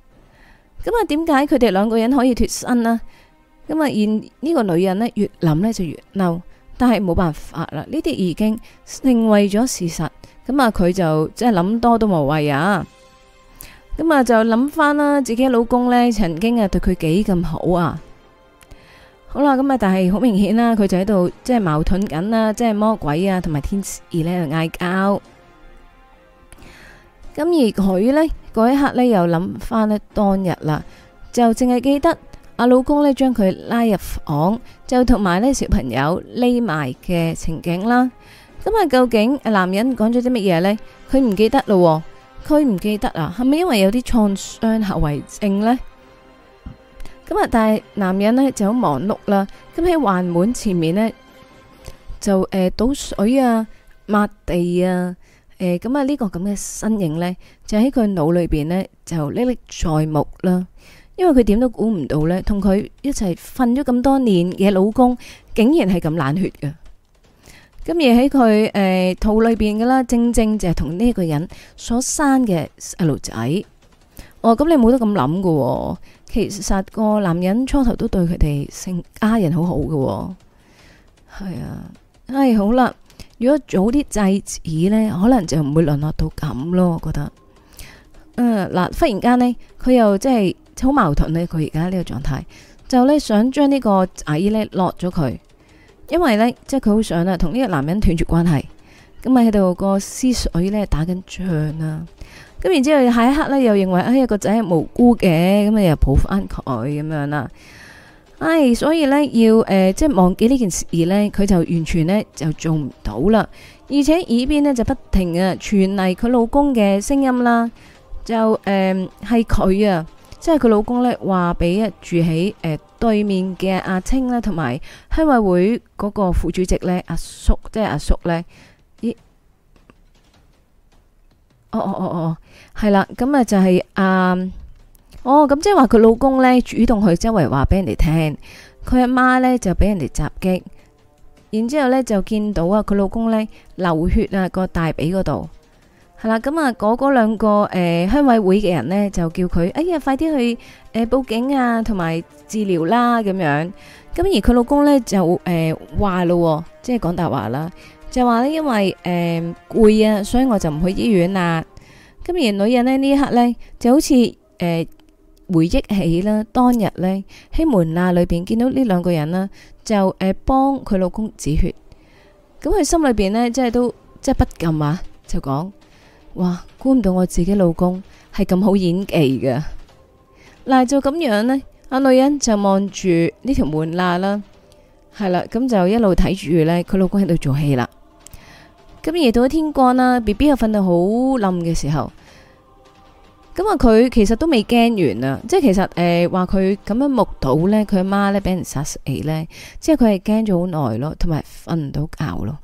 咁啊，點解佢哋兩個人可以脱身呢？咁啊，現呢個女人呢，越諗呢就越嬲，但係冇辦法啦，呢啲已經成為咗事實。咁啊，佢就即係諗多都無謂啊！咁啊，就諗翻啦，自己老公呢曾經啊對佢幾咁好啊！好啦，咁啊，但係好明顯啦，佢就喺度即係矛盾緊啦，即係魔鬼啊同埋天使喺度嗌交。咁而佢呢嗰一刻呢，又諗翻呢當日啦，就淨係記得阿老公呢將佢拉入房，就同埋呢小朋友匿埋嘅情景啦。咁啊，究竟誒男人講咗啲乜嘢咧？佢唔記得咯，佢唔記得啊，係咪因為有啲創傷後遺症咧？咁啊，但係男人咧就好忙碌啦，咁喺環門前面咧就誒倒水啊、抹地啊，誒咁啊呢個咁嘅身影咧，就喺佢腦裏邊咧就歷歷在目啦。因為佢點都估唔到咧，同佢一齊瞓咗咁多年嘅老公，竟然係咁冷血㗎。咁而喺佢誒肚裏邊嘅啦，正正就係同呢一個人所生嘅細路仔。哦，咁你冇得咁諗喎。其實個男人初頭都對佢哋成家人好好喎，哦。係啊，唉，哎，好啦。如果早啲制止呢，可能就唔會淪落到咁咯。我覺得，嗯嗱，忽然間呢，佢又即係好矛盾呢。佢而家呢個狀態，就呢，想將呢個仔呢落咗佢。因為呢，即係佢好想啊，同呢個男人斷絕關係，咁咪喺度個思緒呢打緊仗啦、啊。咁然之後下一刻呢，又認為哎呀個仔係無辜嘅，咁咪又抱翻佢咁樣啦、啊。唉、哎，所以呢，要誒、呃，即係忘記呢件事呢，佢就完全呢就做唔到啦。而且耳邊呢，就不停啊傳嚟佢老公嘅聲音啦，就誒係佢啊。呃即係佢老公呢，話俾住喺誒、呃、對面嘅阿清咧，同埋鄉委會嗰個副主席呢，阿叔，即係阿叔呢。咦？哦哦哦哦，係啦，咁啊就係啊，哦，咁即係話佢老公呢，主動去周圍話俾人哋聽，佢阿媽呢，就俾人哋襲擊，然之後咧就見到啊佢老公呢，流血啊、個大髀嗰度。係啦，咁啊、嗯，嗰嗰兩個誒鄉、呃、委會嘅人呢，就叫佢，哎呀，快啲去誒、呃、報警啊，同埋治療啦，咁樣。咁而佢老公呢，就誒、呃、話咯，即係講大話啦，就話呢：「因為誒攰、呃、啊，所以我就唔去醫院啦。」咁而女人呢，呢一刻呢，就好似誒、呃、回憶起啦當日呢，喺門罅裏邊見到呢兩個人呢，就誒幫佢老公止血。咁佢心裏邊呢，即係都即係不禁啊，就講。哇，估唔到我自己老公係咁好演技㗎，嗱、啊、就咁樣呢，阿女人就望住呢條門罅啦，係啦，咁就一路睇住咧，佢老公喺度做戲啦。咁、啊、夜到天光啦，B B 又瞓到好冧嘅時候，咁啊佢其實都未驚完啊，即係其實誒話佢咁樣目睹呢，佢阿媽呢俾人殺死呢。即係佢係驚咗好耐咯，同埋瞓唔到覺咯，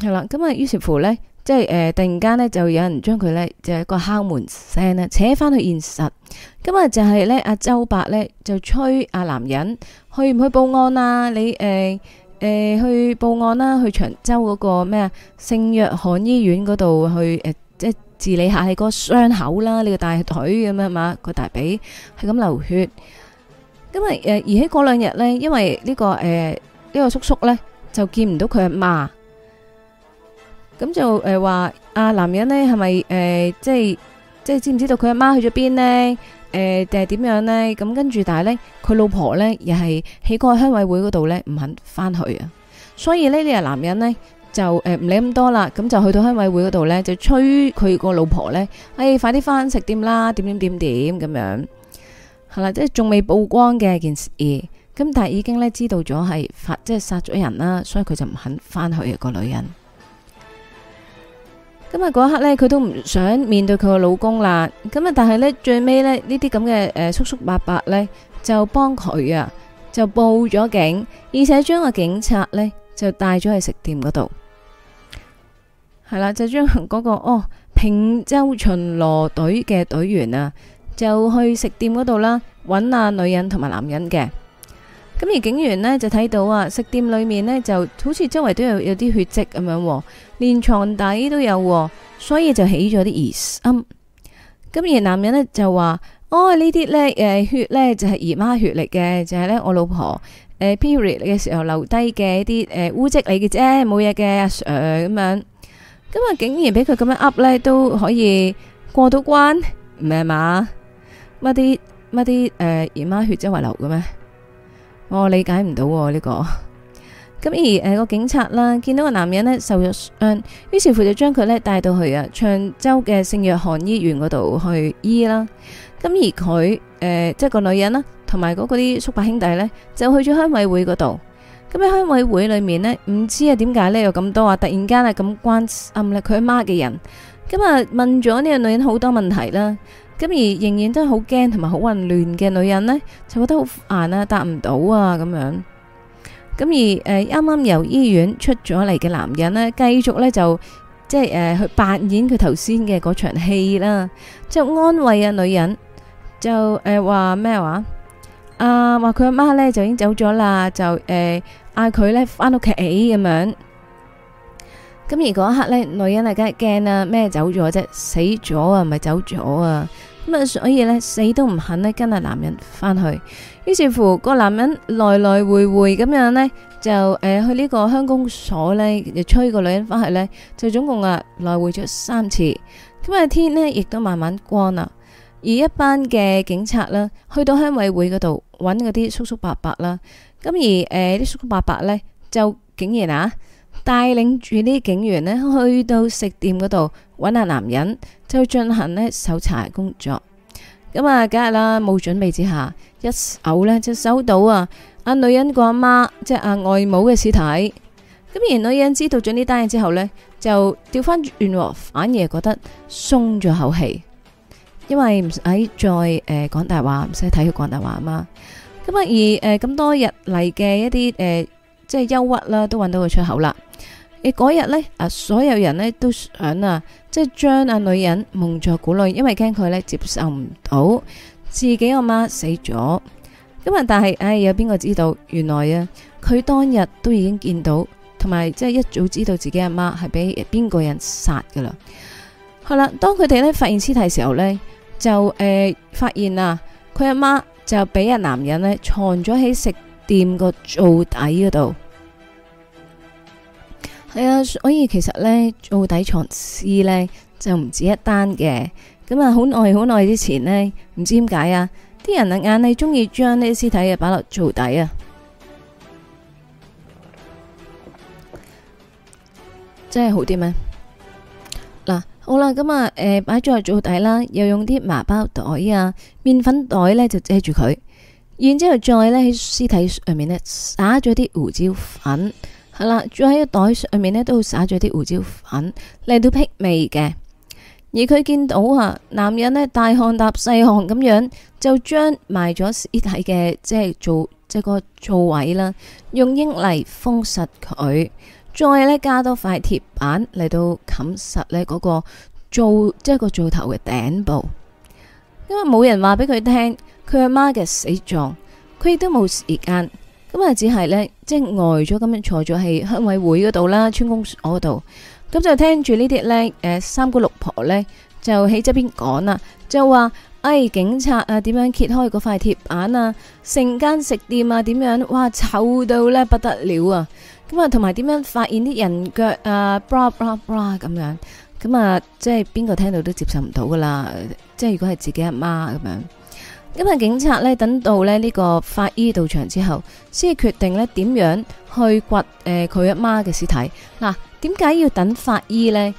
係、啊、啦，咁啊於是乎呢。即係誒、呃，突然間咧就有人將佢咧就係、是、一個敲門聲咧扯翻去現實。咁啊就係咧阿周伯咧就催阿男人去唔去報案啊？你誒誒、呃呃、去報案啦、啊，去長洲嗰個咩啊聖約翰醫院嗰度去誒、呃，即係治理下你嗰個傷口啦，你個大腿咁樣嘛，個大髀係咁流血。咁啊誒而喺嗰兩日咧，因為呢、這個誒呢、呃這個叔叔咧就見唔到佢阿媽。咁就誒話、呃、男人呢係咪誒，即係即係知唔知道佢阿媽去咗邊呢？誒、呃，定係點樣呢？咁跟住，但係呢，佢老婆呢又係喺個鄉委會嗰度呢，唔肯翻去啊。所以呢呢個男人呢，就誒唔、呃、理咁多啦，咁就去到鄉委會嗰度呢，就催佢個老婆呢：哎「誒快啲翻食店啦，點點點點咁樣係啦。即係仲未曝光嘅件事，咁但係已經呢，知道咗係發即係殺咗人啦，所以佢就唔肯翻去、嗰個女人。咁啊嗰刻呢，佢都唔想面對佢個老公啦。咁啊，但係呢，最尾呢，呢啲咁嘅誒，叔叔伯伯呢，就幫佢啊，就報咗警，而且將個警察呢，就帶咗去食店嗰度，係啦，就將嗰個哦平洲巡邏隊嘅隊員啊，就去食店嗰度啦，揾下女人同埋男人嘅。咁而警員呢，就睇到啊，食店裏面呢，就好似周圍都有有啲血迹咁樣，哦，連床底都有，哦，所以就起咗啲疑心。咁、嗯、而男人呢，就話：，哦呢啲呢，誒、呃、血呢，就係、是、姨媽血嚟嘅，就係、是、呢我老婆誒、呃、period 嘅時候留低嘅一啲誒、呃、污迹嚟嘅啫，冇嘢嘅阿 Sir 咁樣。咁、嗯、啊，竟然俾佢咁樣 up 呢都可以過到關，唔係嘛？乜啲乜啲誒姨媽血周圍流嘅咩？我、哦、理解唔到喎呢個，咁 *laughs* 而誒個、呃、警察啦，見到個男人呢受咗傷，嗯，於是乎就將佢呢帶到去啊長洲嘅聖約翰醫院嗰度去醫啦。咁而佢誒、呃、即係個女人啦，同埋嗰啲叔伯兄弟呢，就去咗鄉委會嗰度。咁喺鄉委會裏面呢，唔知啊點解呢，有咁多啊，突然間啊咁關暗咧佢阿媽嘅人，今、嗯、日問咗呢個女人好多問題啦。咁而仍然都係好驚同埋好混亂嘅女人呢，就覺得好煩啊，答唔到啊，咁樣。咁而誒啱啱由醫院出咗嚟嘅男人呢，繼續呢就即係誒去扮演佢頭先嘅嗰場戲啦，即係安慰啊女人，就誒話咩話啊？話佢阿媽呢，就已經走咗啦，就誒嗌佢呢翻到屋企咁樣。咁而嗰一刻呢，女人啊，梗係驚啦，咩走咗啫，死咗啊，咪走咗啊，咁啊，所以呢，死都唔肯呢跟阿男人翻去。於是乎，個男人來來回回咁樣呢，就誒、呃、去呢個鄉公所呢，就催個女人翻去呢，就總共啊來回咗三次。今日天呢，亦都慢慢光啦，而一班嘅警察呢，去到鄉委會嗰度揾嗰啲叔叔伯伯啦。咁而誒，啲、呃、叔叔伯伯呢，就竟然啊！帶領住啲警員呢，去到食店嗰度揾下男人，就進行呢搜查工作。咁啊，梗係啦，冇準備之下，一嘔呢就搜到啊阿女人個阿媽，即係阿外母嘅屍體。咁而女人知道咗呢單嘢之後呢，就調翻轉，反而覺得鬆咗口氣，因為唔使再誒講大話，唔使睇佢講大話嘛。咁啊而誒咁多日嚟嘅一啲誒。即係憂鬱啦，都搵到個出口啦。而嗰日呢，啊所有人呢都想啊，即係將阿女人蒙在鼓裏，因為驚佢咧接受唔到自己阿媽、媽死咗。咁啊，但係唉、哎，有邊個知道？原來啊，佢當日都已經見到，同埋即係一早知道自己阿媽係俾邊個人殺噶啦。好啦，當佢哋呢發現屍體時候呢，就誒、呃、發現啊，佢阿媽就俾阿男人呢藏咗喺食。店掂個灶底嗰度，係啊，所以其實咧，灶底藏屍咧就唔止一單嘅。咁啊，好耐好耐之前咧，唔知點解啊，啲人啊，硬係中意將呢啲屍體啊擺落灶底啊，真係好啲咩？嗱，好啦，咁啊，誒，擺咗落灶底啦，又用啲麻包袋啊、麵粉袋咧就遮住佢。然之後再呢喺屍體上面呢，撒咗啲胡椒粉，係啦，再喺個袋上面呢，都會撒咗啲胡椒粉嚟到辟味嘅。而佢見到啊，男人呢大汗搭細汗咁樣，就將埋咗屍體嘅即係做即係個灶位啦，用英泥封實佢，再呢加多一塊鐵板嚟到冚實呢嗰個灶即係個灶頭嘅頂部，因為冇人話俾佢聽。佢阿媽嘅死狀，佢亦都冇時間咁啊，只係呢，即係呆咗咁樣坐咗喺鄉委會嗰度啦，村公所嗰度咁就聽住呢啲呢，三姑六婆呢，就喺側邊講啦，就話誒警察啊點樣揭開嗰塊鐵板啊，成間食店啊點樣哇臭到呢，不得了啊！咁啊，同埋點樣發現啲人腳啊 blah blah blah 咁樣咁啊，即係邊個聽到都接受唔到噶啦，即係如果係自己阿媽咁樣。今日警察咧，等到咧，呢個法醫到場之後，先決定咧點樣去掘誒佢阿媽嘅屍體。嗱，點解要等法醫呢？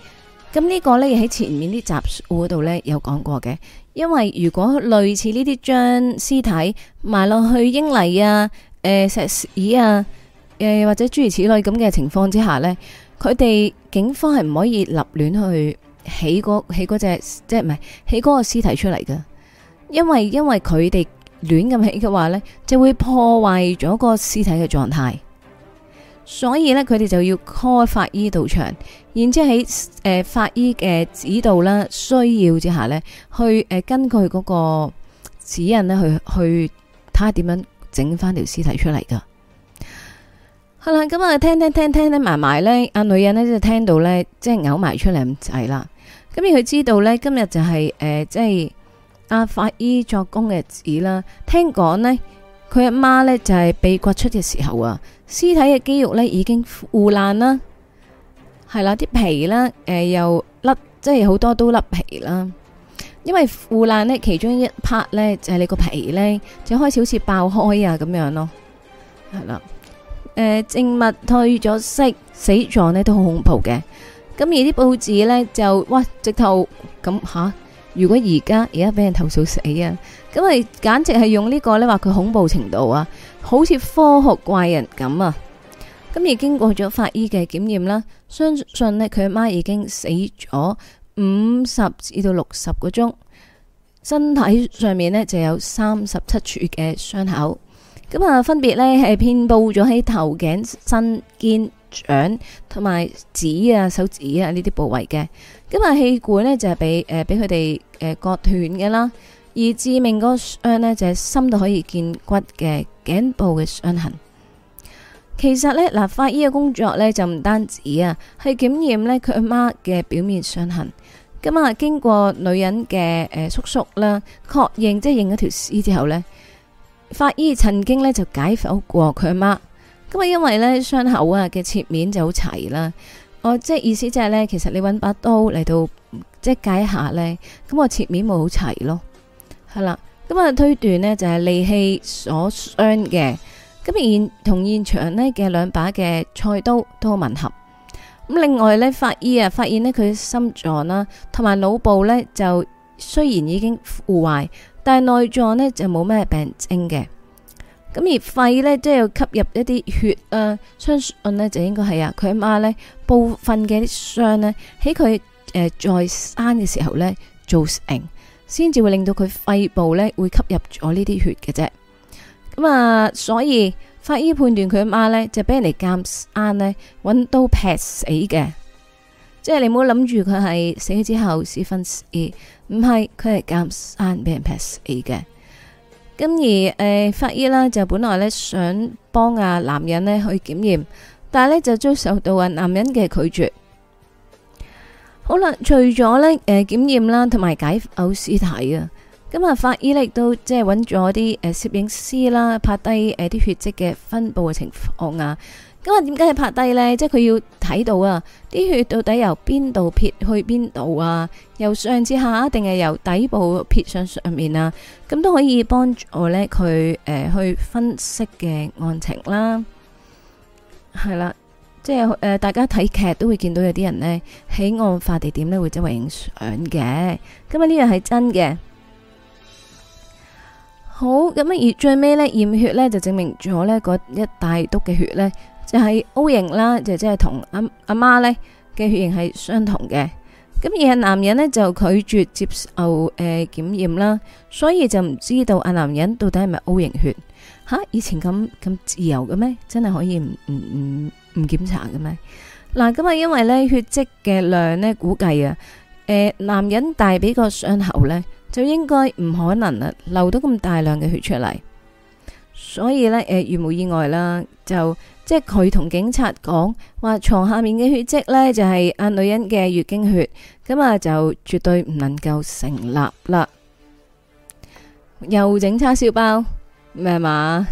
咁、這、呢個呢喺前面啲集數嗰度呢有講過嘅。因為如果類似呢啲將屍體埋落去英泥啊、誒、呃、石屎啊、誒或者諸如此類咁嘅情況之下呢，佢哋警方係唔可以立亂去起嗰、那個、起嗰、那、只、個、即係唔係起嗰個屍體出嚟嘅。因為因為佢哋亂咁起嘅話呢就會破壞咗個屍體嘅狀態，所以呢佢哋就要 call 法醫到場，然之後喺誒法醫嘅指導啦，需要之下呢去誒根據嗰個指引咧，去去睇下點樣整翻條屍體出嚟噶。好啦，咁啊，聽聽聽聽聽埋埋咧，阿女人咧就聽到呢即係嘔埋出嚟咁滯啦。咁而佢知道呢今日就係誒即係。呃就是阿、啊、法醫作供嘅字啦，聽講呢，佢阿媽呢就係、是、被掘出嘅時候啊，屍體嘅肌肉呢已經腐爛啦，係啦，啲皮呢誒、呃、又甩，即係好多都甩皮啦，因為腐爛呢其中一 part 呢就係、是、你個皮呢，就開始好似爆開啊咁樣咯，係啦，誒、呃，靜脈褪咗色，死狀呢都好恐怖嘅，咁而啲報紙呢，就，哇，直頭咁吓。如果而家而家俾人投訴死啊，咁係簡直係用呢個呢話佢恐怖程度啊，好似科學怪人咁啊。咁而經過咗法醫嘅檢驗啦，相信呢，佢阿媽已經死咗五十至到六十個鐘，身體上面呢就有三十七處嘅傷口，咁啊分別呢係遍佈咗喺頭頸、身肩。掌同埋指啊、手指啊呢啲部位嘅，咁啊氣管呢就係俾誒俾佢哋誒割斷嘅啦，而致命個傷呢就係深到可以見骨嘅頸部嘅傷痕。其實呢，嗱，法醫嘅工作呢就唔單止啊，係檢驗呢佢阿媽嘅表面傷痕。咁、嗯、啊，經過女人嘅誒、呃、叔叔啦確認，即係認咗條屍之後呢，法醫曾經呢就解剖過佢阿媽。咁啊，因為呢傷口啊嘅切面就好齊啦，我即係意思即係呢，其實你揾把刀嚟到即係解下呢。咁我切面咪好齊咯，係啦，咁、嗯、啊推斷呢，就係、是、利器所傷嘅，咁現同現場呢嘅兩把嘅菜刀都好吻合，咁另外呢，法醫啊發現呢，佢心臟啦同埋腦部呢，就雖然已經腐壞，但係內臟咧就冇咩病徵嘅。咁而肺咧都要吸入一啲血啊、呃！相信呢，就應該係啊，佢阿媽呢部分嘅啲傷咧喺佢誒在生嘅時候呢，造成，先至會令到佢肺部呢會吸入咗呢啲血嘅啫。咁、嗯、啊，所以法醫判斷佢阿媽呢，就俾人嚟監生呢，揾刀劈死嘅，即係你唔好諗住佢係死咗之後分是分屍，唔係佢係監生俾人劈死嘅。咁而誒，法醫啦就本來咧想幫啊男人呢去檢驗，但係咧就遭受到啊男人嘅拒絕。好啦，除咗呢誒檢驗啦，同埋解剖屍體啊，咁啊法醫呢亦都即係揾咗啲誒攝影師啦，拍低誒啲血跡嘅分佈嘅情況啊。因為點解係拍低呢？即係佢要睇到，到啊，啲血到底由邊度撇去邊度啊？由上至下定係由底部撇上上面啊？咁都可以幫助呢佢誒去分析嘅案情啦。係啦，即係、呃、大家睇劇都會見到有啲人呢喺案發地點呢會周圍影相嘅。咁啊，呢樣係真嘅。好，咁啊，而最尾呢驗血呢，就證明咗呢嗰一大篤嘅血呢。就係 O 型啦，就即係同阿阿媽呢嘅血型係相同嘅。咁而係男人呢，就拒絕接受誒、呃、檢驗啦，所以就唔知道阿男人到底係咪 O 型血吓？以前咁咁自由嘅咩？真係可以唔唔唔唔檢查嘅咩？嗱咁啊，因為呢血跡嘅量呢，估計啊，誒、呃、男人大髀個傷口呢，就應該唔可能啊流到咁大量嘅血出嚟，所以呢，誒如無意外啦就。即係佢同警察講，話床下面嘅血跡呢就係阿女人嘅月經血，咁啊就絕對唔能夠成立啦。又整叉燒包咩嘛？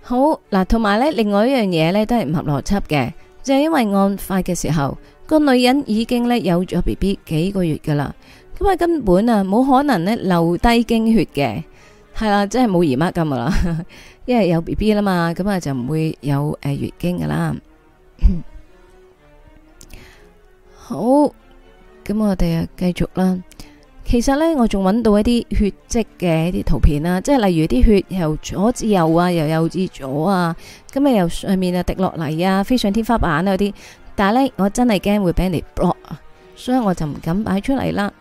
好嗱，同埋呢另外一樣嘢呢都係唔合邏輯嘅，就係、是、因為案發嘅時候，個女人已經呢有咗 B B 幾個月噶啦，咁啊根本啊冇可能呢留低經血嘅，係啦，真係冇姨媽咁噶啦。 *laughs* 因為有 B B 啦嘛，咁啊就唔會有、呃、月經噶啦。 *laughs* 好，咁我哋啊繼續啦。其實呢，我仲揾到一啲血跡嘅一啲圖片啦，即係例如啲血由左至右啊，由右至左啊，咁、嗯、啊由上面啊滴落嚟啊，飛上天花板啊嗰啲。但係呢，我真係驚會俾人哋 block，所以我就唔敢擺出嚟啦。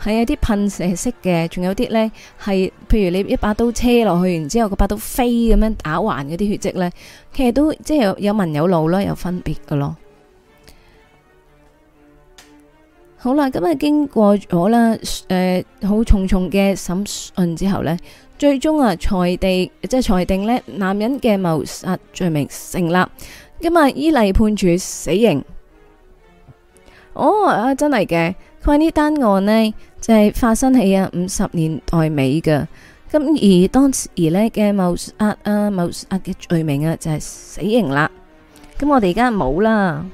係啊，啲噴射式嘅，仲有啲呢，係，譬如你一把刀車落去，然之後個把刀飛咁樣打橫嗰啲血跡呢，其實都即係有有文有路咯，有分別噶咯。好啦，噉咪經過咗啦，誒、呃，好重重嘅審訊之後呢，最終啊，裁定即係裁定呢，男人嘅謀殺罪名成立，噉咪依例判處死刑。哦，啊、真係嘅，佢話呢單案呢。就係發生喺啊五十年代尾嘅，咁而當時咧嘅謀殺啊謀殺嘅罪名啊就係死刑啦。咁我哋而家冇啦。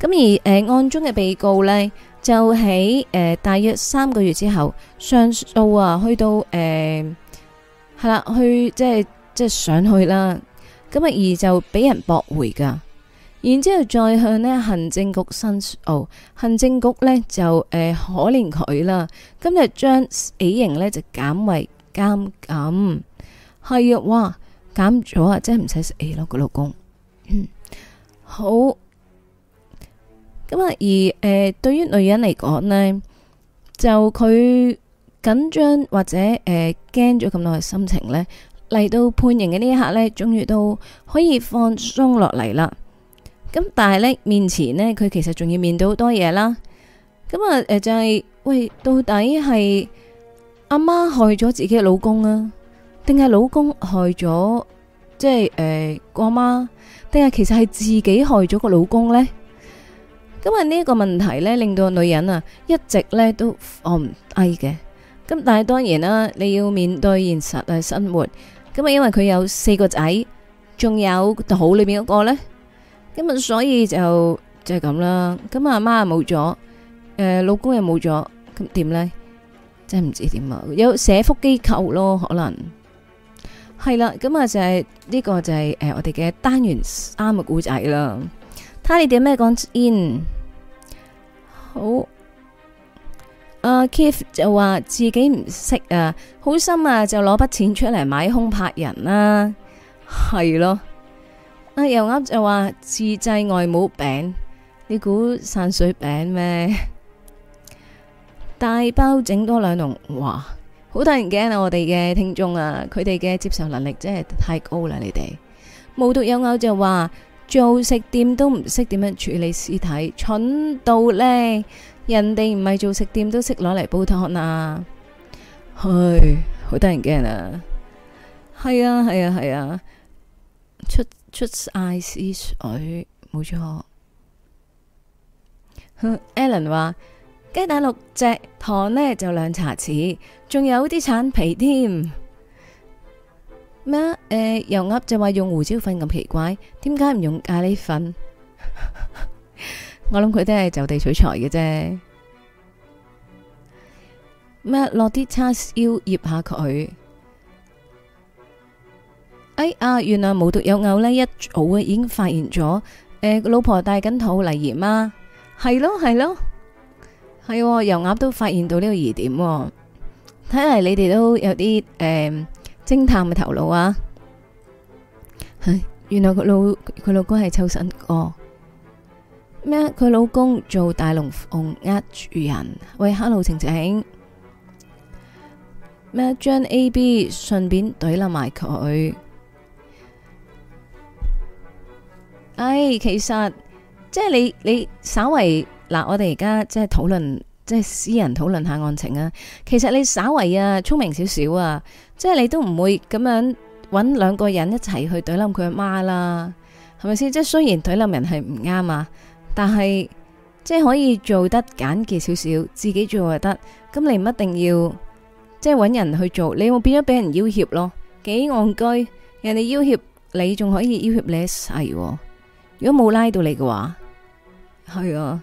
咁而誒案中嘅被告咧就喺誒、呃、大約三個月之後上訴啊，去到誒係、呃、啦去即係即係上去啦。咁啊而就俾人駁回噶。然之後再向咧行政局申訴，行政局呢就誒、呃、可憐佢啦。今日將死刑呢就減為監禁，係啊，哇，減咗啊，即係唔使死咯個老公。嗯、好咁啊，而誒、呃、對於女人嚟講呢，就佢緊張或者誒驚咗咁耐嘅心情呢，嚟到判刑嘅呢一刻呢，終於都可以放鬆落嚟啦。咁但係咧，面前呢，佢其實仲要面對好多嘢啦。咁啊，誒就係，喂，到底係阿媽害咗自己嘅老公啊，定係老公害咗，即係誒個阿媽，定係其實係自己害咗個老公呢？咁啊，呢個問題呢，令到女人啊，一直呢都放唔低嘅。咁但係當然啦，你要面對現實嘅生活。咁啊，因為佢有四個仔，仲有肚裏面嗰個呢。咁啊，所以就就係咁啦。咁阿媽又冇咗，誒，老公又冇咗，咁點呢？真係唔知點啊！有社福機構咯，可能係啦。咁啊、就係，就係呢個就係誒，我哋嘅單元三嘅故仔啦。睇你哋咩講 n 好，阿、uh, Keith 就話自己唔識啊，好心啊，就攞筆錢出嚟買空拍人啦，係咯。阿油鴨就話自製外母餅，你估散水餅咩？大包整多兩籠，哇，好得人驚啊！我哋嘅聽眾啊，佢哋嘅接受能力真係太高啦！你哋無獨有偶就話做食店都唔識點樣處理屍體，蠢到呢，人哋唔係做食店都識攞嚟煲湯啊，唉，好得人驚啊！係啊，係啊，係啊，啊，出。出晒水，冇錯。Alan 話雞蛋六隻，糖呢就兩茶匙，仲有啲橙皮添。咩？誒、呃，油鴨就話用胡椒粉咁奇怪，點解唔用咖喱粉？ *laughs* 我諗佢都係就地取材嘅啫。咩？落啲叉燒醃下佢。哎啊，原來無獨有偶咧，一早已經發現咗。誒，老婆帶緊套嚟驗啊，係咯係咯，係油鴨都發現到呢個疑點。睇嚟你哋都有啲誒偵探嘅頭腦啊。唉，原來佢老佢老公係秋生哥。咩？佢老公做大龍鳳呃住人。喂，hello，晴晴。咩？將 A、B 順便懟笠埋佢。唉、哎，其實即係你你稍為嗱，我哋而家即係討論即係私人討論下案情啊。其實你稍為啊，聰明少少啊，即係你都唔會咁樣搵兩個人一齊去懟冧佢阿媽啦，係咪先？即係雖然懟冧人係唔啱啊，但係即係可以做得簡潔少少，自己做又得。咁你唔一定要即係搵人去做，你會變咗俾人要挾咯，幾戇居人哋要挾你，仲可以要挾你一世。如果冇拉到你嘅話。係啊。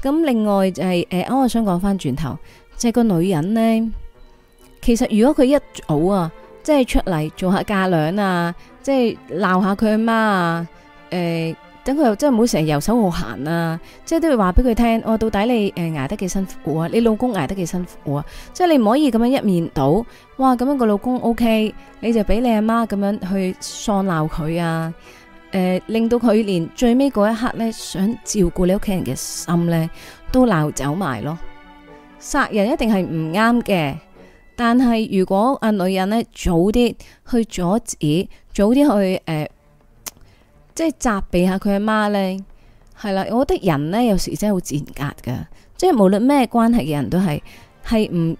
咁另外就係、是、誒、呃，我想講翻轉頭，即、就、係、是、個女人呢，其實如果佢一早啊，即係出嚟做下嫁娘啊，即係鬧下佢阿媽啊，誒、呃，等佢又真係唔好成日遊手好閒啊，即係都要話俾佢聽，我、哦、到底你誒捱、呃、得幾辛苦啊？你老公捱得幾辛苦啊？即係你唔可以咁樣一面倒，哇，咁樣個老公 O、OK, K，你就俾你阿媽咁樣去喪鬧佢啊。誒、呃，令到佢連最尾嗰一刻咧，想照顧你屋企人嘅心咧，都鬧走埋咯。殺人一定係唔啱嘅，但係如果阿女人咧早啲去阻止，早啲去誒、呃，即係責備下佢阿媽咧，係啦。我覺得人咧有時真係好賤格噶，即係無論咩關係嘅人都係，係唔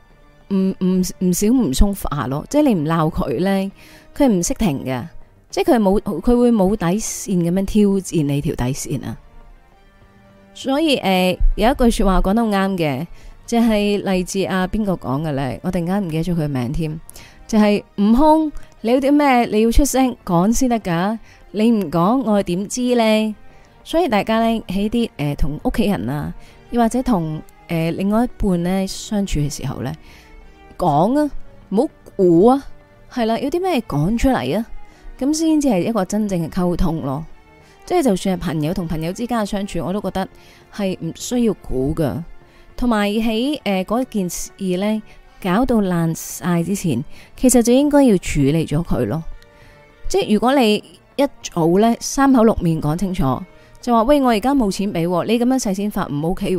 唔唔唔少唔沖化咯。即係你唔鬧佢咧，佢唔識停嘅。即係佢係冇，佢會冇底線咁樣挑戰你條底線啊。所以誒，有一句說話講得好啱嘅，就係例子啊。邊個講嘅呢？我突然間唔記得咗佢嘅名添。就係悟空，你有啲咩你要出聲講先得噶。你唔講我係點知呢？所以大家呢喺啲誒同屋企人啊，又或者同誒另外一半呢相處嘅時候呢，講啊，唔好估啊，係啦，有啲咩講出嚟啊。咁先至係一個真正嘅溝通咯，即係就算係朋友同朋友之間嘅相處，我都覺得係唔需要估噶。同埋喺誒嗰件事呢，搞到爛晒之前，其實就應該要處理咗佢咯。即係如果你一早呢三口六面講清楚，就話喂，我而家冇錢俾，你咁樣使錢法唔 OK，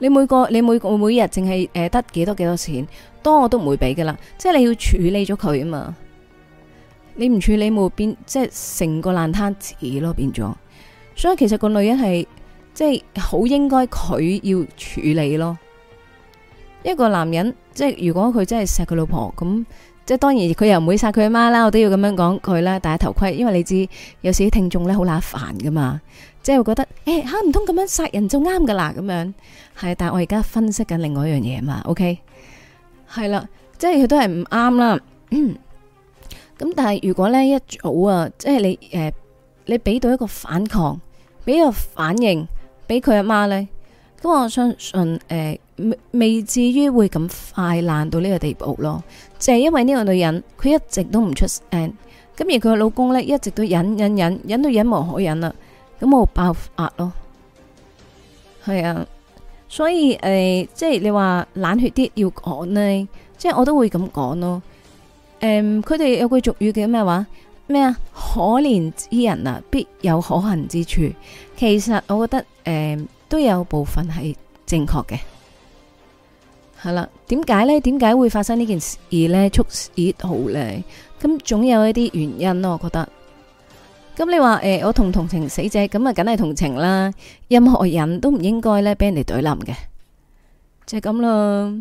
你每個你每個每日淨係誒得幾多幾多錢，多我都唔會俾噶啦。即係你要處理咗佢啊嘛。你唔處理冇變，即係成個爛攤子咯，變咗。所以其實個女人係即係好應該佢要處理咯。一個男人即係如果佢真係錫佢老婆咁，即係當然佢又唔會殺佢阿媽啦，我都要咁樣講佢啦，戴下頭盔。因為你知有時啲聽眾咧好乸煩噶嘛，即係會覺得誒，吓唔通咁樣殺人就啱噶啦咁樣，係。但係我而家分析緊另外一樣嘢嘛，OK？係啦，即係佢都係唔啱啦。咁但係如果呢一早啊，即係你誒、呃，你俾到一個反抗，俾個反應俾佢阿媽呢，咁我相信誒，未、未、至於會咁快爛到呢個地步咯，就係、是、因為呢個女人佢一直都唔出聲，咁而佢老公呢，一直都忍忍忍，忍到忍，忍，忍無可忍啦，咁我爆發咯，係啊，所以誒、呃，即係你話冷血啲要講呢，即係我都會咁講咯。誒，佢哋、嗯、有句俗語叫咩話？咩啊？可憐之人啊，必有可恨之處。其實我覺得誒、嗯，都有部分係正確嘅。係啦，點解呢？點解會發生呢件事呢？促事好呢？咁總有一啲原因咯、啊。我覺得。咁你話誒、嗯，我同同情死者咁啊，梗係同情啦。任何人都唔應該呢俾人哋懟冧嘅，就係咁啦。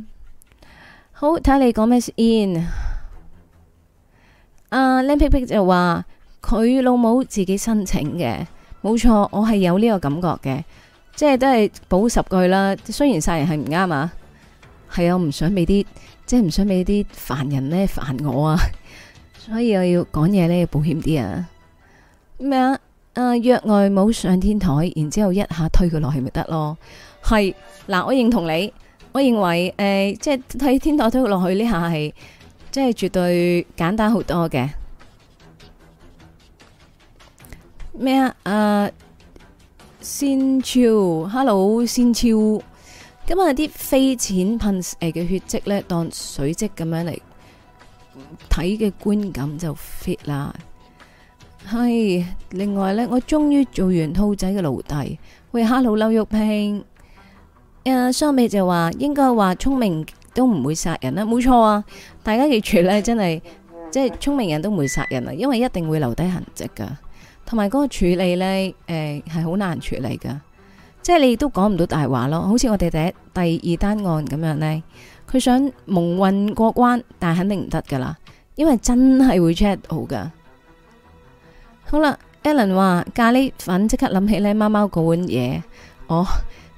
好，睇下你講咩先。啊，靚皮皮就話佢老母自己申請嘅，冇錯，我係有呢個感覺嘅，即係都係補十句啦。雖然殺人係唔啱啊，係啊，我唔想俾啲，即係唔想俾啲凡人咧煩我啊，所以我要講嘢咧要保險啲啊。咩啊？啊、uh，約外母上天台，然之後一下推佢落去咪得咯？係，嗱，我認同你，我認為誒、呃，即係喺天台推佢落去呢下係。即係絕對簡單好多嘅咩啊？阿仙超，hello，仙超，今日啲飛濺噴誒嘅血迹咧，當水迹咁樣嚟睇嘅觀感就 fit 啦。係另外咧，我終於做完兔仔嘅奴隸。喂，hello，劉玉平。誒，蘇美就話應該話聰明。都唔會殺人啊，冇錯啊！大家記住咧，真係即係聰明人都唔會殺人啊，因為一定會留低痕跡噶。同埋嗰個處理呢，誒係好難處理噶。即係你亦都講唔到大話咯。好似我哋第一第二單案咁樣呢，佢想蒙混過關，但係肯定唔得噶啦，因為真係會 check 好噶。好啦，Allen 話咖喱粉想貓貓，哦，即刻諗起呢貓貓嗰碗嘢。我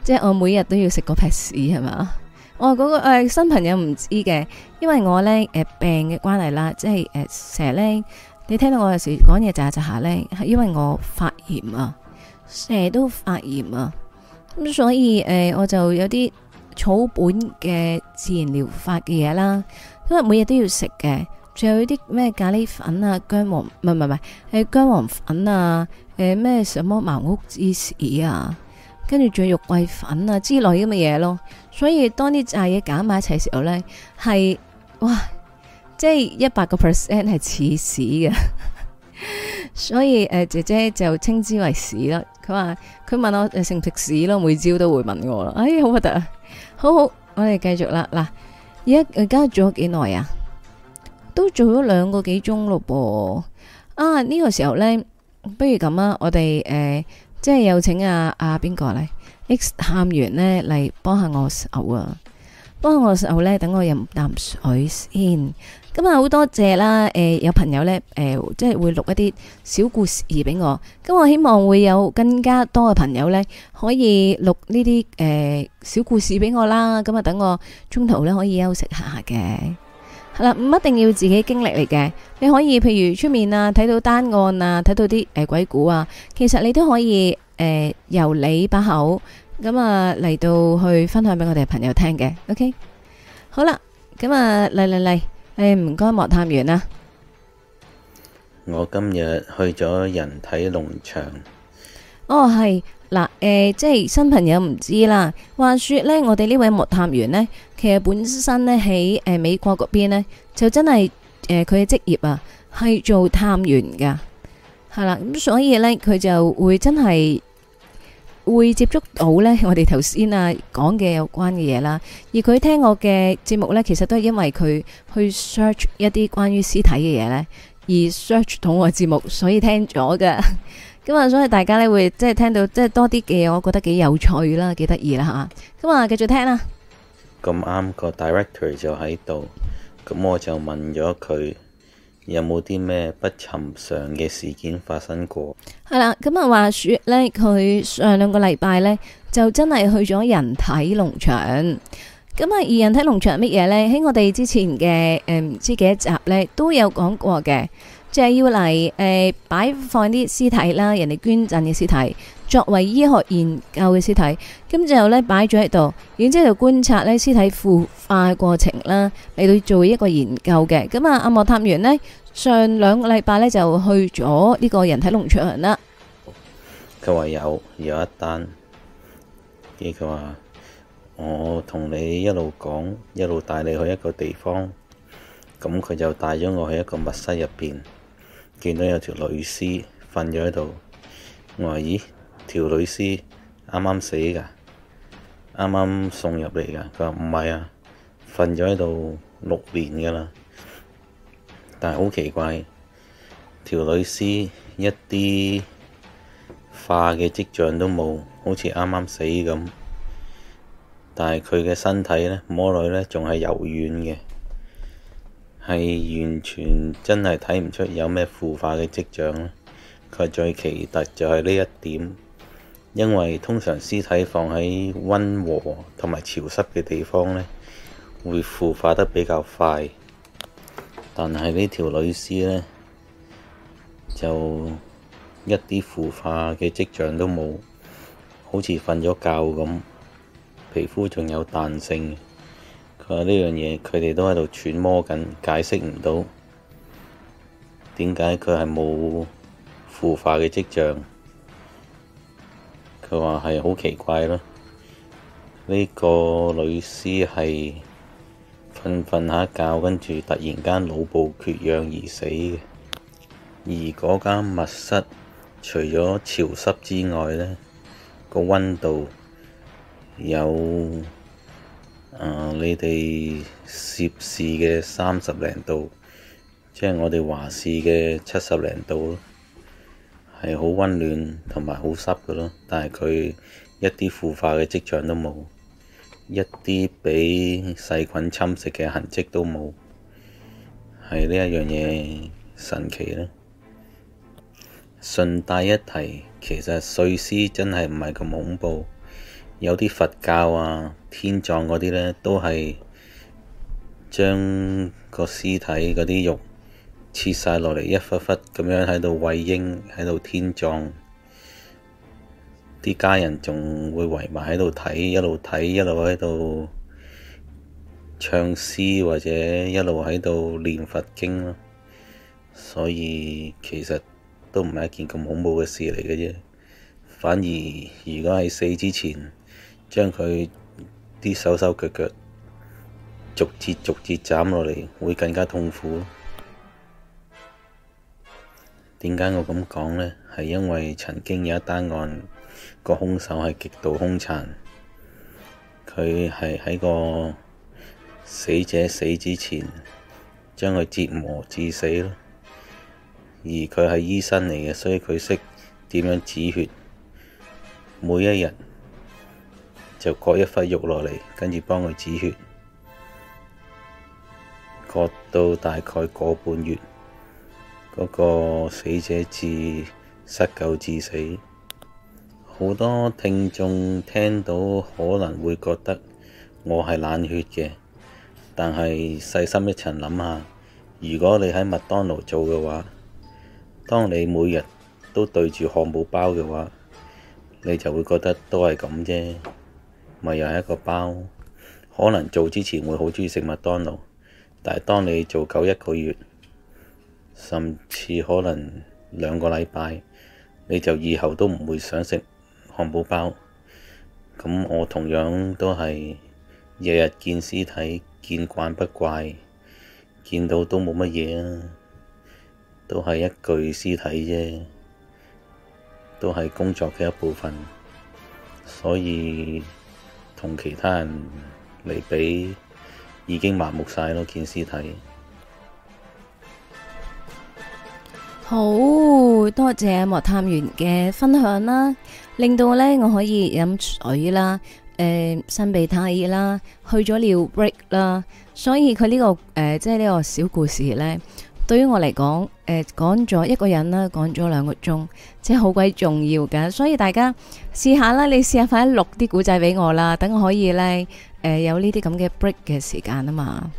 即係我每日都要食嗰撇屎係嘛？是我嗰、哦那個誒、呃、新朋友唔知嘅，因為我咧誒、呃、病嘅關係啦，即係誒成日咧，你聽到我有時講嘢窒下窒下咧，係因為我發炎啊，成日都發炎啊，咁所以誒、呃、我就有啲草本嘅自然療法嘅嘢啦，因為每日都要食嘅，仲有啲咩咖喱粉啊、薑黃，唔係唔係唔係係薑黃粉啊，誒、呃、咩什,什麼茅屋芝士啊，跟住仲有肉桂粉啊之類咁嘅嘢咯。所以當啲炸嘢夾埋一齊嘅時候呢，係哇，即係一百個 percent 係似屎嘅， *laughs* 所以誒、呃、姐姐就稱之為屎啦。佢話佢問我誒食唔食屎咯，每朝都會問我咯。哎，好核突啊！好好，我哋繼續啦。嗱，而家而家做咗幾耐啊？都做咗兩個幾鐘咯噃。啊，呢、這個時候呢，不如咁、呃、啊，我哋誒，即係有請阿阿邊個咧？X 喊完呢，嚟幫下我手啊！幫我手呢，等我飲啖水先。咁、嗯、啊，好多謝啦！誒、呃，有朋友呢，誒、呃，即係會錄一啲小故事俾我。咁、嗯、我希望會有更加多嘅朋友呢，可以錄呢啲誒小故事俾我啦。咁、嗯、啊，等我中途呢，可以休息一下嘅。係、嗯、啦，唔一定要自己經歷嚟嘅，你可以譬如出面啊，睇到單案啊，睇到啲誒、呃、鬼故啊，其實你都可以。誒，由你把口咁，啊嚟到去分享俾我哋朋友聽嘅，OK？好啦，咁啊嚟嚟嚟，誒唔該，莫探員啊，我今日去咗人體農場。哦，係，嗱誒，即係新朋友唔知啦。話說呢，我哋呢位莫探員呢，其實本身呢喺誒美國嗰邊呢，就真係誒佢嘅職業啊係做探員㗎。係啦，咁所以呢，佢就會真係會接觸到呢我哋頭先啊講嘅有關嘅嘢啦。而佢聽我嘅節目呢，其實都係因為佢去 search 一啲關於屍體嘅嘢呢，而 search 到我嘅節目，所以聽咗㗎。咁 *laughs* 啊、嗯，所以大家呢會即係聽到即係多啲嘅嘢，我覺得幾有趣啦，幾得意啦吓。咁啊、嗯嗯，繼續聽啦。咁啱個 director 就喺度，咁我就問咗佢。有冇啲咩不尋常嘅事件發生過？係啦，咁啊，話說呢，佢上兩個禮拜呢，就真係去咗人體農場。咁啊，而人體農場係乜嘢呢？喺我哋之前嘅唔知幾多集呢，都有講過嘅，就係、是、要嚟誒、呃、擺放啲屍體啦，人哋捐贈嘅屍體。作為醫學研究嘅屍體，咁就咧擺咗喺度，然之後就觀察咧屍體腐化嘅過程啦，嚟到做一個研究嘅。咁啊，阿莫探員咧上兩個禮拜咧就去咗呢個人體農場啦。佢話有有一單，跟住佢話，我同你一路講，一路帶你去一個地方，咁佢就帶咗我去一個密室入邊，見到有條女屍瞓咗喺度，我話咦？條女屍啱啱死噶啱啱送入嚟噶。佢話唔係啊，瞓咗喺度六年噶啦。但係好奇怪，條女屍一啲化嘅跡象都冇，好似啱啱死咁。但係佢嘅身體呢，摸落去呢，仲係柔軟嘅，係完全真係睇唔出有咩腐化嘅跡象。佢最奇特就係呢一點。因為通常屍體放喺溫和同埋潮濕嘅地方咧，會腐化得比較快。但係呢條女屍咧，就一啲腐化嘅跡象都冇，好似瞓咗覺咁，皮膚仲有彈性。佢話呢樣嘢，佢哋都喺度揣摩緊，解釋唔到點解佢係冇腐化嘅跡象。佢話係好奇怪咯，呢、這個女屍係瞓瞓下覺，跟住突然間腦部缺氧而死嘅。而嗰間密室，除咗潮濕之外，呢個溫度有誒、呃、你哋攝氏嘅三十零度，即係我哋華氏嘅七十零度咯。係好溫暖同埋好濕嘅咯，但係佢一啲腐化嘅跡象都冇，一啲畀細菌侵蝕嘅痕跡都冇，係呢一樣嘢神奇咯。順帶一提，其實碎屍真係唔係咁恐怖，有啲佛教啊、天葬嗰啲咧，都係將個屍體嗰啲肉。切晒落嚟一忽忽咁樣喺度喂鷹，喺度天葬，啲家人仲會圍埋喺度睇，一路睇一路喺度唱詩或者一路喺度念佛經咯。所以其實都唔係一件咁恐怖嘅事嚟嘅啫。反而如果喺死之前，將佢啲手手腳腳逐節逐節斬落嚟，會更加痛苦。點解我咁講呢？係因為曾經有一單案，個凶手係極度凶殘，佢係喺個死者死之前，將佢折磨致死咯。而佢係醫生嚟嘅，所以佢識點樣止血。每一日就割一忽肉落嚟，跟住幫佢止血，割到大概個半月。嗰個死者致失救致死，好多聽眾聽到可能會覺得我係冷血嘅，但係細心一層諗下，如果你喺麥當勞做嘅話，當你每日都對住漢堡包嘅話，你就會覺得都係咁啫，咪又係一個包。可能做之前會好鍾意食麥當勞，但係當你做夠一個月，甚至可能兩個禮拜，你就以後都唔會想食漢堡包。咁我同樣都係日日見屍體，見慣不怪，見到都冇乜嘢啊，都係一具屍體啫，都係工作嘅一部分，所以同其他人嚟比已經麻木晒咯，見屍體。好多謝莫探員嘅分享啦，令到呢，我可以飲水啦，誒、呃，擤鼻涕啦，去咗尿 break 啦，所以佢呢個誒，即係呢個小故事呢，對於我嚟講，誒、呃，講咗一個人啦，講咗兩個鐘，即係好鬼重要㗎，所以大家試下啦，你試下快啲錄啲古仔俾我啦，等我可以呢，誒、呃，有呢啲咁嘅 break 嘅時間啊嘛，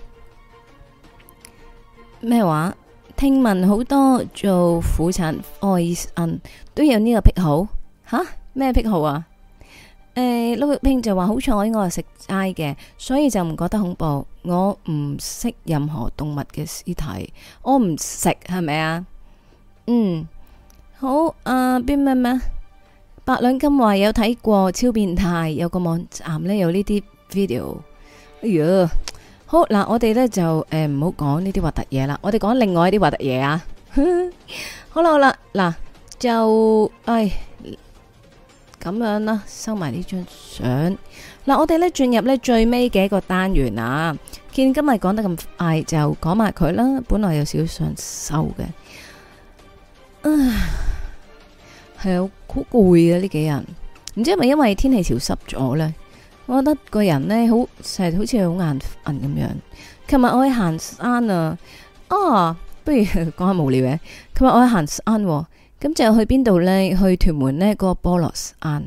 咩話？聽聞好多做婦產愛心都有呢個癖好，吓，咩癖好啊？誒，Low Ping 就話，好彩我係食齋嘅，所以就唔覺得恐怖。我唔識任何動物嘅屍體，我唔食係咪啊？嗯，好啊，邊咩咩？百兩金話有睇過超變態，有個網站呢，有呢啲 video。哎呀！好嗱，我哋咧就誒唔好講呢啲核突嘢啦，我哋講另外一啲核突嘢啊。好啦好啦，嗱就誒咁樣啦，收埋呢張相。嗱，我哋咧進入呢最尾嘅一個單元啊。見今日講得咁快，就講埋佢啦。本來有少少想收嘅，唉係好攰啊呢幾日。唔知係咪因為天氣潮濕咗咧？我覺得個人咧好成日，好似好眼瞓咁樣。琴日我去行山啊，啊，不如講下無聊嘅。琴日我去行山，啊，咁就去邊度咧？去屯門咧，咧個菠蘿山，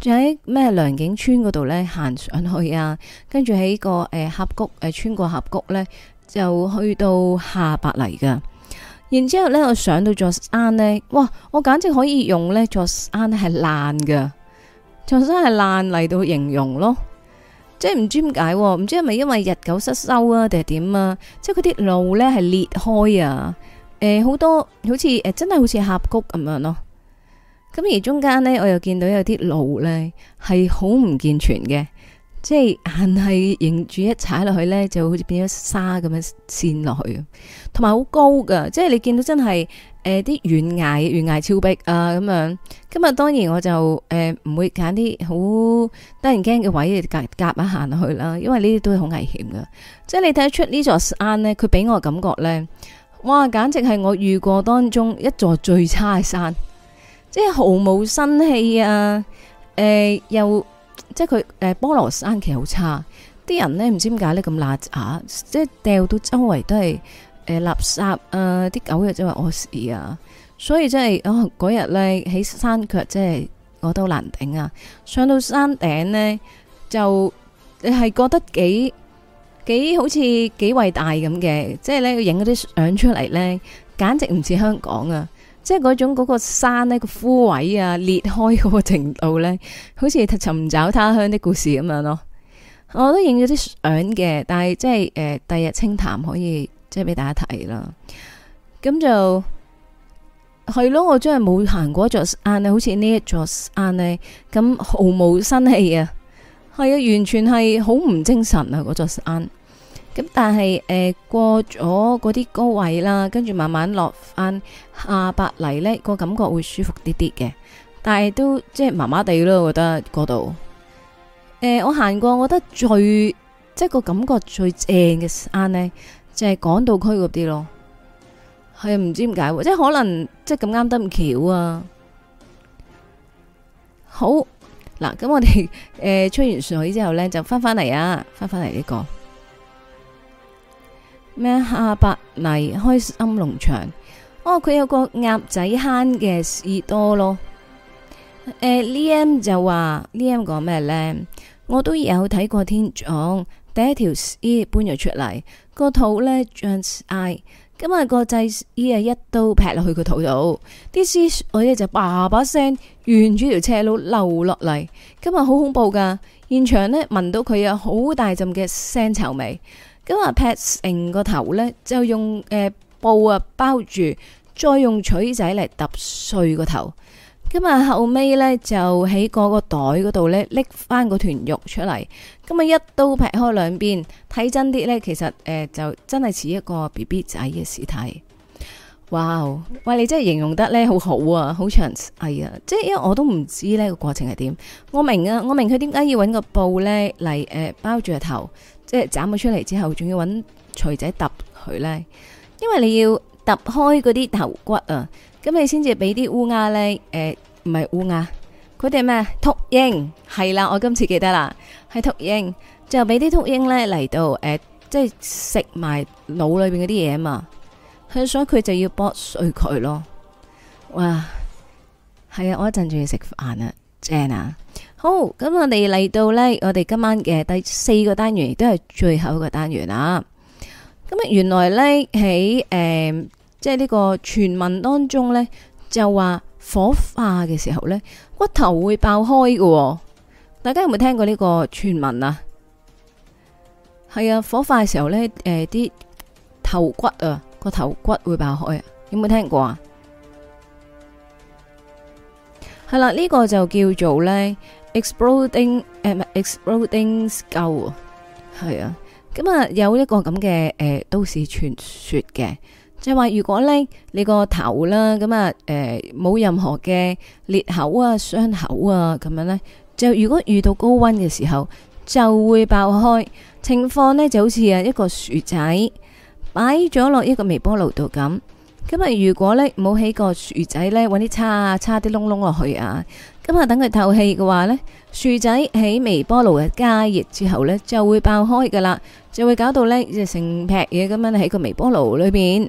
就喺咩良景村嗰度咧行上去啊。跟住喺個誒、呃、峽谷誒穿過峽谷咧，就去到下白泥噶。然之後咧我上到座山咧，哇！我簡直可以用咧座山係爛噶。仲真係爛嚟到形容咯，即係唔知點解、啊，唔知係咪因為日久失修啊，定係點啊？即係佢啲路呢係裂開啊，誒、欸、好多、欸、好似誒真係好似峽谷咁樣咯。咁而中間呢，我又見到有啲路呢係好唔健全嘅，即係硬係迎住一踩落去呢，就好似變咗沙咁樣跣落去，同埋好高㗎，即係你見到真係。誒，啲懸崖懸崖峭壁啊，咁樣今日當然我就誒唔會揀啲好得人驚嘅位嚟，夾夾一行落去啦，因為呢啲都係好危險噶。即係你睇得出呢座山咧，佢俾我嘅感覺咧，哇，簡直係我遇過當中一座最差嘅山，即係毫無生氣啊！誒、呃，又即係佢誒，菠蘿山其實好差，啲人咧唔知點解咧咁邋遢！即係掉到周圍都係。誒、欸，垃圾啊！啲、呃、狗又真係屙屎啊！所以真係哦，嗰日咧喺山腳真，真係我都難頂啊！上到山頂咧，就你係覺得幾幾好似幾偉大咁嘅，即係咧佢影嗰啲相出嚟咧，簡直唔似香港啊！即係嗰種嗰、嗰個山咧、嗰個枯萎啊裂開嗰個程度咧，好似尋找他鄉的故事咁樣咯。我都影咗啲相嘅，但係即係誒、呃，第二日清談可以。即係俾大家睇啦，咁就係咯。我真係冇行過一座山咧，好似呢一座山呢，咁毫無生氣啊，係啊，完全係好唔精神啊嗰座山。咁但係誒、呃、過咗嗰啲高位啦，跟住慢慢落翻下白泥呢，個感覺會舒服啲啲嘅。但係都即係麻麻地咯，我覺得嗰度。誒、呃，我行過，我覺得最即係個感覺最正嘅山呢。就係港島區嗰啲咯，係唔知點解，即係可能即係咁啱得唔巧啊。好嗱，咁我哋誒吹完水之後咧，就翻返嚟啊，翻返嚟呢個咩？阿伯嚟開心農場哦，佢有個鴨仔坑嘅士多咯。誒，L M 就話 L M 講咩咧？我都有睇過天窗第一條屍搬咗出嚟。個肚咧 j 嗌。今日個製衣啊，一刀劈落去個肚度，啲屍我咧就叭叭聲沿住條斜路漏落嚟。今日好恐怖噶，現場咧聞到佢有好大陣嘅腥臭味，今日劈成個頭咧，就用誒布啊包住，再用錘仔嚟揼碎個頭。咁啊，後尾呢，就喺嗰個袋嗰度呢，拎翻個團肉出嚟。咁啊，一刀劈開兩邊，睇真啲呢，其實誒、呃、就真係似一個 B B 仔嘅屍體。哇！喂，你真係形容得呢，好好啊，好長係、哎、呀。即係因為我都唔知呢個過程係點。我明啊，我明佢點解要揾個布呢嚟誒包住個頭，即係斬咗出嚟之後，仲要揾錘仔揼佢呢？因為你要揼開嗰啲頭骨啊。咁你先至俾啲烏鴉咧？誒、呃，唔係烏鴉，佢哋咩禿鷹？係啦，我今次記得啦，係禿鷹，就俾啲禿鷹咧嚟到誒、呃，即係食埋腦裏邊嗰啲嘢嘛。佢所以佢就要剝碎佢咯。哇，係啊，我一陣仲要食飯啊，正啊，好。咁我哋嚟到呢，我哋今晚嘅第四個單元，亦都係最後一個單元啦，咁啊，原來呢，喺誒。呃即係呢個傳聞當中呢，就話火化嘅時候呢，骨頭會爆開嘅。大家有冇聽過呢個傳聞啊？係啊，火化嘅時候呢，誒，啲頭骨啊，個頭骨會爆開，有冇聽過啊？係啦，呢個就叫做呢 exploding 誒，唔係 exploding skull，係啊。咁啊，有一個咁嘅誒都市傳說嘅。就係話如果咧你個頭啦，咁啊，誒冇任何嘅裂口啊、傷口啊咁樣咧，就如果遇到高溫嘅時候就會爆開。情況咧就好似啊一個薯仔擺咗落一個微波爐度咁。咁啊，如果咧冇起個薯仔咧，搵啲叉啊叉啲窿窿落去啊，咁啊等佢透氣嘅話咧，薯仔喺微波爐嘅加熱之後咧就會爆開噶啦，就會搞到咧即係成劈嘢咁樣喺個微波爐裏邊。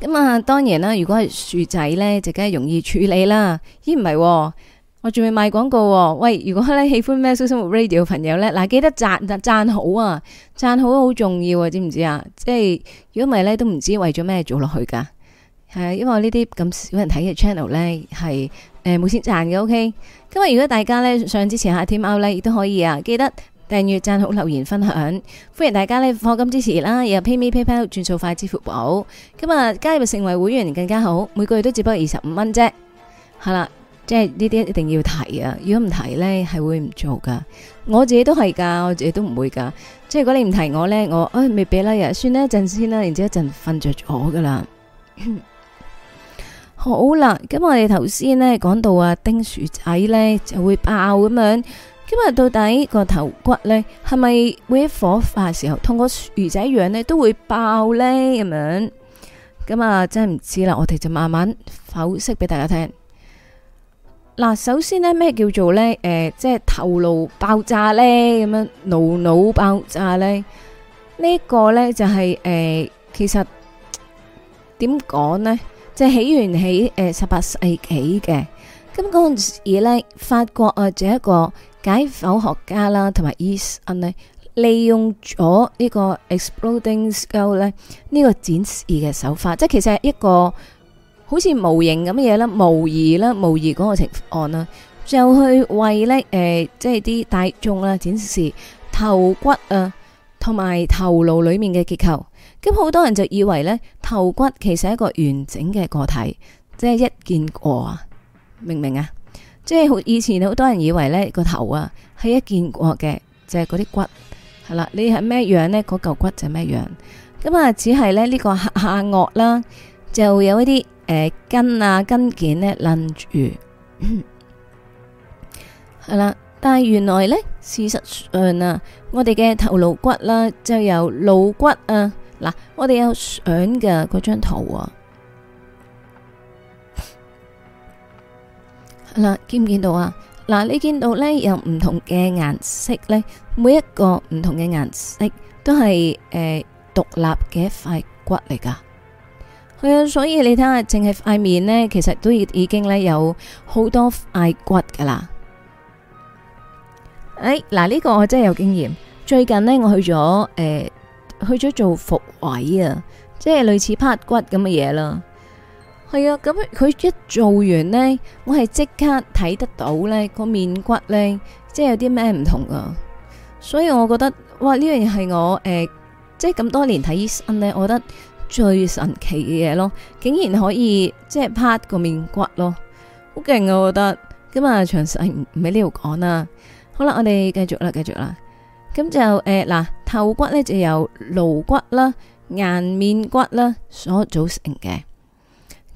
咁啊，當然啦。如果係薯仔咧，就梗係容易處理啦。咦，唔係、喔、我仲未賣廣告、喔。喂，如果咧喜歡咩喵式生活 radio 嘅朋友咧，嗱記得讚讚好啊，讚好好重要啊，知唔知啊？即係如果唔係咧，都唔知道為咗咩做落去噶係、啊，因為我這些小呢啲咁少人睇嘅 channel 咧係誒冇錢賺嘅。O、OK? K，今日如果大家咧想支持下天喵咧，亦都可以啊。記得。訂閱、贊好、留言、分享，歡迎大家呢課金支持啦，又 PayMe、PayPal 轉數快、支付寶，今日加入成為會員更加好，每個月都只不過二十五蚊啫，係啦，即係呢啲一定要提啊，如果唔提呢係會唔做噶，我自己都係噶，我自己都唔會噶，即係如果你唔提我呢，我誒未俾啦，又、哎 like, 算啦，一陣先啦，然之後一陣瞓着咗噶啦， *laughs* 好啦，咁我哋頭先呢講到啊丁薯仔呢就會爆咁樣。今日到底、個頭骨呢？係咪會喺火化時候通過魚仔樣呢？都會爆呢？咁樣？咁啊，真係唔知啦。我哋就慢慢剖析俾大家聽。嗱，首先呢，咩叫做呢？誒、呃，即係頭顱爆炸呢？咁樣顱腦爆炸呢？呢、這個呢，就係、是、誒、呃，其實點講呢？即、就、係、是、起源喺誒十八世紀嘅。咁嗰陣時呢，法國啊，做一個。解剖學家啦，同埋醫生咧，利用咗呢個 exploding skull 咧，呢個展示嘅手法，即係其實係一個好似模型咁嘅嘢啦，模擬啦，模擬嗰個情況啦，就去為咧誒，即係啲大眾啦展示頭骨啊，同埋頭顱裡面嘅結構，咁好多人就以為咧頭骨其實係一個完整嘅個體，即係一見過啊，明唔明啊？即係好以前好多人以為呢個頭啊係一件過嘅，就係嗰啲骨係啦。你係咩樣呢？嗰嚿骨就係咩樣。咁啊，只係呢呢個下顎啦，就有一啲誒筋啊筋腱呢，攣住係啦。但係原來呢，事實上啊，我哋嘅頭顱骨啦，就有顱骨啊嗱，我哋有相嘅嗰張圖啊。嗱，見唔見到啊？嗱，你見到呢有唔同嘅顏色呢，每一個唔同嘅顏色都係誒獨立嘅一塊骨嚟噶。係、嗯、啊，所以你睇下，淨係塊面呢，其實都已已經呢有好多塊骨噶、哎、啦。誒，嗱，呢個我真係有經驗。最近呢，我去咗誒、呃，去咗做復位啊，即係類似拍骨咁嘅嘢啦。係啊，咁佢一做完咧，我係即刻睇得到咧個面骨咧，即係有啲咩唔同啊！所以我覺得哇，呢樣嘢係我誒，即係咁多年睇醫生咧，我覺得最神奇嘅嘢咯，竟然可以即係 part 個面骨咯，好勁啊！我覺得咁啊，詳細唔喺呢度講啦。好啦，我哋繼續啦，繼續啦。咁就誒嗱，頭骨咧就由顱骨啦、顏面骨啦所組成嘅。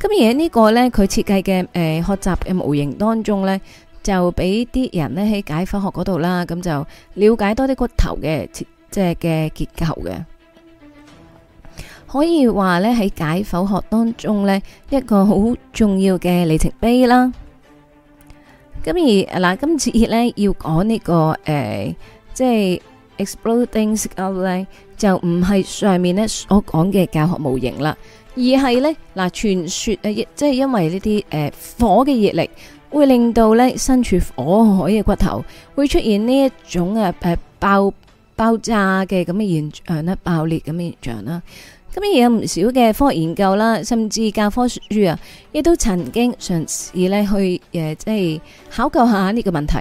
咁而喺呢個咧，佢設計嘅誒學習嘅模型當中咧，就俾啲人咧喺解剖學嗰度啦，咁就了解多啲骨頭嘅設即係嘅結構嘅，可以話咧喺解剖學當中咧，一個好重要嘅里程碑啦。咁而嗱，今次咧要講呢個誒，即係 Exploding Skull 咧，就唔係上面咧所講嘅教學模型啦。而係咧嗱，傳說誒，即係因為呢啲火嘅熱力，會令到咧身處火海嘅骨頭，會出現呢一種爆爆炸嘅咁嘅現象啦，爆裂咁嘅現象啦。咁亦有唔少嘅科學研究啦，甚至教科書啊，亦都曾經嘗試咧去誒，即係考究下呢個問題。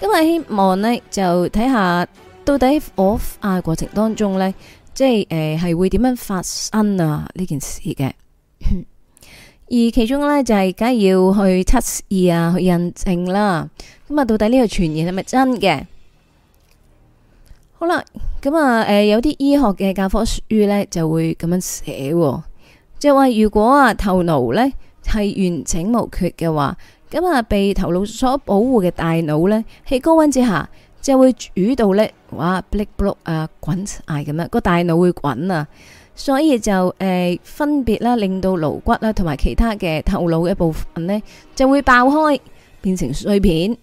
咁我希望呢，就睇下到底火化過程當中呢。即係誒，係、呃、會點樣發生啊呢件事嘅？ *laughs* 而其中呢，就係梗係要去測試啊，去印證啦。咁啊，到底呢個傳言係咪真嘅？好啦，咁啊，誒，有啲醫學嘅教科書呢，就會咁樣寫，啊，就話如果啊，頭腦呢係完整無缺嘅話，咁啊，被頭腦所保護嘅大腦呢，喺高溫之下就會主導呢。哇 Black Block 啊，滾晒咁樣個大腦會滾啊，所以就誒、呃、分別啦，令到顱骨啦同埋其他嘅頭腦嘅部分呢就會爆開，變成碎片，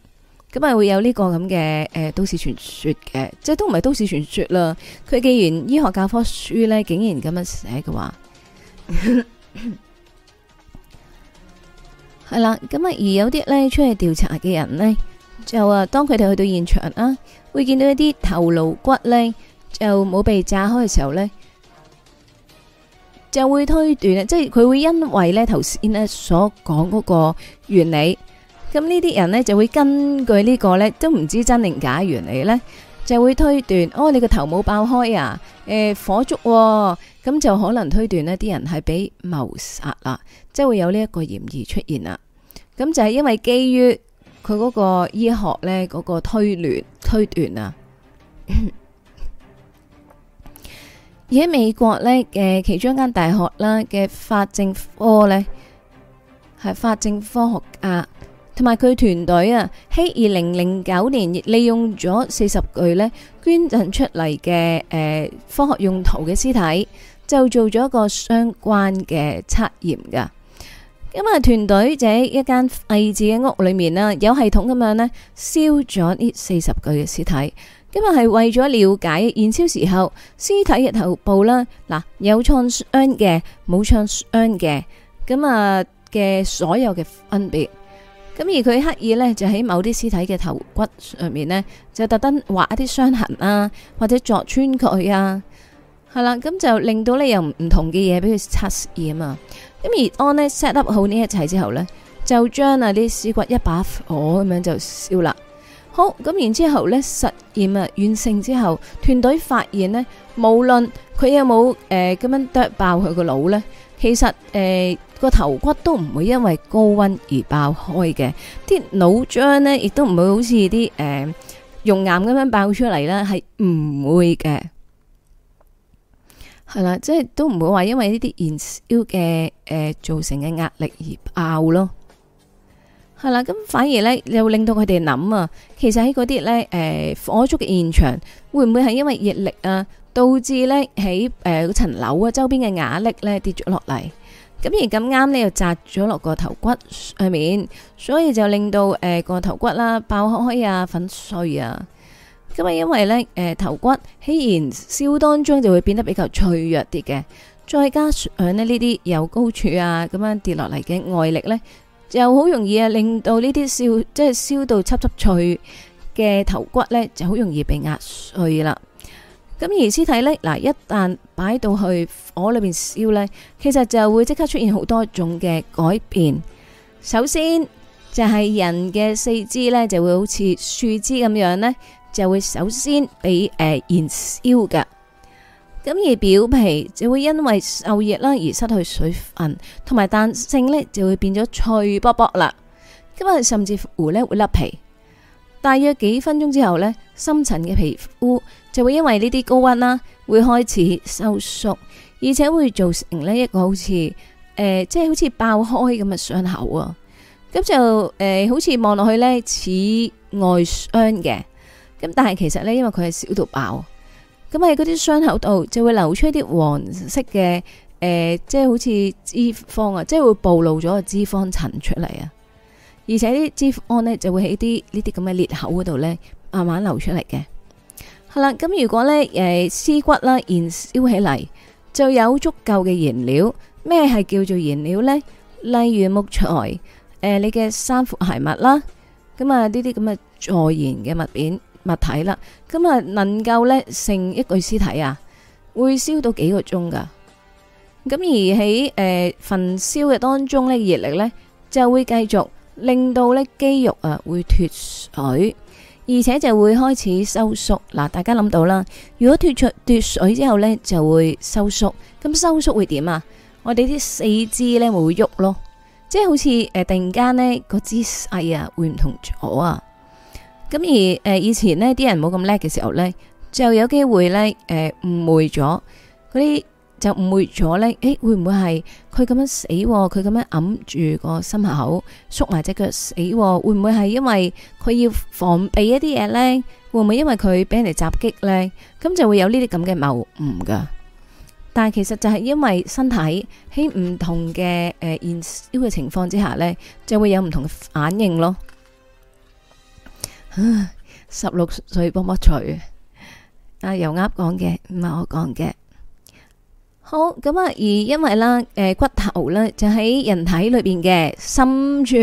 咁啊會有呢個咁嘅誒都市傳說嘅，即係都唔係都市傳說啦。佢既然醫學教科書呢，竟然咁樣寫嘅話，係 *laughs* 啦，咁啊而有啲呢出去調查嘅人呢。就啊，當佢哋去到現場啦、啊，會見到一啲頭顱骨咧，就冇被炸開嘅時候呢就會推斷咧，即係佢會因為咧頭先咧所講嗰個原理，咁呢啲人呢就會根據呢個呢都唔知真定假原理呢就會推斷，哦，你個頭冇爆開啊，誒、呃，火燭、哦，咁就可能推斷咧，啲人係畀謀殺啦，即係會有呢一個嫌疑出現啦，咁就係因為基於。佢嗰個醫學呢，嗰個推論推斷啊！而喺美國呢，嘅其中一間大學啦嘅法證科呢，係法證科學家同埋佢團隊啊，喺二零零九年亦利用咗四十具呢，捐贈出嚟嘅誒科學用途嘅屍體，就做咗一個相關嘅測驗㗎。咁啊，團隊就喺一間廢置嘅屋裏面啦，有系統咁樣咧燒咗呢四十具嘅屍體。咁啊，係為咗了解燃燒時候屍體嘅頭部啦，嗱有創傷嘅、冇創傷嘅，咁啊嘅所有嘅分別。咁而佢刻意咧就喺某啲屍體嘅頭骨上面咧，就特登畫一啲傷痕啊，或者鑿穿佢啊，係啦，咁就令到咧有唔同嘅嘢，俾佢測驗啊。咁而安 set up 好呢一切之後呢，就將啊啲屍骨一把火咁樣就燒啦。好，咁然之後呢實驗啊完成之後，團隊發現呢，無論佢有冇誒咁樣剁爆佢個腦呢，其實誒個、呃、頭骨都唔會因為高溫而爆開嘅，啲腦漿呢，亦都唔會好似啲誒熔岩咁樣爆出嚟啦，係唔會嘅。係啦，即係都唔會話因為呢啲燃燒嘅誒造成嘅壓力而爆咯。係啦，咁反而咧又令到佢哋諗啊，其實喺嗰啲咧誒火燭嘅現場，會唔會係因為熱力啊導致咧喺誒嗰層樓啊周邊嘅瓦礫咧跌咗落嚟？咁而咁啱咧又砸咗落個頭骨上面，所以就令到誒個頭骨啦爆開啊，粉碎啊。咁啊，因為咧，誒，頭骨喺燃燒當中就會變得比較脆弱啲嘅，再加上咧呢啲由高處啊咁樣跌落嚟嘅外力咧，就好容易啊令到呢啲燒即係燒到濕濕脆嘅頭骨咧，就好容易被壓碎啦。咁而屍體咧嗱，一旦擺到去火裏面燒咧，其實就會即刻出現好多種嘅改變。首先就係人嘅四肢咧，就會好似樹枝咁樣咧。就會首先被誒、呃、燃燒嘅，咁而表皮就會因為受熱啦而失去水分，同埋彈性呢就會變咗脆卜卜啦。咁佢甚至乎呢會甩皮，大約幾分鐘之後呢，深層嘅皮膚就會因為呢啲高溫啦，會開始收縮，而且會造成呢一個好似誒、呃、即係好似爆開咁嘅傷口啊。咁就誒、呃、好似望落去呢似外傷嘅。咁但係其實呢，因為佢係燒到爆，咁喺嗰啲傷口度就會流出一啲黃色嘅誒、呃，即係好似脂肪啊，即係會暴露咗個脂肪層出嚟啊。而且啲脂肪呢，就會喺啲呢啲咁嘅裂口嗰度呢，慢慢流出嚟嘅。係啦，咁如果呢，誒、呃、屍骨啦，燃燒起嚟就有足夠嘅燃料。咩係叫做燃料呢？例如木材誒、呃，你嘅衫褲鞋襪啦，咁啊呢啲咁嘅助燃嘅物件。物體啦，咁啊能夠、呃、呢，燒一具屍體啊，會燒到幾個鐘㗎？咁而喺誒焚燒嘅當中呢，熱力呢就會繼續令到呢肌肉啊會脫水，而且就會開始收縮。嗱，大家諗到啦，如果脫出脫水之後呢，就會收縮，咁收縮會點啊？我哋啲四肢咧會喐咯，即係好似誒、呃、突然間呢，個姿勢啊會唔同咗啊！咁而誒以前咧啲人冇咁叻嘅時候咧，就有機會咧誒誤會咗嗰啲就誤會咗咧，誒會唔會係佢咁樣死？佢咁樣揞住個心口縮埋隻腳死？會唔會係因為佢要防備一啲嘢咧？會唔會因為佢俾人哋襲擊咧？咁就會有呢啲咁嘅謬誤噶。但係其實就係因為身體喺唔同嘅誒燃燒嘅情況之下咧，就會有唔同嘅反應咯。十六歲卜卜脆，又啱講嘅唔係我講嘅。好，咁啊，而因為啦，誒，骨頭咧就喺人體裏邊嘅深處，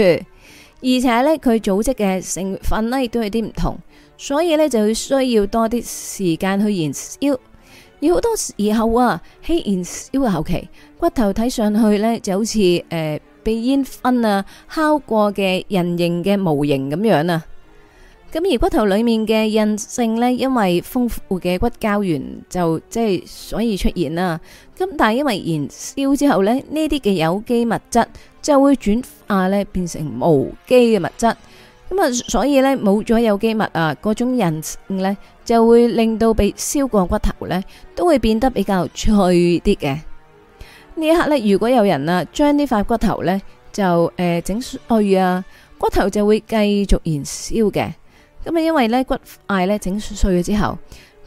而且咧佢組織嘅成分咧亦都有啲唔同，所以咧就要需要多啲時間去燃燒。而好多時候啊，喺燃燒嘅後期，骨頭睇上去咧就好似誒被煙燻啊烤過嘅人形嘅模型咁樣啊。咁而骨頭裏面嘅韌性呢，因為豐富嘅骨膠原就即係所以出現啦。咁但係因為燃燒之後呢，呢啲嘅有機物質就會轉化呢變成無機嘅物質。咁啊，所以呢冇咗有機物啊，嗰種韌性呢就會令到被燒過骨頭呢都會變得比較脆啲嘅。呢一刻呢，如果有人啊將呢塊骨頭呢就誒整碎啊，骨頭就會繼續燃燒嘅。咁啊，因為咧骨骸咧整碎咗之後，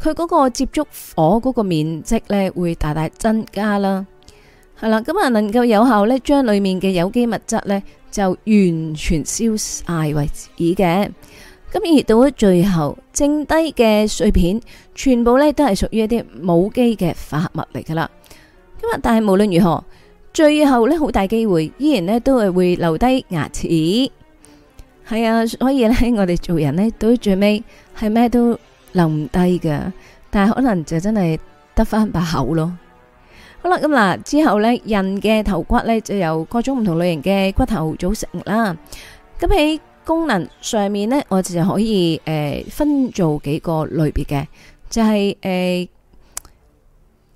佢嗰個接觸火嗰個面積咧會大大增加啦，係啦，咁啊能夠有效咧將裏面嘅有機物質咧就完全燒晒為止嘅，咁而到咗最後，剩低嘅碎片全部咧都係屬於一啲冇機嘅化合物嚟噶啦，咁啊但係無論如何，最後咧好大機會依然咧都係會留低牙齒。係啊，所以咧，我哋做人咧，到最尾係咩都留唔低嘅，但係可能就真係得翻把口咯。好啦，咁嗱之後咧，人嘅頭骨咧就由各種唔同類型嘅骨頭組成啦。咁喺功能上面咧，我哋就可以誒分做幾個類別嘅，就係誒，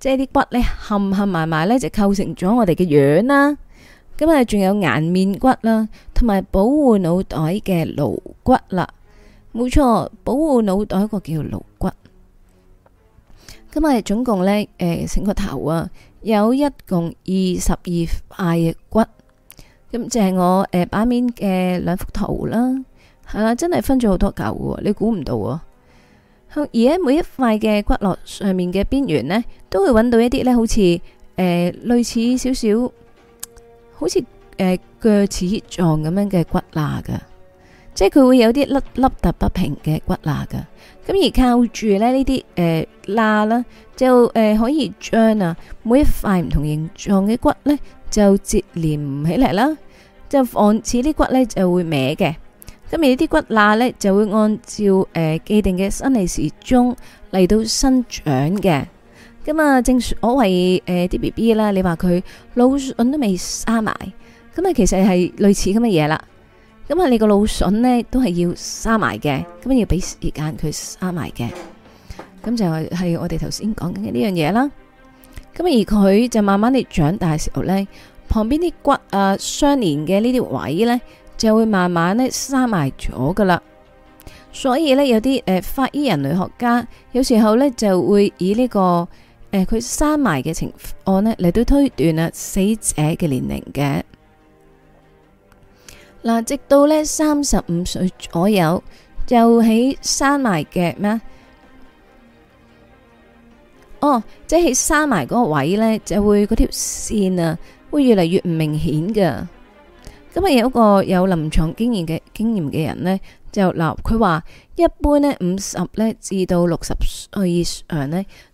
即係啲骨咧嵌嵌埋埋咧就構成咗我哋嘅樣啦。咁啊，仲有顏面骨啦，同埋保護腦袋嘅顱骨啦，冇錯，保護腦袋個叫顱骨。咁啊，總共呢，誒、呃，成個頭啊，有一共二十二塊嘅骨。咁就係我誒、呃，把面嘅兩幅圖啦，啊，真係分咗好多嚿嘅，你估唔到啊！而且每一塊嘅骨骼上面嘅邊緣呢，都會揾到一啲呢，好似誒，類似少少。好似誒鋸齒狀咁樣嘅骨罅嘅，即係佢會有啲凹凹凸不平嘅骨罅嘅。咁而靠住咧呢啲誒罅啦，就誒可以將啊每一塊唔同形狀嘅骨咧，就接連起嚟啦。就防止啲骨咧就會歪嘅，咁而呢啲骨罅咧就會按照誒既定嘅生理時鐘嚟到生長嘅。咁啊，正所謂誒，啲 B B 啦，你話佢腦笋都未生埋，咁啊，其實係類似咁嘅嘢啦。咁啊，你個腦笋呢都係要生埋嘅，咁要俾時間佢生埋嘅。咁就係我哋頭先講緊嘅呢樣嘢啦。咁而佢就慢慢地長大時候呢，旁邊啲骨啊相連嘅呢啲位呢，就會慢慢呢生埋咗噶啦。所以呢，有啲誒、呃，法醫人類學家有時候呢，就會以呢、呢個。誒，佢生埋嘅情況呢，嚟到推斷啊，死者嘅年齡嘅嗱，直到呢三十五歲左右，就喺生埋嘅咩？哦，即係生埋嗰個位呢，就會嗰條線啊，會越嚟越唔明顯噶。今日有一個有臨床經驗嘅經驗嘅人呢，就嗱，佢、呃、話一般呢，五十呢至到六十歲以上呢。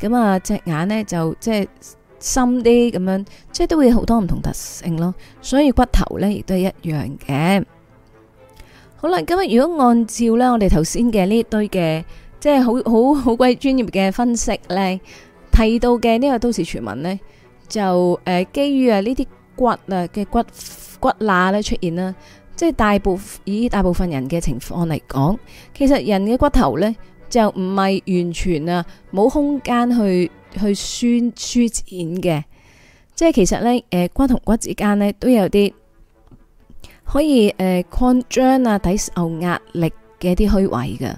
咁啊，隻眼咧就即係深啲咁樣，即係都會好多唔同特性咯。所以骨頭咧亦都係一樣嘅。好啦，咁啊，如果按照咧我哋頭先嘅呢堆嘅，即係好好好鬼專業嘅分析咧，提到嘅呢個都市傳聞咧，就誒基於啊呢啲骨啊嘅骨骨罅咧出現啦，即係大部以大部分人嘅情況嚟講，其實人嘅骨頭咧。就唔係完全啊，冇空間去去舒展嘅。即係其實呢，誒骨同骨之間呢，都有啲可以誒、呃、擴張啊，抵受壓力嘅一啲虛位嘅。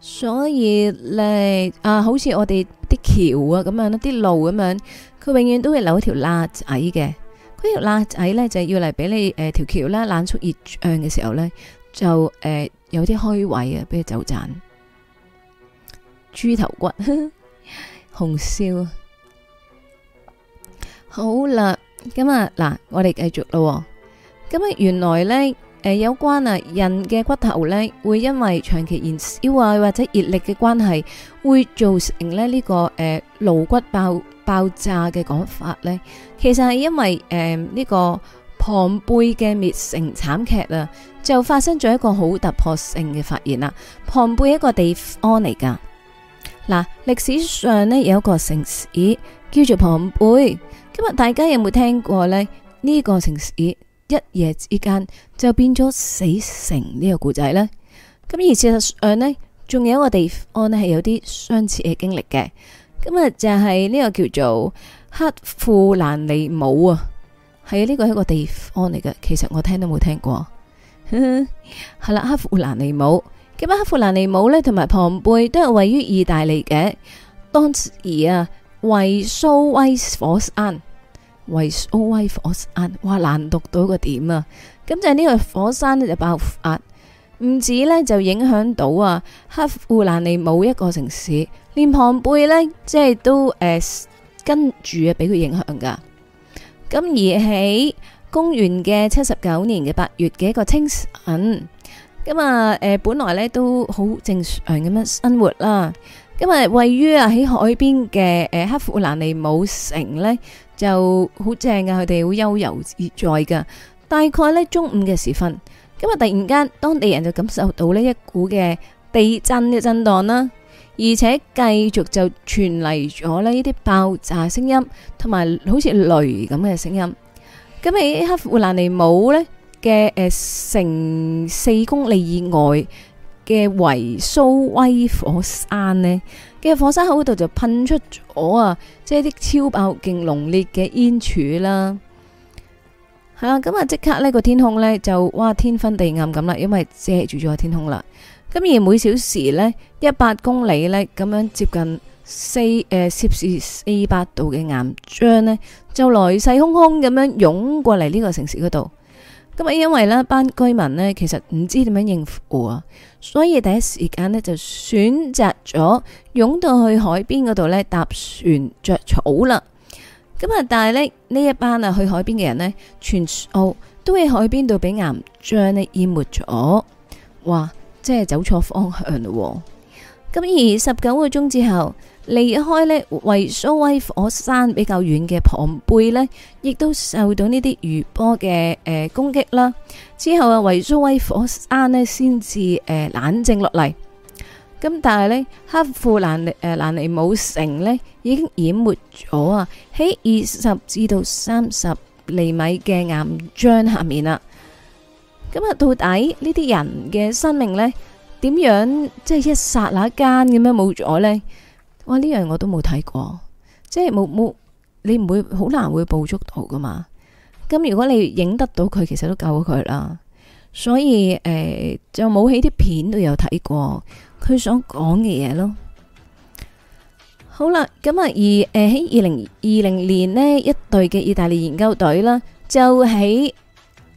所以咧啊，好似我哋啲橋啊咁樣啲路咁樣，佢永遠都會留一條罅仔嘅。佢條罅仔咧就係、要嚟俾你誒、呃、條橋啦冷縮熱漲嘅時候咧，就誒、呃、有啲虛位啊，俾你走盞。豬頭骨紅燒好啦，咁啊嗱，我哋繼續咯。咁啊，原來呢誒，有關啊人嘅骨頭呢，會因為長期燃燒啊或者熱力嘅關係，會造成呢呢個誒顱骨爆爆炸嘅講法呢。其實係因為誒呢個龐貝嘅滅城慘劇啊，就發生咗一個好突破性嘅發現啦。龐貝一個地方嚟㗎。嗱，歷史上呢有一個城市叫做龐貝，今日大家有冇聽過呢？呢個城市一夜之間就變咗死城呢個故仔呢。咁而事實上呢，仲有一個地方呢係有啲相似嘅經歷嘅。今日就係呢個叫做克富蘭尼姆啊，係呢個一個地方嚟㗎。其實我聽都冇聽過，係啦，克富蘭尼姆。咁巴克富蘭尼姆呢，同埋龐貝都係位於意大利嘅。當時啊，維蘇威火山，維蘇威火山，哇難讀到個點啊！咁就係呢個火山咧就爆發，唔止呢，就影響到啊克富蘭尼姆一個城市，連龐貝呢，即係都誒、呃、跟住啊俾佢影響噶。咁而喺公元嘅七十九年嘅八月嘅一個清晨。咁啊，誒，本來咧都好正常咁樣生活啦。咁啊，位於啊喺海邊嘅誒，赫庫蘭尼姆城咧就好正噶，佢哋好悠遊自在噶。大概咧中午嘅時分，咁啊，突然間當地人就感受到咧一股嘅地震嘅震盪啦，而且繼續就傳嚟咗咧呢啲爆炸聲音，同埋好似雷咁嘅聲音。咁喺赫庫蘭尼姆咧。嘅誒，成、呃、四公里以外嘅維蘇威火山呢嘅火山口度就噴出咗啊，即係啲超爆勁濃烈嘅煙柱啦，係啦、啊，咁啊即刻呢個天空呢，就哇天昏地暗咁啦，因為遮住咗個天空啦。咁、嗯、而每小時呢，一百公里呢，咁樣接近四誒攝氏四百度嘅岩漿呢，就來勢洶洶咁樣湧過嚟呢個城市嗰度。咁啊，因為呢班居民呢，其實唔知點樣應付啊，所以第一時間呢，就選擇咗湧到去海邊嗰度呢，搭船着草啦。咁啊，但係咧呢一班啊去海邊嘅人呢，全數都喺海邊度俾岩漿呢淹沒咗，哇！即係走錯方向咯。咁而十九個鐘之後。離開咧維蘇威火山比較遠嘅龐貝呢亦都受到呢啲餘波嘅，誒、呃、攻擊啦。之後啊，維蘇威火山咧先至誒冷靜落嚟。咁但係呢，黑富蘭尼誒蘭尼姆城呢已經淹沒咗啊，喺二十至到三十厘米嘅岩漿下面啦。咁到底呢啲人嘅生命呢？點樣，即、就、係、是、一剎那間咁樣冇咗呢？哇！呢樣我都冇睇過，即係冇冇你唔會好難會捕捉到噶嘛。咁如果你影得到佢，其實都救咗佢啦。所以誒，就冇喺啲片都有睇過佢想講嘅嘢咯。好啦，咁啊，而誒喺二零二零年呢一隊嘅意大利研究隊啦，就喺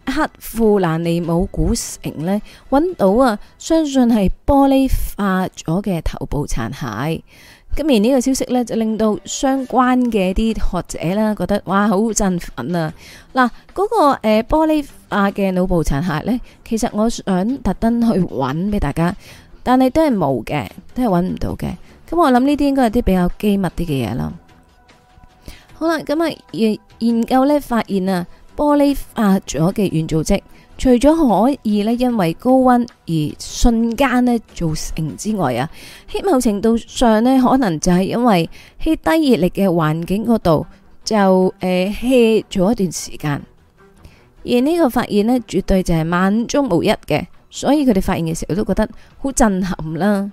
克庫蘭尼姆古城呢揾到啊，相信係玻璃化咗嘅頭部殘骸。今年呢個消息呢，就令到相關嘅啲學者啦，覺得哇好振奮啊！嗱、啊，嗰、嗰個、呃、玻璃化嘅腦部殘骸呢，其實我想特登去揾俾大家，但係都係冇嘅，都係揾唔到嘅。咁、啊、我諗呢啲應該係啲比較機密啲嘅嘢啦。好啦，咁啊研研究呢發現啊，玻璃化咗嘅軟組織。除咗可以呢，因為高温而瞬間呢造成之外啊，喺某程度上呢，可能就係因為喺低熱力嘅環境嗰度就誒 heat 咗一段時間。而呢個發現呢，絕對就係萬中無一嘅，所以佢哋發現嘅時候都覺得好震撼啦。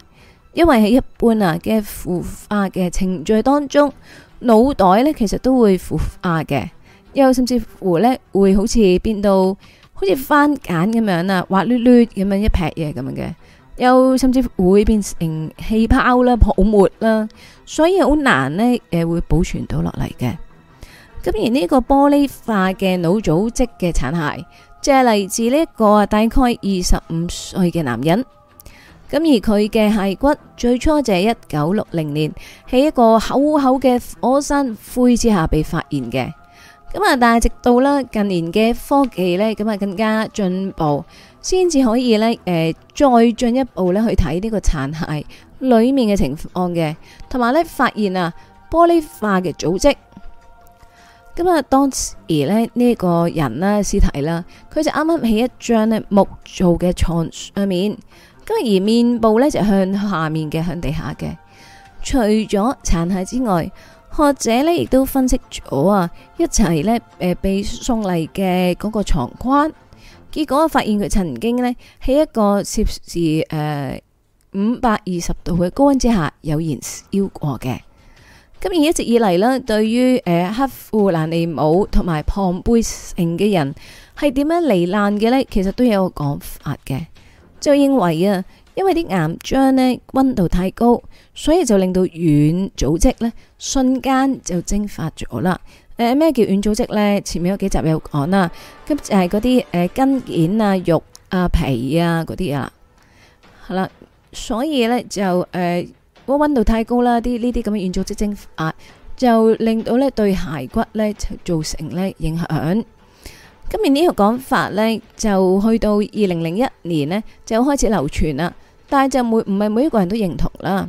因為喺一般啊嘅腐化嘅程序當中，腦袋呢其實都會腐化嘅，又甚至乎呢會好似變到。好似番梘咁樣啊，滑捋捋咁樣一劈嘢咁樣嘅，又甚至會變成氣泡啦、泡沫啦，所以好難呢誒，會保存到落嚟嘅。咁而呢個玻璃化嘅腦組織嘅殘骸，即係嚟自呢一個大概二十五歲嘅男人。咁而佢嘅骸骨最初就係一九六零年喺一個厚厚嘅火山灰之下被發現嘅。咁啊！但係直到咧近年嘅科技呢，咁啊更加進步，先至可以呢，誒再進一步呢去睇呢個殘骸裏面嘅情況嘅，同埋呢發現啊玻璃化嘅組織。咁啊，當時呢，呢個人呢，屍體啦，佢就啱啱喺一張咧木造嘅床上面，咁而面部呢，就向下面嘅，向地下嘅。除咗殘骸之外。學者呢，亦都分析咗啊，一齊呢，誒被送嚟嘅嗰個床框，結果發現佢曾經呢，喺一個攝氏誒五百二十度嘅高溫之下有燃燒過嘅。咁而一直以嚟咧，對於誒赫庫蘭尼姆同埋龐貝城嘅人係點樣罹難嘅呢？其實都有一個講法嘅。就認為啊。因為啲岩漿咧温度太高，所以就令到軟組織咧瞬間就蒸發咗啦。誒咩叫軟組織咧？前面有幾集有講啦，咁就係嗰啲誒筋腱啊、肉啊、皮啊嗰啲啊，係啦。所以咧就誒，個温度太高啦，啲呢啲咁嘅軟組織蒸發，就令到咧對骸骨咧造成咧影響。今年呢個講法咧就去到二零零一年咧就開始流傳啦。但係就每唔係每一個人都認同啦。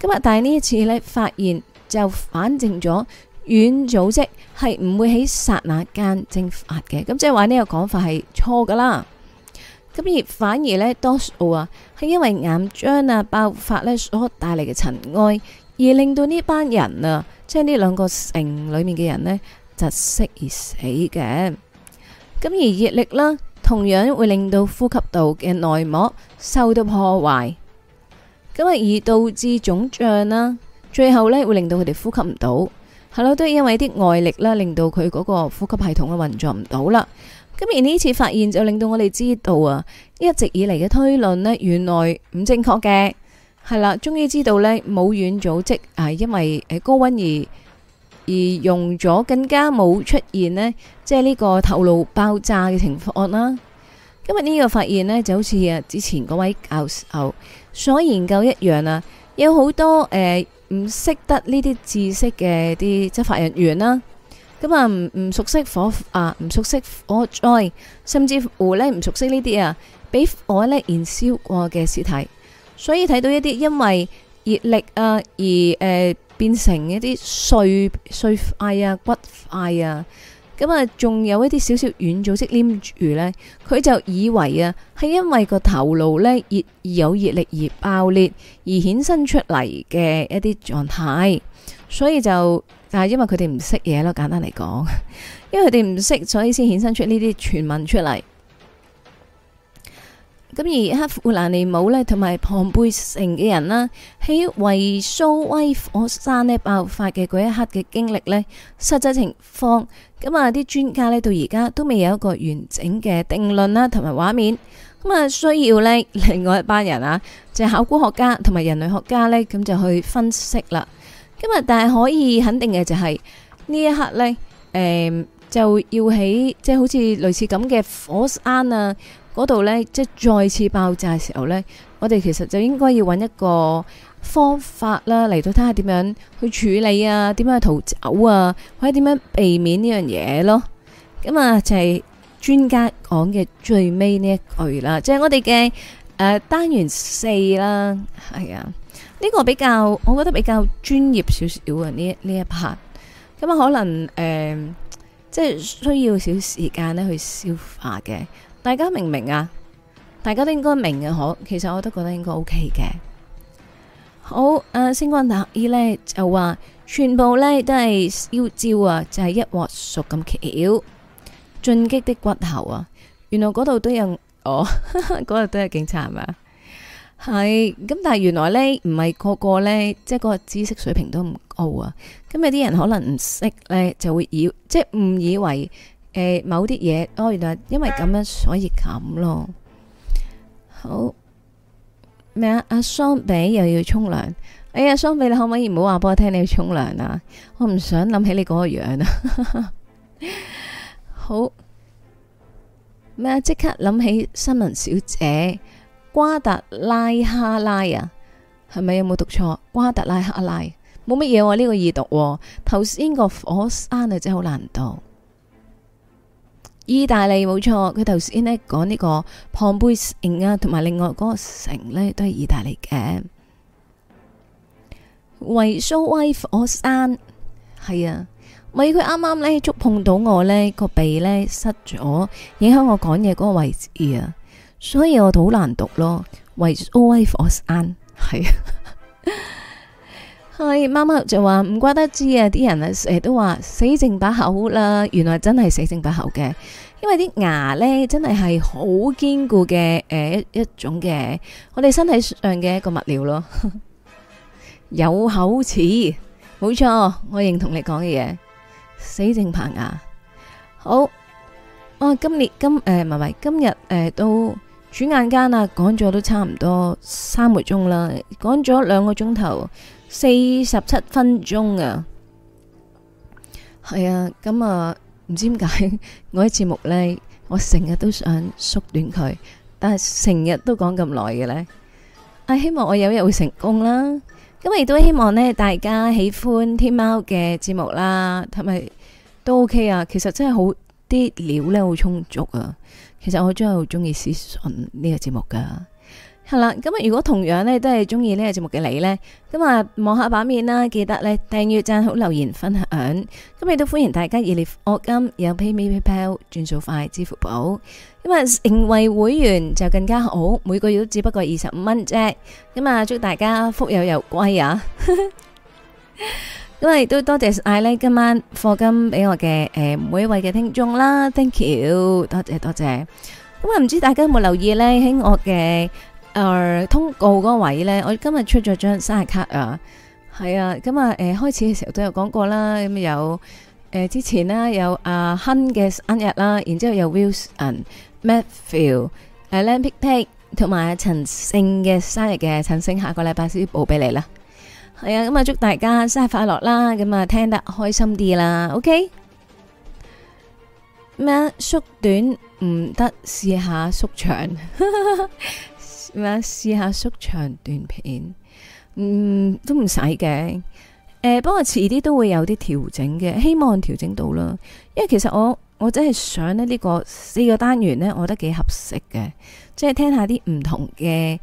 今日但係呢一次呢發現就反證咗，軟組織係唔會喺剎那間蒸發嘅。咁即係話呢個講法係錯噶啦。咁而反而咧多數啊係因為岩漿啊爆發呢所帶嚟嘅塵埃，而令到呢班人啊即係呢兩個城裏面嘅人呢，窒息而死嘅。咁而熱力啦。同樣會令到呼吸道嘅內膜受到破壞，咁啊而導致腫脹啦，最後呢，會令到佢哋呼吸唔到，係啦，都係因為啲外力啦令到佢嗰個呼吸系統啊運作唔到啦。咁而呢次發現就令到我哋知道啊，一直以嚟嘅推論呢，原來唔正確嘅，係啦，終於知道呢，冇軟組織係因為高温而。而用咗更加冇出現咧，即係呢個頭顱爆炸嘅情況啦。今日呢個發現咧，就好似啊之前嗰位教授所研究一樣啦，有好多誒唔識得呢啲知識嘅啲執法人員啦，咁啊唔唔熟悉火啊唔熟悉火災，甚至乎咧唔熟悉呢啲啊，俾火咧燃燒過嘅屍體，所以睇到一啲因為熱力啊而誒。變成一啲碎碎塊啊、骨塊啊，咁啊，仲有一啲少少軟組織黏住呢。佢就以為啊，係因為個頭腦頭顱呢，熱有熱力而爆裂而衍生出嚟嘅一啲狀態，所以就但係、啊、因為佢哋唔識嘢咯，簡單嚟講，因為佢哋唔識，所以先衍生出呢啲傳聞出嚟。咁而黑弗蘭尼姆咧，同埋龐貝城嘅人啦，喺維蘇威火山咧爆發嘅嗰一刻嘅經歷咧，實際情況咁啊，啲專家咧到而家都未有一個完整嘅定論啦，同埋畫面咁啊，需要咧另外一班人啊，即係考古學家同埋人類學家咧，咁就去分析啦。咁啊但係可以肯定嘅就係呢一刻咧，誒，就要喺即係好似類似咁嘅火山啊。嗰度呢，即係再次爆炸嘅時候呢，我哋其實就應該要揾一個方法啦，嚟到睇下點樣去處理啊，點樣去逃走啊，或者點樣避免呢樣嘢咯。咁、嗯、啊，就係、是、專家講嘅最尾呢一句啦，就係、是、我哋嘅誒單元四啦，係啊，呢、這個比較，我覺得比較專業少少啊。呢呢一,一 part 咁啊、嗯，可能誒、呃、即係需要少時間呢去消化嘅。大家明唔明啊？大家都應該明嘅，我其實我都覺得應該 OK 嘅。好，誒、啊，星光大醫呢就話全部呢都係燒焦啊，就係、是、一鑊熟咁巧、啊。進擊的骨頭啊，原來嗰度都有哦，嗰度都有警察係嘛？係咁，但係原來呢唔係個個呢，即係嗰個知識水平都唔高啊。咁有啲人可能唔識呢，就會以即係誤以為，誒、呃，某啲嘢，哦，原來因為咁樣，所以咁咯。好咩啊？阿桑比又要沖涼。哎呀，桑比，你可唔可以唔好話俾我聽你要沖涼啊？我唔想諗起你嗰個樣啊。 *laughs* 好咩啊？即刻諗起新聞小姐瓜達拉哈拉啊，係咪有冇讀錯？瓜達拉哈拉冇乜嘢喎，呢、啊呢個易讀、啊。頭先個火山啊，真係好難讀。意大利冇錯，佢頭先呢講呢個龐貝城啊，同埋另外嗰個城呢都係意大利嘅。維蘇威火山係啊，咪佢啱啱呢觸碰到我呢個鼻呢塞咗，影響我講嘢嗰個位置啊，所以我好難讀咯。維蘇威火山係啊。 *music* *laughs* 係媽媽就話唔怪得知啊！啲人啊，都話死剩把口啦。原來真係死剩把口嘅，因為啲牙呢真係係好堅固嘅誒一一種嘅我哋身體上嘅一個物料咯。 *laughs* 有口齒，冇錯，我認同你講嘅嘢，死剩排牙。好。我，啊，今年今誒唔係唔係今日誒，呃、都轉眼間啦，講咗都差唔多三個鐘啦，講咗兩個鐘頭。四十七分鐘啊，係啊，咁啊，唔知點解我啲節目咧，我成日都想縮短佢，但係成日都講咁耐嘅咧，啊，希望我有一日會成功啦，咁亦都希望咧大家喜歡天喵嘅節目啦，係咪都 OK 啊？其實真係好啲料咧，好充足啊，其實我真係好中意屍訊呢個節目噶。係啦，咁啊，如果同樣咧都係中意呢個節目嘅你咧，咁啊望下版面啦，記得咧訂閱、讚好、留言、分享。咁亦都歡迎大家熱烈課金有 PayMe PayPal、轉數快、支付寶。咁啊，成為會員就更加好，每個月都只不過二十五蚊啫。咁啊，祝大家福有攸歸啊！咁啊，亦都多謝曬咧，今晚課金俾我嘅誒每一位嘅聽眾啦，thank you，多謝多謝。咁啊，唔知大家有冇留意咧喺我嘅？誒、呃，通告嗰位咧，我今日出咗張生日卡啊，係啊，咁啊，誒，開始嘅時候都有講過啦，咁、嗯、有誒、呃，之前啦有阿、啊、亨嘅生日啦，然之後有 Will and Matthew Olympic k Pick，同埋陳勝嘅生日嘅陳勝，下個禮拜先報俾你啦。係啊，咁啊，祝大家生日快樂啦，咁、嗯、啊，聽得開心啲啦，OK？咩縮短唔得，試下縮長。 *laughs* 咁試下縮長短片，嗯，都唔使嘅。誒、欸，不過遲啲都會有啲調整嘅，希望調整到啦。因為其實我我真係想呢、呢、呢個四、呢個單元呢，我覺得幾合適嘅，即係聽下啲唔同嘅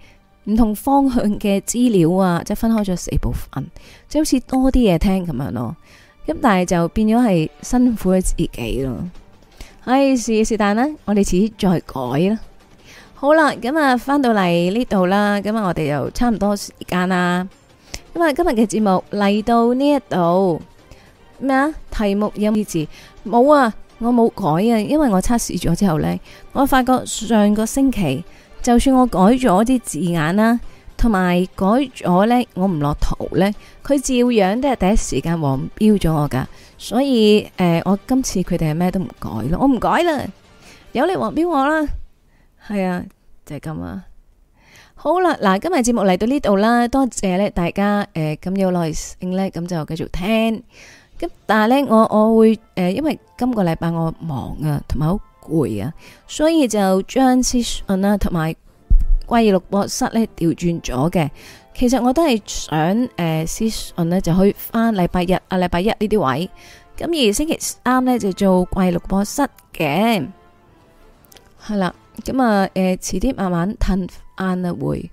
唔同方向嘅資料啊，即係分開咗四部分，即係好似多啲嘢聽咁樣咯。咁但係就變咗係辛苦咗自己咯。係是是但啦，我哋遲啲再改啦。好啦，咁啊，翻到嚟呢度啦，咁啊，我哋又差唔多時間啦。咁啊，今日嘅節目嚟到呢一度咩啊？題目有咩字？冇啊，我冇改啊，因為我測試咗之後呢，我發覺上個星期就算我改咗啲字眼啦，同埋改咗呢，我唔落圖呢，佢照樣都係第一時間黃標咗我噶。所以誒、呃，我今次決定係咩都唔改咯，我唔改啦，有你黃標我啦。係啊，就係咁啊。好啦，嗱，今日節目嚟到呢度啦，多謝咧大家誒咁有耐性咧，咁就繼續聽。咁但係咧，我我會誒，因為今個禮拜我忙啊，同埋好攰啊，所以就將資訊啦，同埋貴錄播室咧調轉咗嘅。其實我都係想誒，資訊咧就去翻禮拜日啊、禮拜一呢啲位。咁而星期三咧就做貴錄播室嘅，係啦。咁啊，誒，遲啲慢慢褪晏啦，會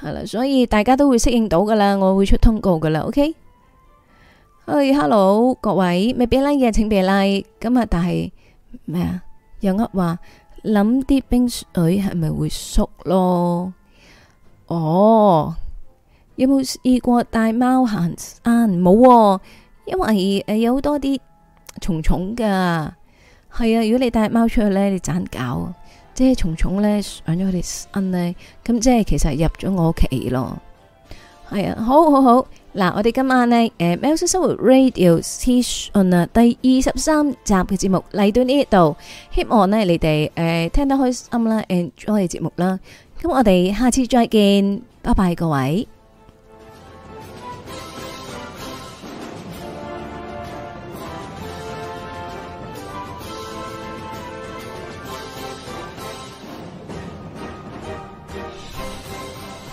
係啦，所以大家都會適應到噶啦。我會出通告噶啦，OK？誒，Hello，各位，未俾 like 嘅，請俾 like。今日但係咩啊？又噏話諗啲冰水係咪會縮咯？哦，有冇試過帶貓行山？冇，因為誒有好多啲蟲蟲噶係啊。如果你帶貓出去咧，你盞搞。.即係蟲蟲咧，上咗佢哋身咧，咁即係其實入咗我屋企咯。係啊，好好好，嗱，我哋今晚咧，誒，喵式生活 Radio 屍訊啊，第二十三集嘅節目嚟到呢一度，希望咧你哋誒聽得開心啦，enjoy 嘅節目啦。咁我哋下次再見，拜拜各位。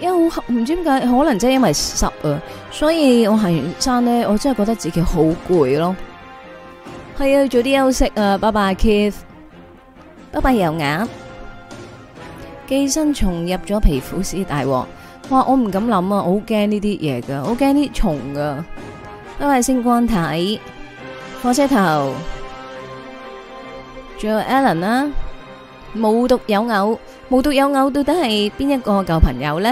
因為好黑，唔知點解，可能真係因為濕啊，所以我行完山咧，我真係覺得自己好攰咯。係啊，早啲休息啊，拜拜，Keith，拜拜，油鴨，寄生蟲入咗皮膚先大鑊。哇，我唔敢諗啊，我好驚呢啲嘢噶，好驚啲蟲噶。拜拜，星光睇，火車頭，仲有 Alan 啦、啊。無獨有偶，無獨有偶，到底係邊一個舊朋友呢？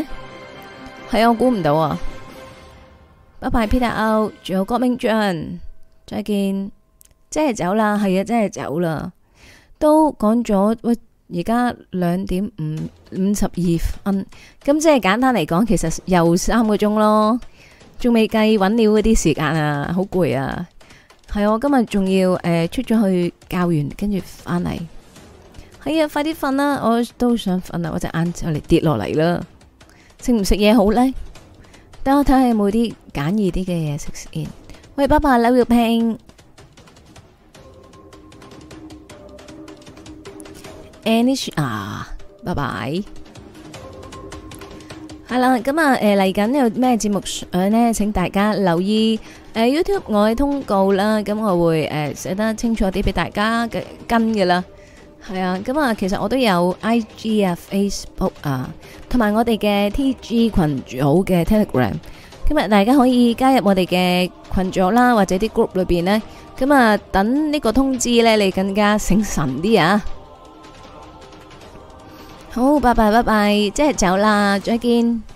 係、哎、我估唔到啊！拜拜，Peter O，仲有郭明章，再見，真係走啦！係啊，真係走啦！都講咗，喂，而家兩點五五十二分，咁即係簡單嚟講，其實又三個鐘咯，仲未計揾料嗰啲時間啊，好攰啊！係我今日仲要誒、呃、出咗去教完，跟住翻嚟。哎呀，快啲瞓啦！我都想瞓啦，我隻眼就嚟跌落嚟啦，食唔食嘢好呢？等我睇下有冇啲簡易啲嘅嘢食先。喂，爸爸，你好聽？Anish 啊，拜拜。係啦，咁啊，誒嚟緊有咩節目呢？請大家留意誒 YouTube 我嘅通告啦。咁我會誒寫得清楚啲俾大家嘅跟嘅啦。係啊，咁啊，其實我都有 IG、Facebook 啊，同埋我哋嘅 TG 群組嘅 Telegram，今日大家可以加入我哋嘅群組啦，或者啲 group 裏邊呢，咁啊，等呢個通知呢，你更加醒神啲啊！好，拜拜拜拜，即係走啦，再見。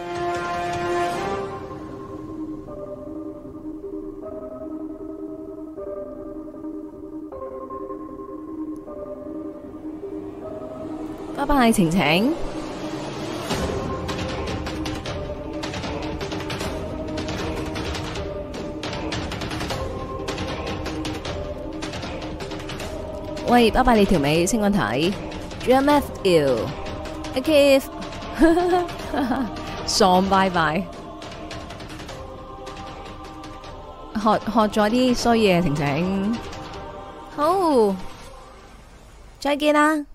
拜拜晴晴，喂，拜拜你條尾，先我睇。Jamf ill，A kiss，喪拜拜，學學咗啲衰嘢，晴晴，好，再見啦。